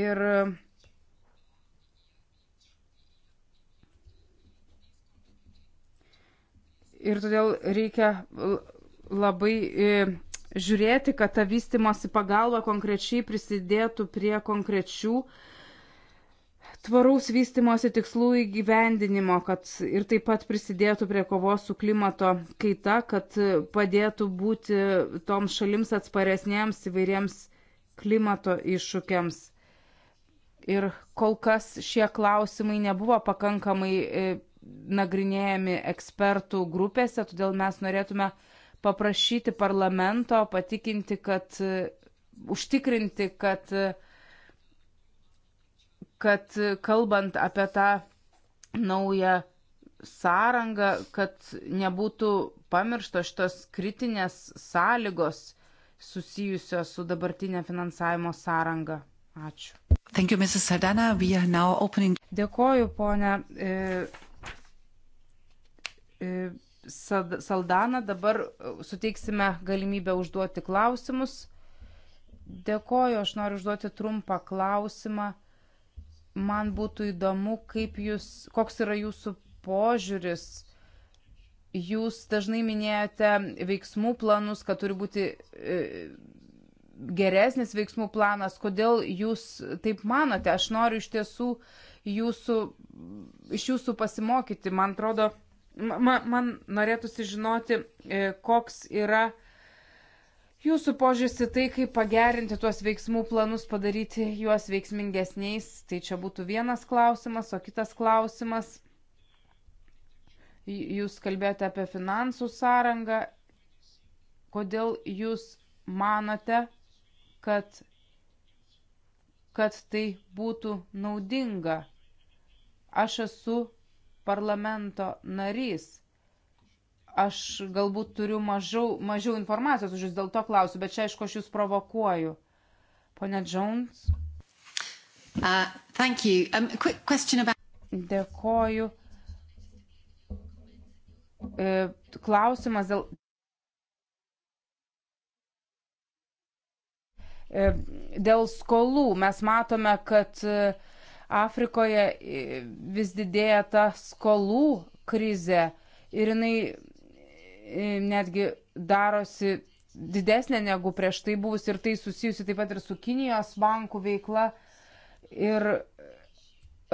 Ir ir todėl reikia labai e, žiūrėti, kad ta vystimosi pagalba konkrečiai prisidėtų prie konkrečių uh, tvaraus vystimosi tikslų įgyvendinimo, kad ir taip pat prisidėtų prie kovos su klimato kaita, kad padėtų būti toms šalims atsparesniems įvairiems klimato iššūkiams. Ir kol kas šie klausimai nebuvo pakankamai e, nagrinėjami ekspertų grupėse, todėl mes norėtume paprašyti parlamento patikinti, kad e, užtikrinti, kad uh, kad kalbant apie tą naują sąrangą, kad nebūtų pamirštos šitos kritinės sąlygos susijusios su dabartinė finansavimo sąranga. Ačiū. Thank you, Mrs. Sardana. We are now opening. Dėkoju, ponia e, e, Saldana. Dabar e, suteiksime galimybę užduoti klausimus. Dėkoju, aš noriu užduoti trumpą klausimą man būtų įdomu, jūs, koks yra jūsų požiūris. Jūs dažnai minėjote veiksmų planus, kad turi būti e, geresnis veiksmų planas. Kodėl jūs taip manote? Aš noriu iš tiesų jūsų, iš jūsų pasimokyti. Man atrodo, man, man norėtųsi žinoti, e, koks yra Jūsų požiūris į tai, kaip pagerinti tuos veiksmų planus, padaryti juos veiksmingesniais, tai čia būtų vienas klausimas, o kitas klausimas. Jūs kalbėjote apie finansų sąrangą. Kodėl jūs manote, kad, kad tai būtų naudinga? Aš esu parlamento narys aš galbūt turiu mažiau, mažiau informacijos, už jūs dėl to klausiu, bet čia aišku, aš jūs provokuoju. Pone Jones. Uh, um, about... Dėkoju. E, klausimas dėl. E, dėl skolų mes matome, kad e, Afrikoje e, vis didėja ta skolų krize ir jinai netgi darosi didesnė negu prieš tai buvusi ir tai susijusi taip pat ir su Kinijos bankų veikla. Ir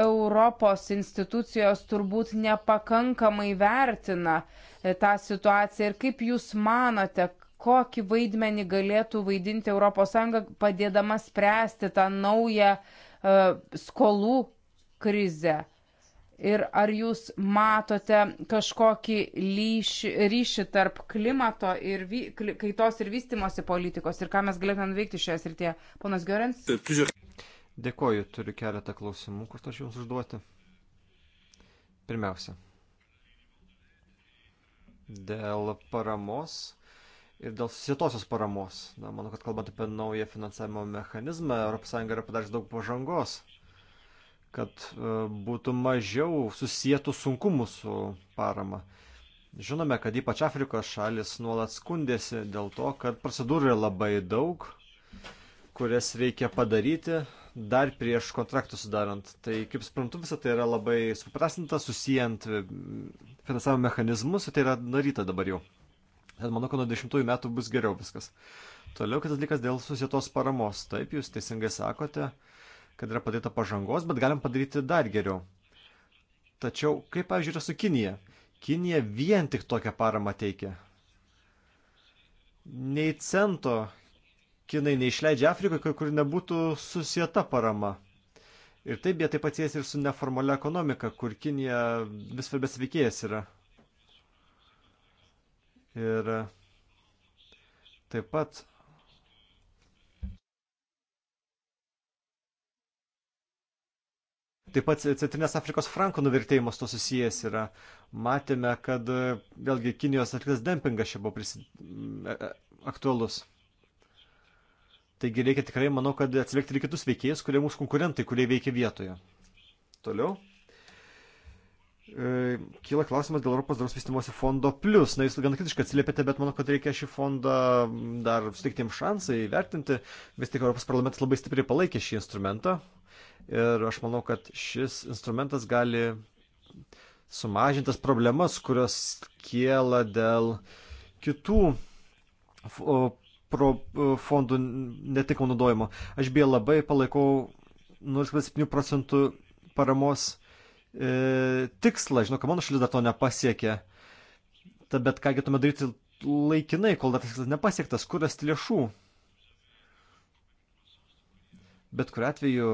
Europos institucijos turbūt nepakankamai vertina e, tą situaciją. Ir kaip Jūs manote, kokį vaidmenį galėtų vaidinti ES padėdama spręsti tą naują uh, skolų krizę? Uh, Ir ar jūs matote kažkokį lyšį, ryšį tarp klimato ir vy, kaitos ir vystimosi politikos ir ką mes galėtume nuveikti šioje srityje? Ponas Gerens? Dėkoju, turiu keletą klausimų, kur aš jums užduoti. Pirmiausia, dėl paramos ir dėl susietosios paramos. Na, manau, kad kalbant apie naują finansavimo mechanizmą, ES yra padaręs daug pažangos kad e, būtų mažiau susijęto sunkumų su parama. Žinome, kad ypač Afrikos šalis nuolat skundėsi dėl to, kad procedūrų yra labai daug, kurias reikia padaryti dar prieš kontraktų sudarant. Tai, kaip suprantu, visą tai yra labai suprastinta, susijęs e, finansavimo mechanizmus ir tai yra daryta dabar jau. Tad manau, kad nuo 10 metų bus geriau viskas. Toliau kitas dalykas dėl susietos paramos. Taip, jūs teisingai sakote, kad yra padaryta pažangos, bet galim padaryti dar geriau. Tačiau, kaip, pavyzdžiui, yra su Kinija? Kinija vien tik tokią paramą teikia. Nei cento Kinai neišleidžia Afrikoje, kur nebūtų susieta parama. Ir taip jie taip pat siejasi ir su neformalia ekonomika, kur Kinija vis svarbės veikėjas yra. Ir taip pat Taip pat Centrinės Afrikos franko nuvertėjimas to susijęs yra. Matėme, kad e, vėlgi Kinijos atliktas dempingas čia buvo prisi... E, e, aktualus. Taigi reikia tikrai, manau, kad atsivekti ir kitus veikėjus, kurie mūsų konkurentai, kurie veikia vietoje. Toliau. E, kyla klausimas dėl Europos daraus vystimosi fondo plus. Na, jūs gan kritiškai atsiliepėte, bet manau, kad reikia šį fondą dar suteikti jam šansą įvertinti. Vis tik Europos parlamentas labai stipriai palaikė šį instrumentą. Ir aš manau, kad šis instrumentas gali sumažintas problemas, kurios kėla dėl kitų pro fondų netikmo naudojimo. Aš beje labai palaikau 0,7 procentų paramos e, tikslą. Žinau, kad mano šalis dar to nepasiekė. Ta, bet kągi tuomet daryti laikinai, kol dar tas tikslas nepasiektas, kur rasti lėšų. Bet kuriu atveju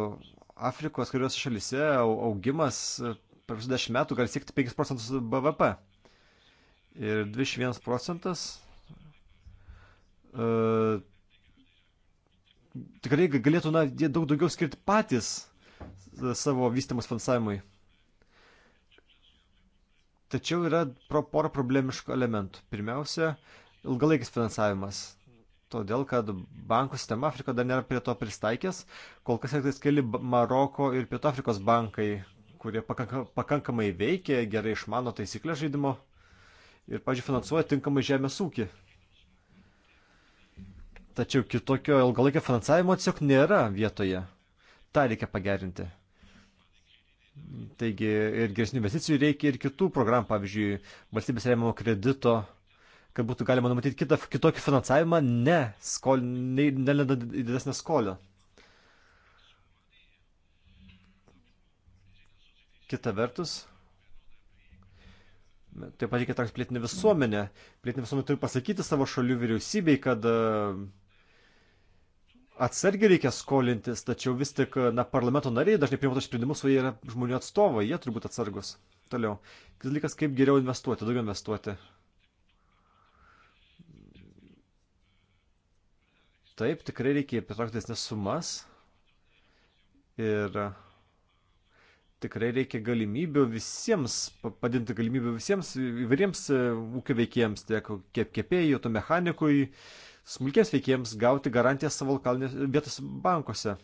Afrikos kuriuose šalise augimas e, per 60 metų gali siekti 5 procentus BVP. Ir 21 procentas e, tikrai galėtų na, daug daugiau skirti patys e, savo vystimus finansavimui. Tačiau yra pora problemiškų elementų. Pirmiausia, ilgalaikis finansavimas. Todėl, kad bankų sistema Afrika dar nėra prie to pristaikęs. Kol kas tik keli Maroko ir Pietų Afrikos bankai, kurie pakankamai veikia, gerai išmano taisyklę žaidimo ir, pažiūrėjau, finansuoja tinkamai žemės ūkį. Tačiau kitokio ilgalaikio finansavimo tiesiog nėra vietoje. Ta reikia pagerinti. Taigi ir geresnių investicijų reikia ir kitų programų, pavyzdžiui, valstybės remiamo kredito, kad būtų galima numatyti kitą, kitokį finansavimą, ne, skol, ne, nelendant į didesnę skolą. Kita vertus, taip pat reikia toks plėtinė visuomenė. Plėtinė visuomenė turi pasakyti savo šalių vyriausybei, kad uh, atsargiai reikia skolintis, tačiau vis tik, na, parlamento nariai dažnai priima tos sprendimus, o jie yra žmonių atstovai, jie turi būti atsargus. Toliau. Kitas dalykas, kaip geriau investuoti, daugiau investuoti. Taip, tikrai reikia pritraukti didesnės sumas ir tikrai reikia galimybių visiems, padinti galimybių visiems įvairiems e, ūkio veikėjams, tiek kepėjų, to mechanikui, smulkiems veikėjams gauti garantiją savo vietos bankuose.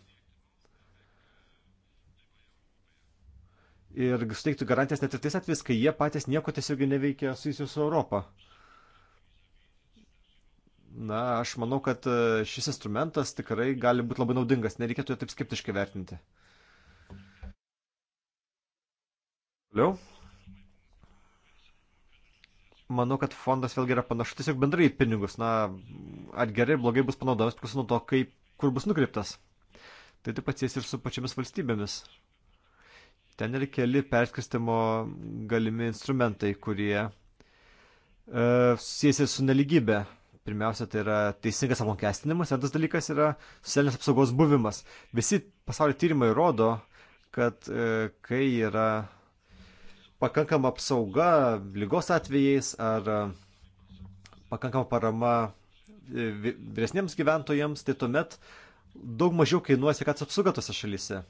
Ir suteiktų garantijas net ir tais atvejais, kai jie patys nieko tiesiog neveikia susijusio su Europą. Na, aš manau, kad e, šis instrumentas tikrai gali būti labai naudingas, nereikėtų jo taip skeptiškai vertinti. Toliau manau, kad fondas vėlgi yra panašu tiesiog bendrai į pinigus. Na, ar gerai ar blogai bus panaudojamas, priklauso nuo to, kaip, kur bus nukreiptas. Tai taip pat sės ir su pačiamis valstybėmis. Ten yra keli perskirstimo galimi instrumentai, kurie e, susijęs su neligybė. Pirmiausia, tai yra teisingas apmokestinimas, antras dalykas yra socialinės apsaugos buvimas. Visi pasaulio tyrimai rodo, kad e, kai yra pakankama apsauga lygos atvejais ar e, pakankama parama e, vyresniems gyventojams, tai tuomet daug mažiau kainuoja sveikatos apsauga tose šalyse.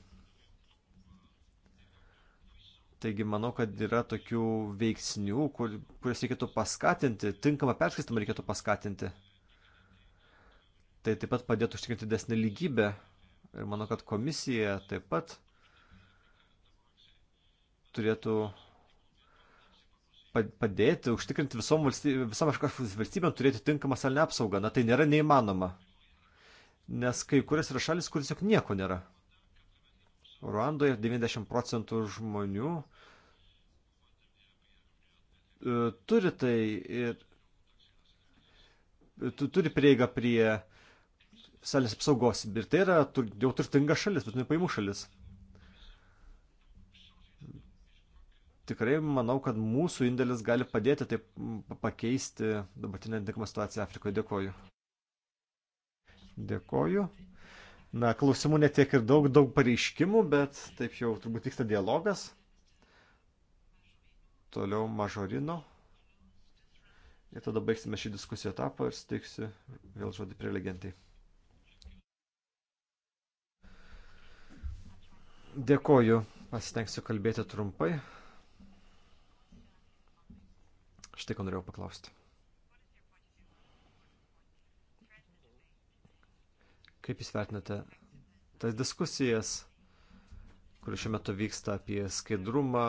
Taigi manau, kad yra tokių veiksnių, kur, kurias reikėtų paskatinti, tinkamą perskaitimą reikėtų paskatinti. Tai taip pat padėtų užtikrinti desnį lygybę. Ir manau, kad komisija taip pat turėtų padėti, užtikrinti visom valstybėm, visam valstybėm turėti tinkamą salinę apsaugą. Na tai nėra neįmanoma. Nes kai kurias yra šalis, kur tiesiog nieko nėra. Ruandoje 90 procentų žmonių e, turi tai ir e, turi prieigą prie salės apsaugos. Ir tai yra jau turtinga šalis, bet ne paimų šalis. tikrai manau, kad mūsų indėlis gali padėti taip pakeisti dabartinę netinkamą situaciją Afrikoje. Dėkoju. Dėkoju. Na, klausimų netiek ir daug, daug pareiškimų, bet taip jau turbūt vyksta dialogas. Toliau mažorino. Ir tada baigsime šį diskusijų etapą ir steiksiu vėl žodį prelegentai. Dėkoju, pasitengsiu kalbėti trumpai. Štai ko norėjau paklausti. Kaip jūs vertinate tas diskusijas, kur šiuo metu vyksta apie skaidrumą,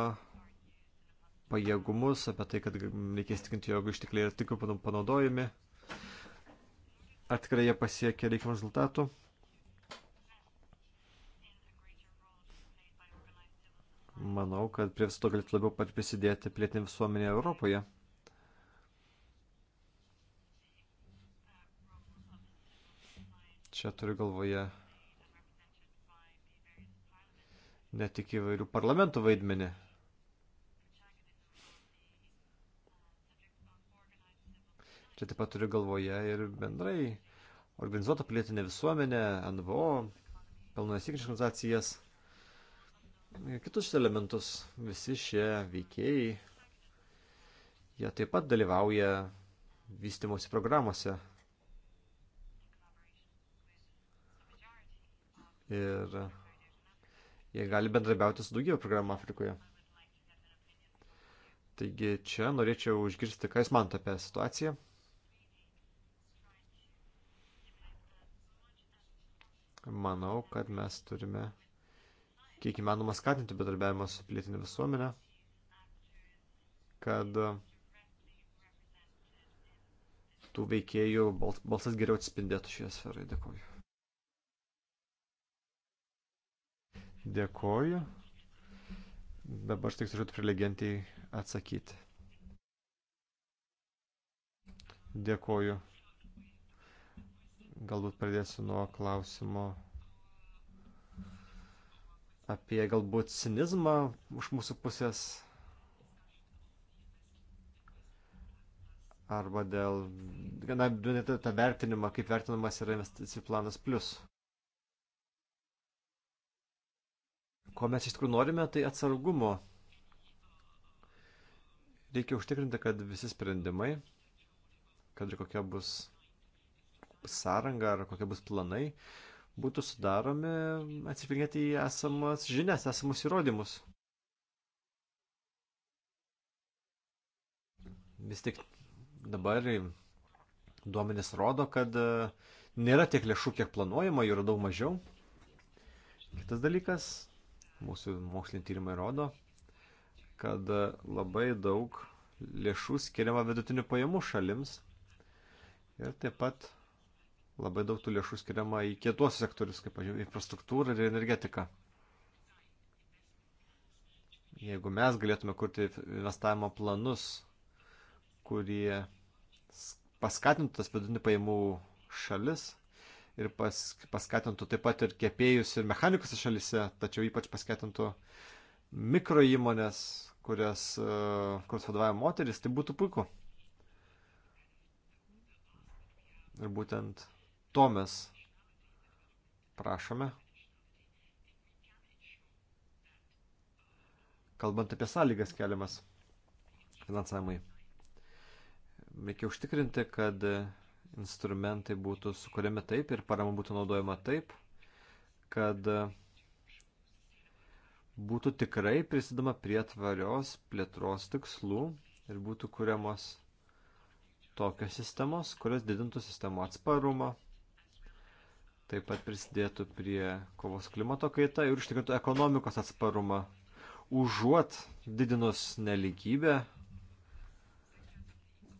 pajėgumus, apie tai, kad reikės tikinti, jog ištikliai yra tinkamai panaudojami, ar tikrai jie pasiekia reikiamų rezultatų. Manau, kad prie viso to galėtų labiau pat prisidėti plėtinė visuomenė Europoje. Čia turiu galvoje ne tik įvairių parlamentų vaidmenį. Čia taip pat turiu galvoje ir bendrai organizuotą pilietinę visuomenę, NVO, pelno įsikinčių organizacijas, kitus elementus. Visi šie veikėjai, jie taip pat dalyvauja vystimosi programuose ir jie gali bendrabiauti su daugybė programų Afrikoje. Taigi čia norėčiau užgirsti, ką jūs manote apie situaciją. Manau, kad mes turime kiek įmanoma skatinti bedarbiavimą su pilietinė visuomenė, kad tų veikėjų balsas geriau atspindėtų šioje sferoje. Dėkuoju. Dėkoju. Dabar tik turiu prelegentiai atsakyti. Dėkoju. Galbūt pradėsiu nuo klausimo apie galbūt cinizmą už mūsų pusės arba dėl, gana, ta vertinimą, kaip vertinamas yra investicijų planas plus. Ko mes iš tikrųjų norime, tai atsargumo. Reikia užtikrinti, kad visi sprendimai, kad ir kokia bus sąranga ar kokie bus planai, būtų sudaromi atsižvelgiant į esamas žinias, esamus įrodymus. Vis tik dabar duomenys rodo, kad e, nėra tiek lėšų, kiek planuojama, jų yra daug mažiau. Kitas dalykas mūsų moksliniai tyrimai rodo, kad labai daug lėšų skiriama vidutinių pajamų šalims ir taip pat labai daug tų lėšų skiriama į kietuos sektorius, kaip, pažiūrėjau, infrastruktūrą ir energetiką. Jeigu mes galėtume kurti investavimo planus, kurie paskatintų tas vidutinių pajamų šalis, ir pas, paskatintų taip pat ir kepėjus ir mechanikus šalyse, tačiau ypač paskatintų mikro įmonės, kurias, e, kurias vadovauja moteris, tai būtų puiku. Ir būtent to mes prašome. Kalbant apie sąlygas keliamas finansavimui, reikia užtikrinti, kad instrumentai būtų sukūrėmi taip ir parama būtų naudojama taip, kad būtų tikrai prisidama prie tvarios plėtros tikslų ir būtų kuriamos tokios sistemos, kurios didintų sistemų atsparumą, taip pat prisidėtų prie kovos klimato kaita ir užtikrintų ekonomikos atsparumą. Užuot didinus neligybę,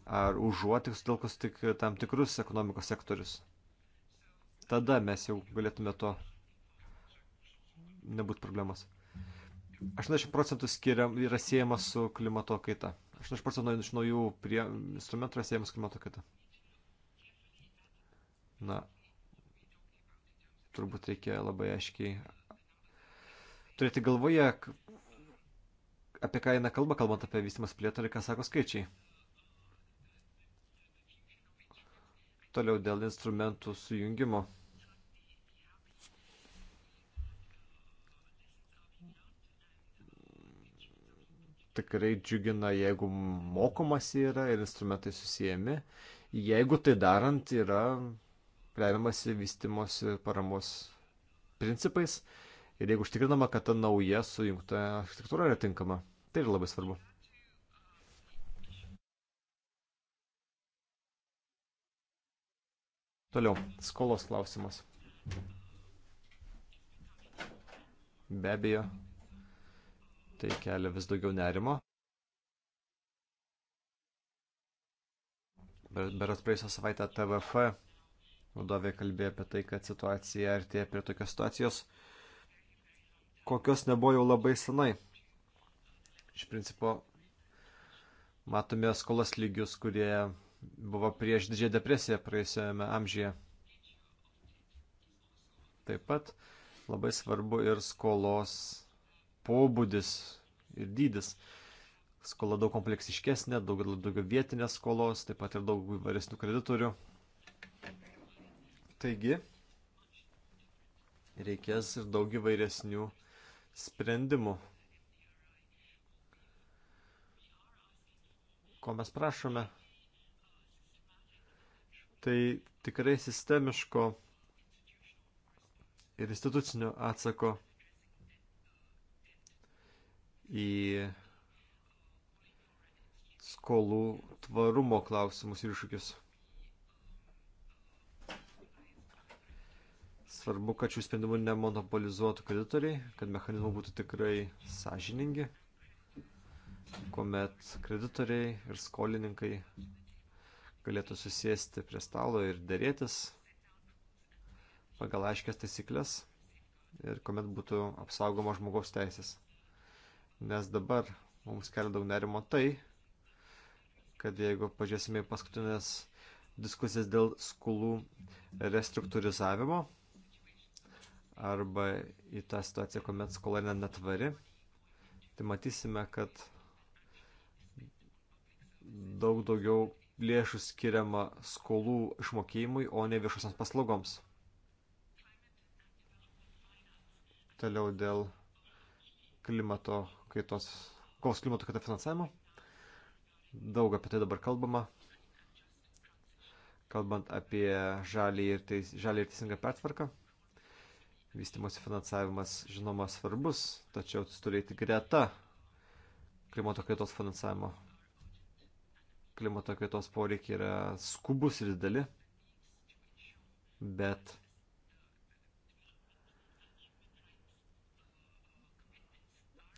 ar užuot tik sutelkus tik tam tikrus ekonomikos sektorius. Tada mes jau galėtume to nebūtų problemos. 80 procentų skiriam, yra siejama su klimato kaita. 80 procentų iš naujų prie, instrumentų yra siejama su klimato kaita. Na, turbūt reikia labai aiškiai turėti galvoje, apie ką eina kalba, kalbant apie vystimas plėtrą ir ką sako skaičiai. Toliau dėl instrumentų sujungimo. Tikrai džiugina, jeigu mokomas yra ir instrumentai susijęmi. Jeigu tai darant yra remiamasi vystimosi paramos principais ir jeigu užtikrinama, kad ta nauja sujungta architektūra yra tinkama. Tai yra labai svarbu. Toliau, skolos klausimas. Be abejo, tai kelia vis daugiau nerimo. Beras praėjusią savaitę TVF vadovė kalbėjo apie tai, kad situacija artėja prie tokios situacijos, kokios nebuvo jau labai senai. Iš principo, matome skolas lygius, kurie buvo prieš didžiąją depresiją praėjusiame amžyje. Taip pat labai svarbu ir skolos pobūdis ir dydis. Skola daug kompleksiškesnė, daug, daugiau vietinės skolos, taip pat ir daug įvairesnių kreditorių. Taigi, reikės ir daug įvairesnių sprendimų. Ko mes prašome? tai tikrai sistemiško ir institucinio atsako į skolų tvarumo klausimus ir iššūkius. Svarbu, kad šių sprendimų nemonopolizuotų kreditoriai, kad mechanizmai būtų tikrai sąžiningi, kuomet kreditoriai ir skolininkai galėtų susėsti prie stalo ir dėrėtis pagal aiškias taisyklės ir kuomet būtų apsaugoma žmogaus teisės. Nes dabar mums kelia daug nerimo tai, kad jeigu pažiūrėsime į paskutinės diskusijas dėl skolų restruktūrizavimo arba į tą situaciją, kuomet skola yra netvari, tai matysime, kad daug daugiau lėšų skiriama skolų išmokėjimui, o ne viešosiams paslaugoms. Toliau dėl klimato kaitos, kovos klimato kaita finansavimo. Daug apie tai dabar kalbama. Kalbant apie žalį ir, teis, žalį ir teisingą pertvarką. Vystimosi finansavimas žinoma svarbus, tačiau jis turėti greta klimato kaitos finansavimo klimato kaitos poreikiai yra skubus ir dideli, bet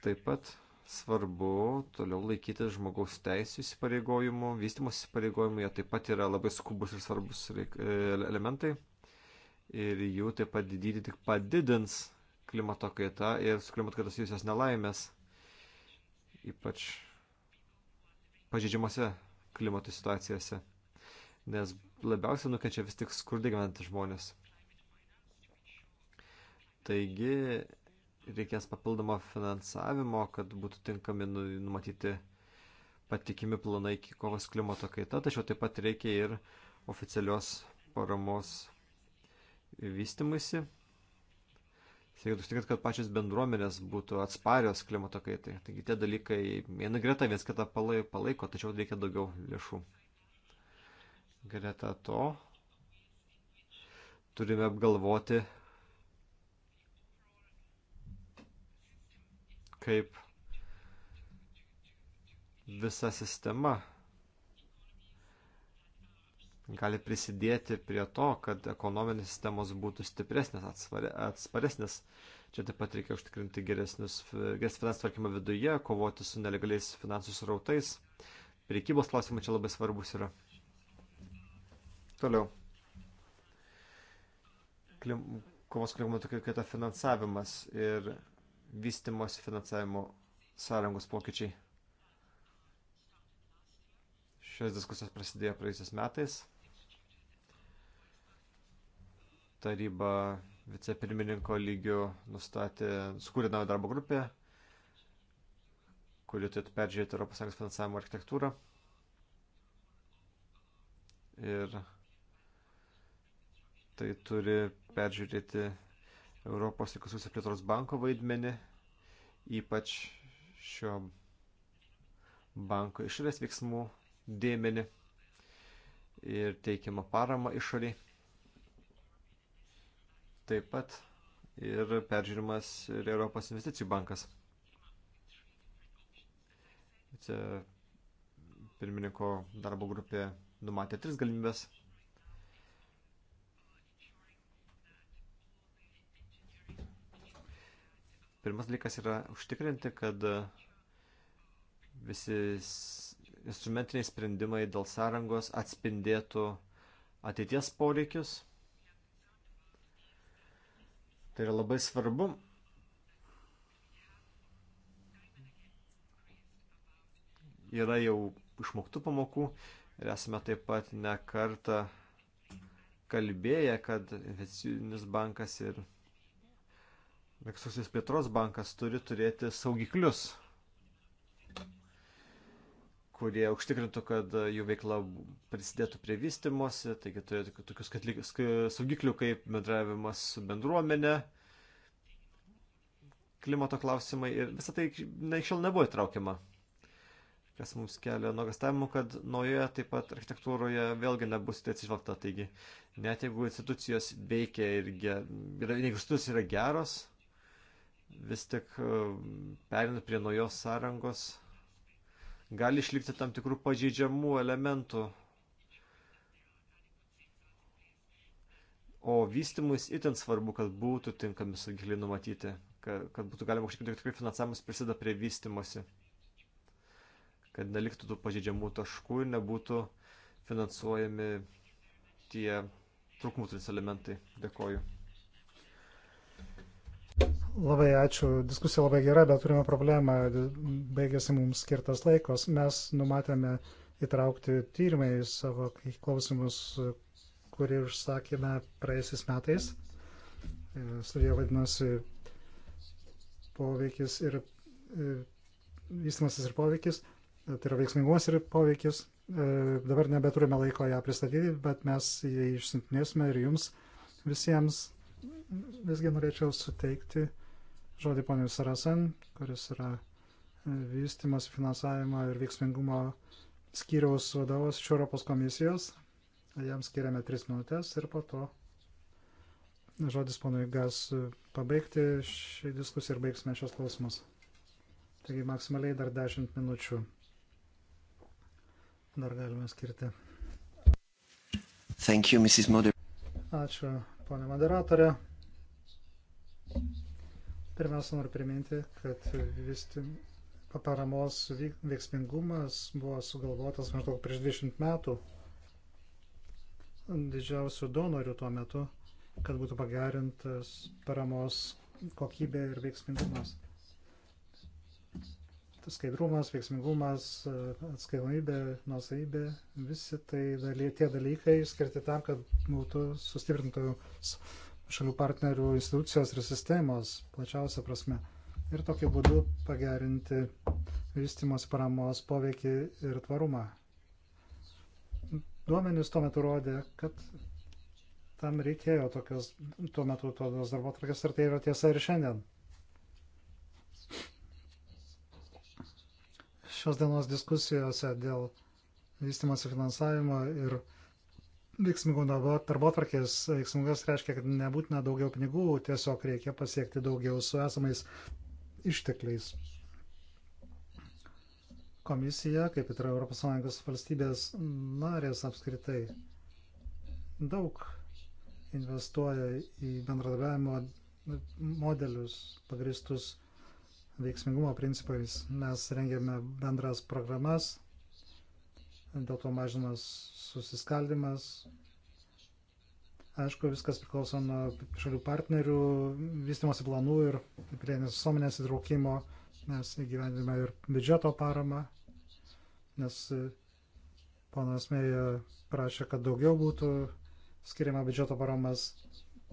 taip pat svarbu toliau laikytis žmogaus teisų įsipareigojimų, vystimos įsipareigojimų, jie taip pat yra labai skubus ir svarbus e, elementai ir jų taip pat didyti tik padidins klimato kaita ir su klimato kaitos susijusios nelaimės, ypač pažydžiamose klimato situacijose, nes labiausiai nukenčia vis tik skurdai gyventi žmonės. Taigi reikės papildomo finansavimo, kad būtų tinkami nu, numatyti patikimi planai iki kovos klimato kaita, tačiau taip pat reikia ir oficialios paramos vystimusi Tai reikia užtikrinti, kad pačios bendruomenės būtų atsparios klimato kaitai. Taigi tie dalykai viena greta viens kitą palaiko, tačiau reikia daugiau lėšų. Greta to turime apgalvoti, kaip visa sistema gali prisidėti prie to, kad ekonominės sistemos būtų stipresnės, atsvare, atsparesnės. Čia taip pat reikia užtikrinti geresnius, geresnį finansų tvarkymą viduje, kovoti su nelegaliais finansų srautais. Priekybos klausimai čia labai svarbus yra. Toliau. Klim, kovos klimato kaita finansavimas ir vystimos finansavimo sąrangos pokyčiai. Šios diskusijos prasidėjo praėjusiais metais. taryba vicepirmininko lygių nustatė, skūrė naują darbo grupę, kuri turėtų peržiūrėti ES finansavimo architektūrą. Ir tai turi peržiūrėti Europos ekosusios plėtros banko vaidmenį, ypač šio banko išorės veiksmų dėmenį ir teikiamą paramą išoriai. Taip pat ir peržiūrimas ir Europos investicijų bankas. Čia pirmininko darbo grupė numatė tris galimybės. Pirmas dalykas yra užtikrinti, kad visi instrumentiniai sprendimai dėl sąrangos atspindėtų ateities poreikius Tai yra labai svarbu. Yra jau išmoktų pamokų ir esame taip pat ne kartą kalbėję, kad investicinis bankas ir Meksusis plėtros bankas turi turėti saugiklius kurie užtikrintų, kad e, jų veikla prisidėtų prie vystimosi, taigi turėtų tokius saugiklių kaip bendravimas su bendruomenė, klimato klausimai ir visą tai na, iki šiol nebuvo įtraukiama. Kas mums kelia nuogastavimų, kad naujoje taip pat architektūroje vėlgi nebus tai atsižvelgta. Taigi, net jeigu institucijos veikia ir ger, yra, jeigu institucijos yra geros, vis tik e, perinant prie naujos sąrangos gali išlikti tam tikrų pažeidžiamų elementų. O vystimus itin svarbu, kad būtų tinkami saugikliai numatyti, kad, kad būtų galima užtikrinti, kad tikrai finansavimas prisideda prie vystimosi, kad neliktų tų pažeidžiamų taškų ir nebūtų finansuojami tie trūkumų turintis elementai. Dėkoju. Labai ačiū. Diskusija labai gera, bet turime problemą. Baigėsi mums skirtas laikos. Mes numatėme įtraukti tyrimai į savo klausimus, kurį užsakėme praėjusiais metais. E, Studija vadinasi poveikis ir e, vystimasis ir poveikis, e, tai yra veiksmingumas ir poveikis. Dabar nebeturime laiko ją pristatyti, bet mes jį išsintinėsime ir jums visiems visgi norėčiau suteikti žodį poniai Sarasen, kuris yra e, vystimas, finansavimo ir veiksmingumo skyriaus vadovas iš Europos komisijos. Jam skiriame tris minutės ir po to žodis ponui Gas e, pabaigti šį diskusiją ir baigsime šios klausimus. Taigi maksimaliai dar 10 minučių dar galime skirti. Thank you, Mrs. Moder. Ačiū, ponė moderatorė. Pirmiausia, noriu priminti, kad vis paramos veiksmingumas buvo sugalvotas maždaug prieš 20 metų didžiausių donorių tuo metu, kad būtų pagerintas paramos kokybė ir veiksmingumas. Tas skaidrumas, veiksmingumas, atskaitomybė, nuosaibė, visi tai daly, tie dalykai skirti tam, kad būtų sustiprintos šalių partnerių institucijos ir sistemos plačiausia prasme. Ir tokiu būdu pagerinti vystimos paramos poveikį ir tvarumą. Duomenys tuo metu rodė, kad tam reikėjo tokios, tuo metu tos darbo tvarkės ir tai yra tiesa ir šiandien. Šios dienos diskusijose dėl vystimosi finansavimo ir veiksmingų darbotvarkės. Veiksmingas reiškia, kad nebūtina daugiau pinigų, tiesiog reikia pasiekti daugiau su esamais ištekliais. Komisija, kaip ir ES valstybės narės apskritai, daug investuoja į bendradarbiavimo modelius pagristus veiksmingumo principais. Mes rengėme bendras programas dėl to mažinamas susiskaldimas. Aišku, viskas priklauso nuo šalių partnerių, vystimosi planų ir pilietinės visuomenės įtraukimo. Mes įgyvendiname ir biudžeto paramą, nes e, ponas Mėja prašė, kad daugiau būtų skiriama biudžeto paramas.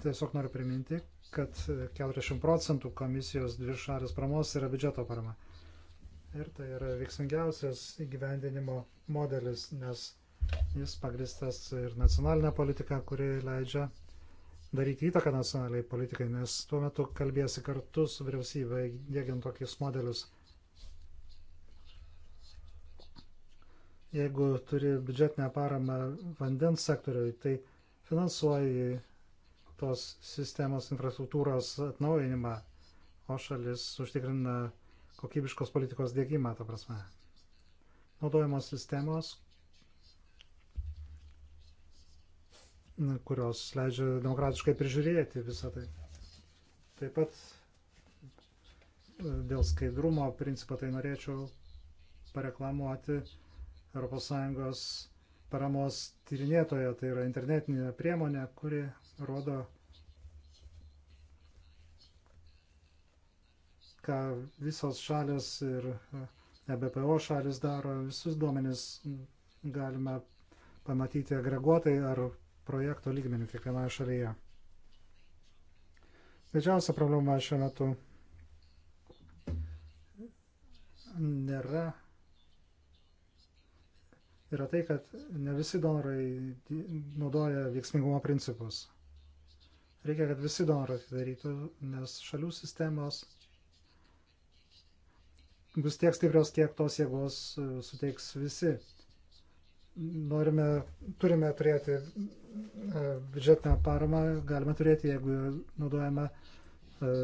Tiesiog noriu priminti, kad 40 e, procentų komisijos dvišalės paramos yra biudžeto parama ir tai yra veiksmingiausias įgyvendinimo modelis, nes jis pagristas ir nacionalinė politika, kuri leidžia daryti įtaką nacionaliai politikai, nes tuo metu kalbėsi kartu su vyriausybė, dėgiant tokius modelius. Jeigu turi biudžetinę paramą vandens sektoriui, tai finansuoji tos sistemos infrastruktūros atnaujinimą, o šalis užtikrina kokybiškos politikos dėgymą, ta prasme. Naudojamos sistemos, kurios leidžia demokratiškai prižiūrėti visą tai. Taip pat e, dėl skaidrumo principą tai norėčiau pareklamuoti ES paramos tyrinėtoje, tai yra internetinė priemonė, kuri rodo ką visos šalis ir EBPO e šalis daro, visus duomenis galime pamatyti agreguotai ar projekto lygmenį kiekvienoje šalyje. Didžiausia problema šiuo metu nėra. Yra tai, kad ne visi donorai naudoja veiksmingumo principus. Reikia, kad visi donorai tai darytų, nes šalių sistemos bus tiek stiprios, kiek tos jėgos e, suteiks visi. Norime, turime turėti e, biudžetinę paramą, galime turėti, jeigu naudojame e,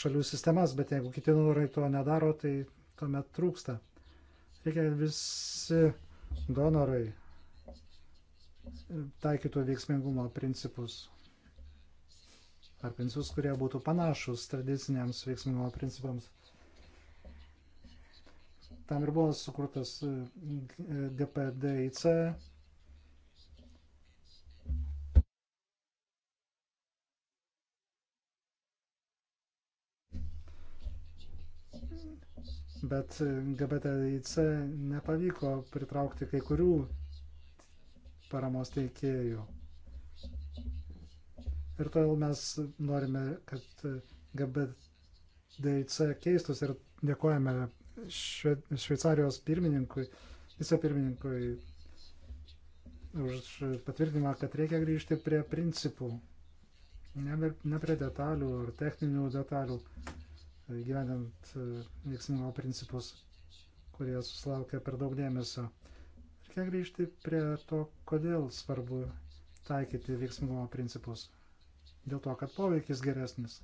šalių sistemas, bet jeigu kiti norai to nedaro, tai tuomet trūksta. Reikia visi donorai taikytų veiksmingumo principus ar principus, kurie būtų panašus tradiciniams veiksmingumo principams. Tam ir buvo sukurtas e, GPDIC. Bet e, GBTIC nepavyko pritraukti kai kurių paramos teikėjų. Ir todėl mes norime, kad e, GBDIC keistus ir dėkojame šve, Šveicarijos pirmininkui, vicepirmininkui už patvirtinimą, kad reikia grįžti prie principų, ne, ne prie detalių ar techninių detalių, e, gyvenant e, veiksmingo principus, kurie susilaukia per daug dėmesio. Reikia grįžti prie to, kodėl svarbu taikyti veiksmingumo principus. Dėl to, kad poveikis geresnis.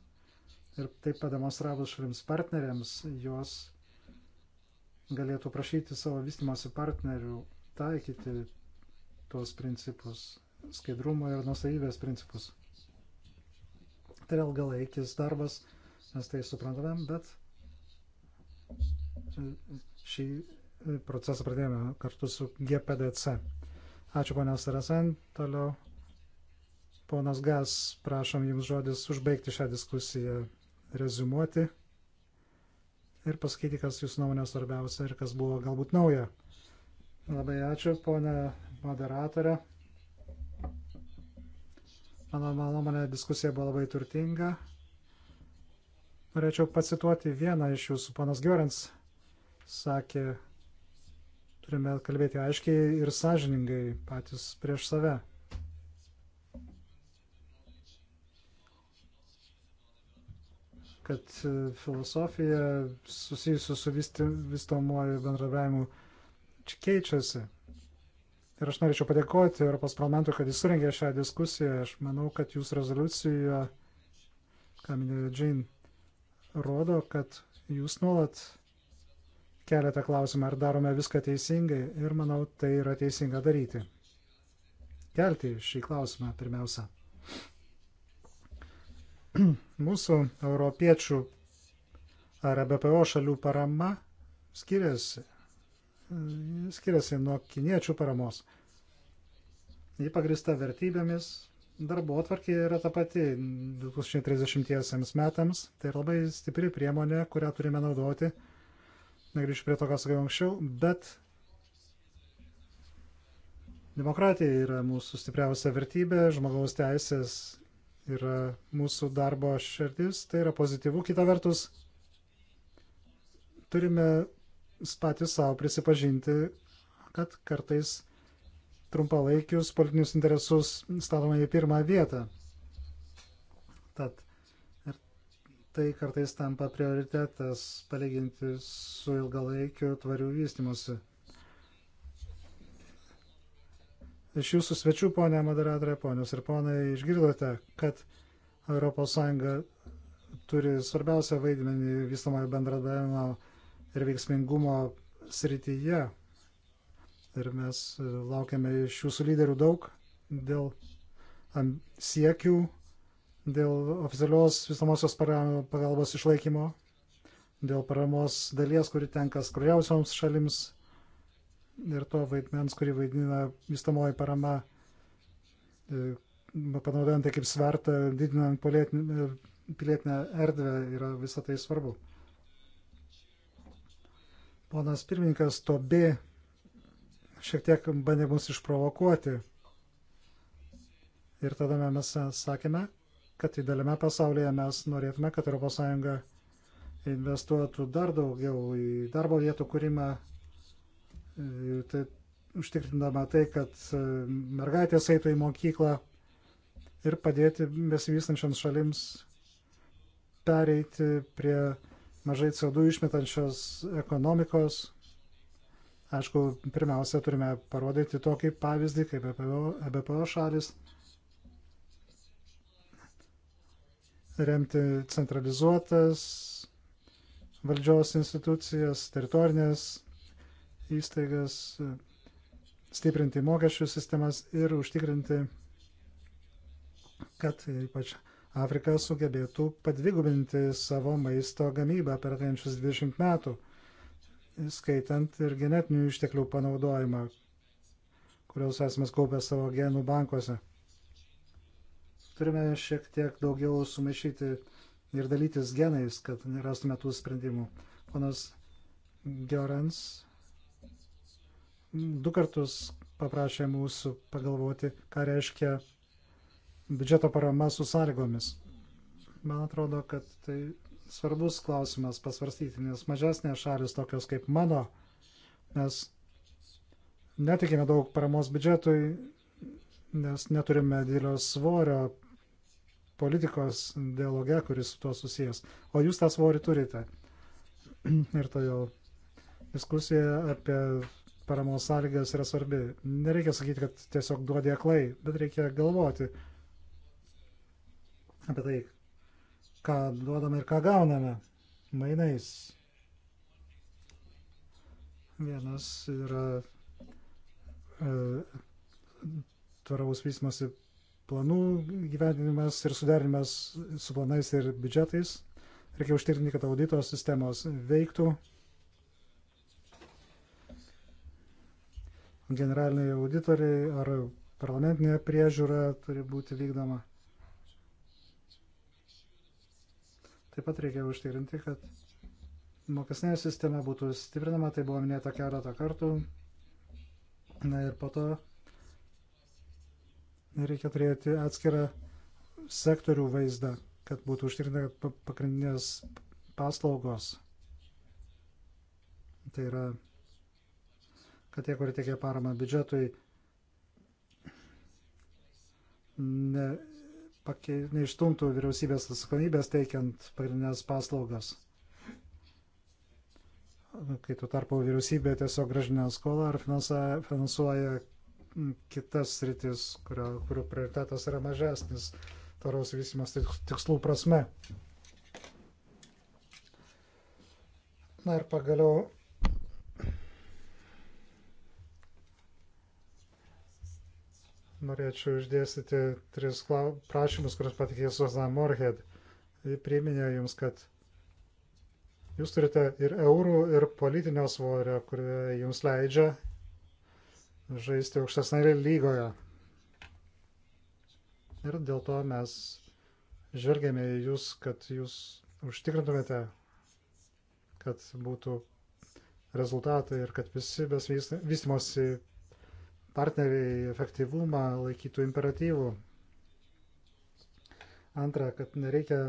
Ir taip pademonstravus šalims partneriams, jos galėtų prašyti savo vystimosi partnerių taikyti tuos principus, skaidrumo ir nusavybės principus. Tai vėl galaikis darbas, mes tai suprantame, bet šį procesą pradėjome kartu su GPDC. Ačiū ponios Sarasen, toliau ponas Gas, prašom jums žodis užbaigti šią diskusiją, rezumuoti ir pasakyti, kas jūsų nuomonė svarbiausia ir kas buvo galbūt nauja. Labai ačiū, ponė moderatorė. Mano nuomonė diskusija buvo labai turtinga. Norėčiau pacituoti vieną iš jūsų. Ponas Giorens sakė, turime kalbėti aiškiai ir sąžiningai patys prieš save. kad e, filosofija susijusi su vystomuoju bendravimu čia keičiasi. Ir aš norėčiau padėkoti Europos parlamentui, kad jis surengė šią diskusiją. Aš manau, kad jūsų rezoliucija, ką minėjo Džin, rodo, kad jūs nuolat keliate klausimą, ar darome viską teisingai. Ir manau, tai yra teisinga daryti. Kelti šį klausimą pirmiausia. Mūsų europiečių ar BPO šalių parama skiriasi. Skiriasi nuo kiniečių paramos. Ji pagrista vertybėmis, darbo atvarkė yra ta pati 2030 metams. Tai labai stipri priemonė, kurią turime naudoti. Negrįšiu prie to, ką sakiau anksčiau, bet demokratija yra mūsų stipriausia vertybė, žmogaus teisės yra mūsų darbo širdis, tai yra pozityvu. Kita vertus, turime patys savo prisipažinti, kad kartais trumpalaikius politinius interesus statome į pirmą vietą. Tad ir tai kartais tampa prioritetas palyginti su ilgalaikiu tvariu vystimusi. Iš jūsų svečių, ponė moderatorė, ponios ir ponai, išgirdote, kad ES turi svarbiausią vaidmenį vystamojo bendradavimo ir veiksmingumo srityje. Ir mes e, laukiame iš jūsų lyderių daug dėl siekių, dėl oficialios visamosios pagalbos išlaikymo, dėl paramos dalies, kuri tenka skuriausioms šalims ir to vaidmens, kurį vaidina vystamoji parama, e, nu, panaudojant tai kaip svertą, didinant e, pilietinę erdvę, yra visą tai svarbu. Ponas pirmininkas Tobė šiek tiek bandė mus išprovokuoti. Ir tada mes sakėme, kad įdėliame pasaulyje mes norėtume, kad ES investuotų dar daugiau į darbo vietų kūrimą, tai užtikrindama tai, kad e, mergaitės eitų į mokyklą ir padėti besivystančiams šalims pereiti prie mažai CO2 išmetančios ekonomikos. Aišku, pirmiausia, turime parodyti tokį pavyzdį, kaip EBPO e šalis, remti centralizuotas valdžios institucijas, teritorinės įstaigas, stiprinti mokesčių sistemas ir užtikrinti, kad ypač Afrika sugebėtų padvigubinti savo maisto gamybą per gančius 20 metų, skaitant ir genetinių išteklių panaudojimą, kuriuos esame kaupę savo genų bankuose. Turime šiek tiek daugiau sumaišyti ir dalytis genais, kad rastume tų sprendimų. Ponas Gerans du kartus paprašė mūsų pagalvoti, ką reiškia biudžeto parama su sąlygomis. Man atrodo, kad tai svarbus klausimas pasvarstyti, nes mažesnės šalis tokios kaip mano, mes netikime daug paramos biudžetui, nes neturime didelio svorio politikos dialoge, kuris su tuo susijęs. O jūs tą svorį turite. Ir todėl diskusija apie paramos sąlygas yra svarbi. Nereikia sakyti, kad tiesiog duodė aklai, bet reikia galvoti apie tai, ką duodame ir ką gauname mainais. Vienas yra e, tvaraus vystimosi planų gyvenimas ir suderinimas su planais ir biudžetais. Reikia užtikrinti, kad audito sistemos veiktų generaliniai auditoriai ar parlamentinė priežiūra turi būti vykdoma. Taip pat reikia užtikrinti, kad mokesnė sistema būtų stiprinama, tai buvo minėta keletą kartų. Na ir po to reikia turėti atskirą sektorių vaizdą, kad būtų užtikrinta, kad pagrindinės paslaugos, tai yra kad tie, kurie tiekia paramą biudžetui, ne, pake, neištumtų vyriausybės atsakomybės teikiant pagrindinės paslaugas. Kai tuo tarpu vyriausybė tiesiog gražina skolą ar finansuoja, finansuoja kitas sritis, kurio, kurių prioritetas yra mažesnis taros vysimas tikslų prasme. Na ir pagaliau norėčiau išdėstyti tris prašymus, kuriuos patikė Suzana Morhead. Ji priminė jums, kad jūs turite ir eurų, ir politinio svorio, kurie jums leidžia žaisti aukštesnėje lygoje. Ir dėl to mes žvelgėme į jūs, kad jūs užtikrintumėte, kad būtų rezultatai ir kad visi besvystimosi partneriai efektyvumą laikytų imperatyvų. Antra, kad nereikia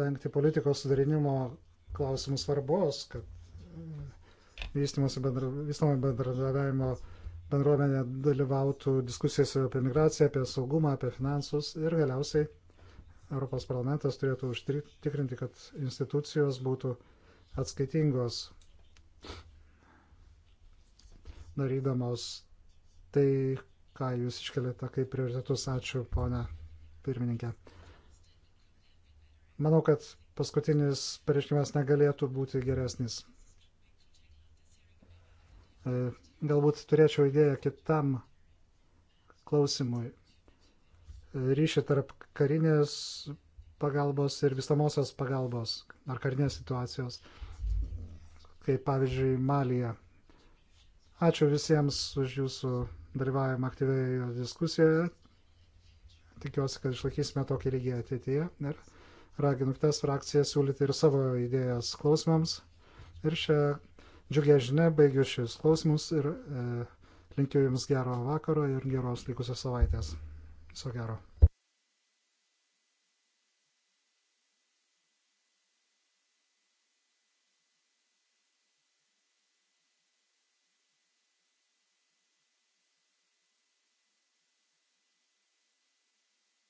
vengti politikos sudarinimo klausimų svarbos, kad mm, vystymosi bendra, bendradarbiavimo bendruomenė dalyvautų diskusijose apie migraciją, apie saugumą, apie finansus ir galiausiai Europos parlamentas turėtų užtikrinti, kad institucijos būtų atskaitingos darydamos tai, ką jūs iškelėte kaip prioritetus. Ačiū, ponia pirmininkė. Manau, kad paskutinis pareiškimas negalėtų būti geresnis. E, galbūt turėčiau idėją kitam klausimui. Ryšį tarp karinės pagalbos ir vistamosios pagalbos ar karinės situacijos, kaip pavyzdžiui Malija. Ačiū visiems už jūsų dalyvavimą aktyvioje diskusijoje. Tikiuosi, kad išlaikysime tokį lygį ateityje ir raginu kitas frakcijas siūlyti ir savo idėjas klausimams. Ir šią džiugę žinę baigiu šius klausimus ir e, linkiu Jums gero vakaro ir geros likusios savaitės. Viso gero.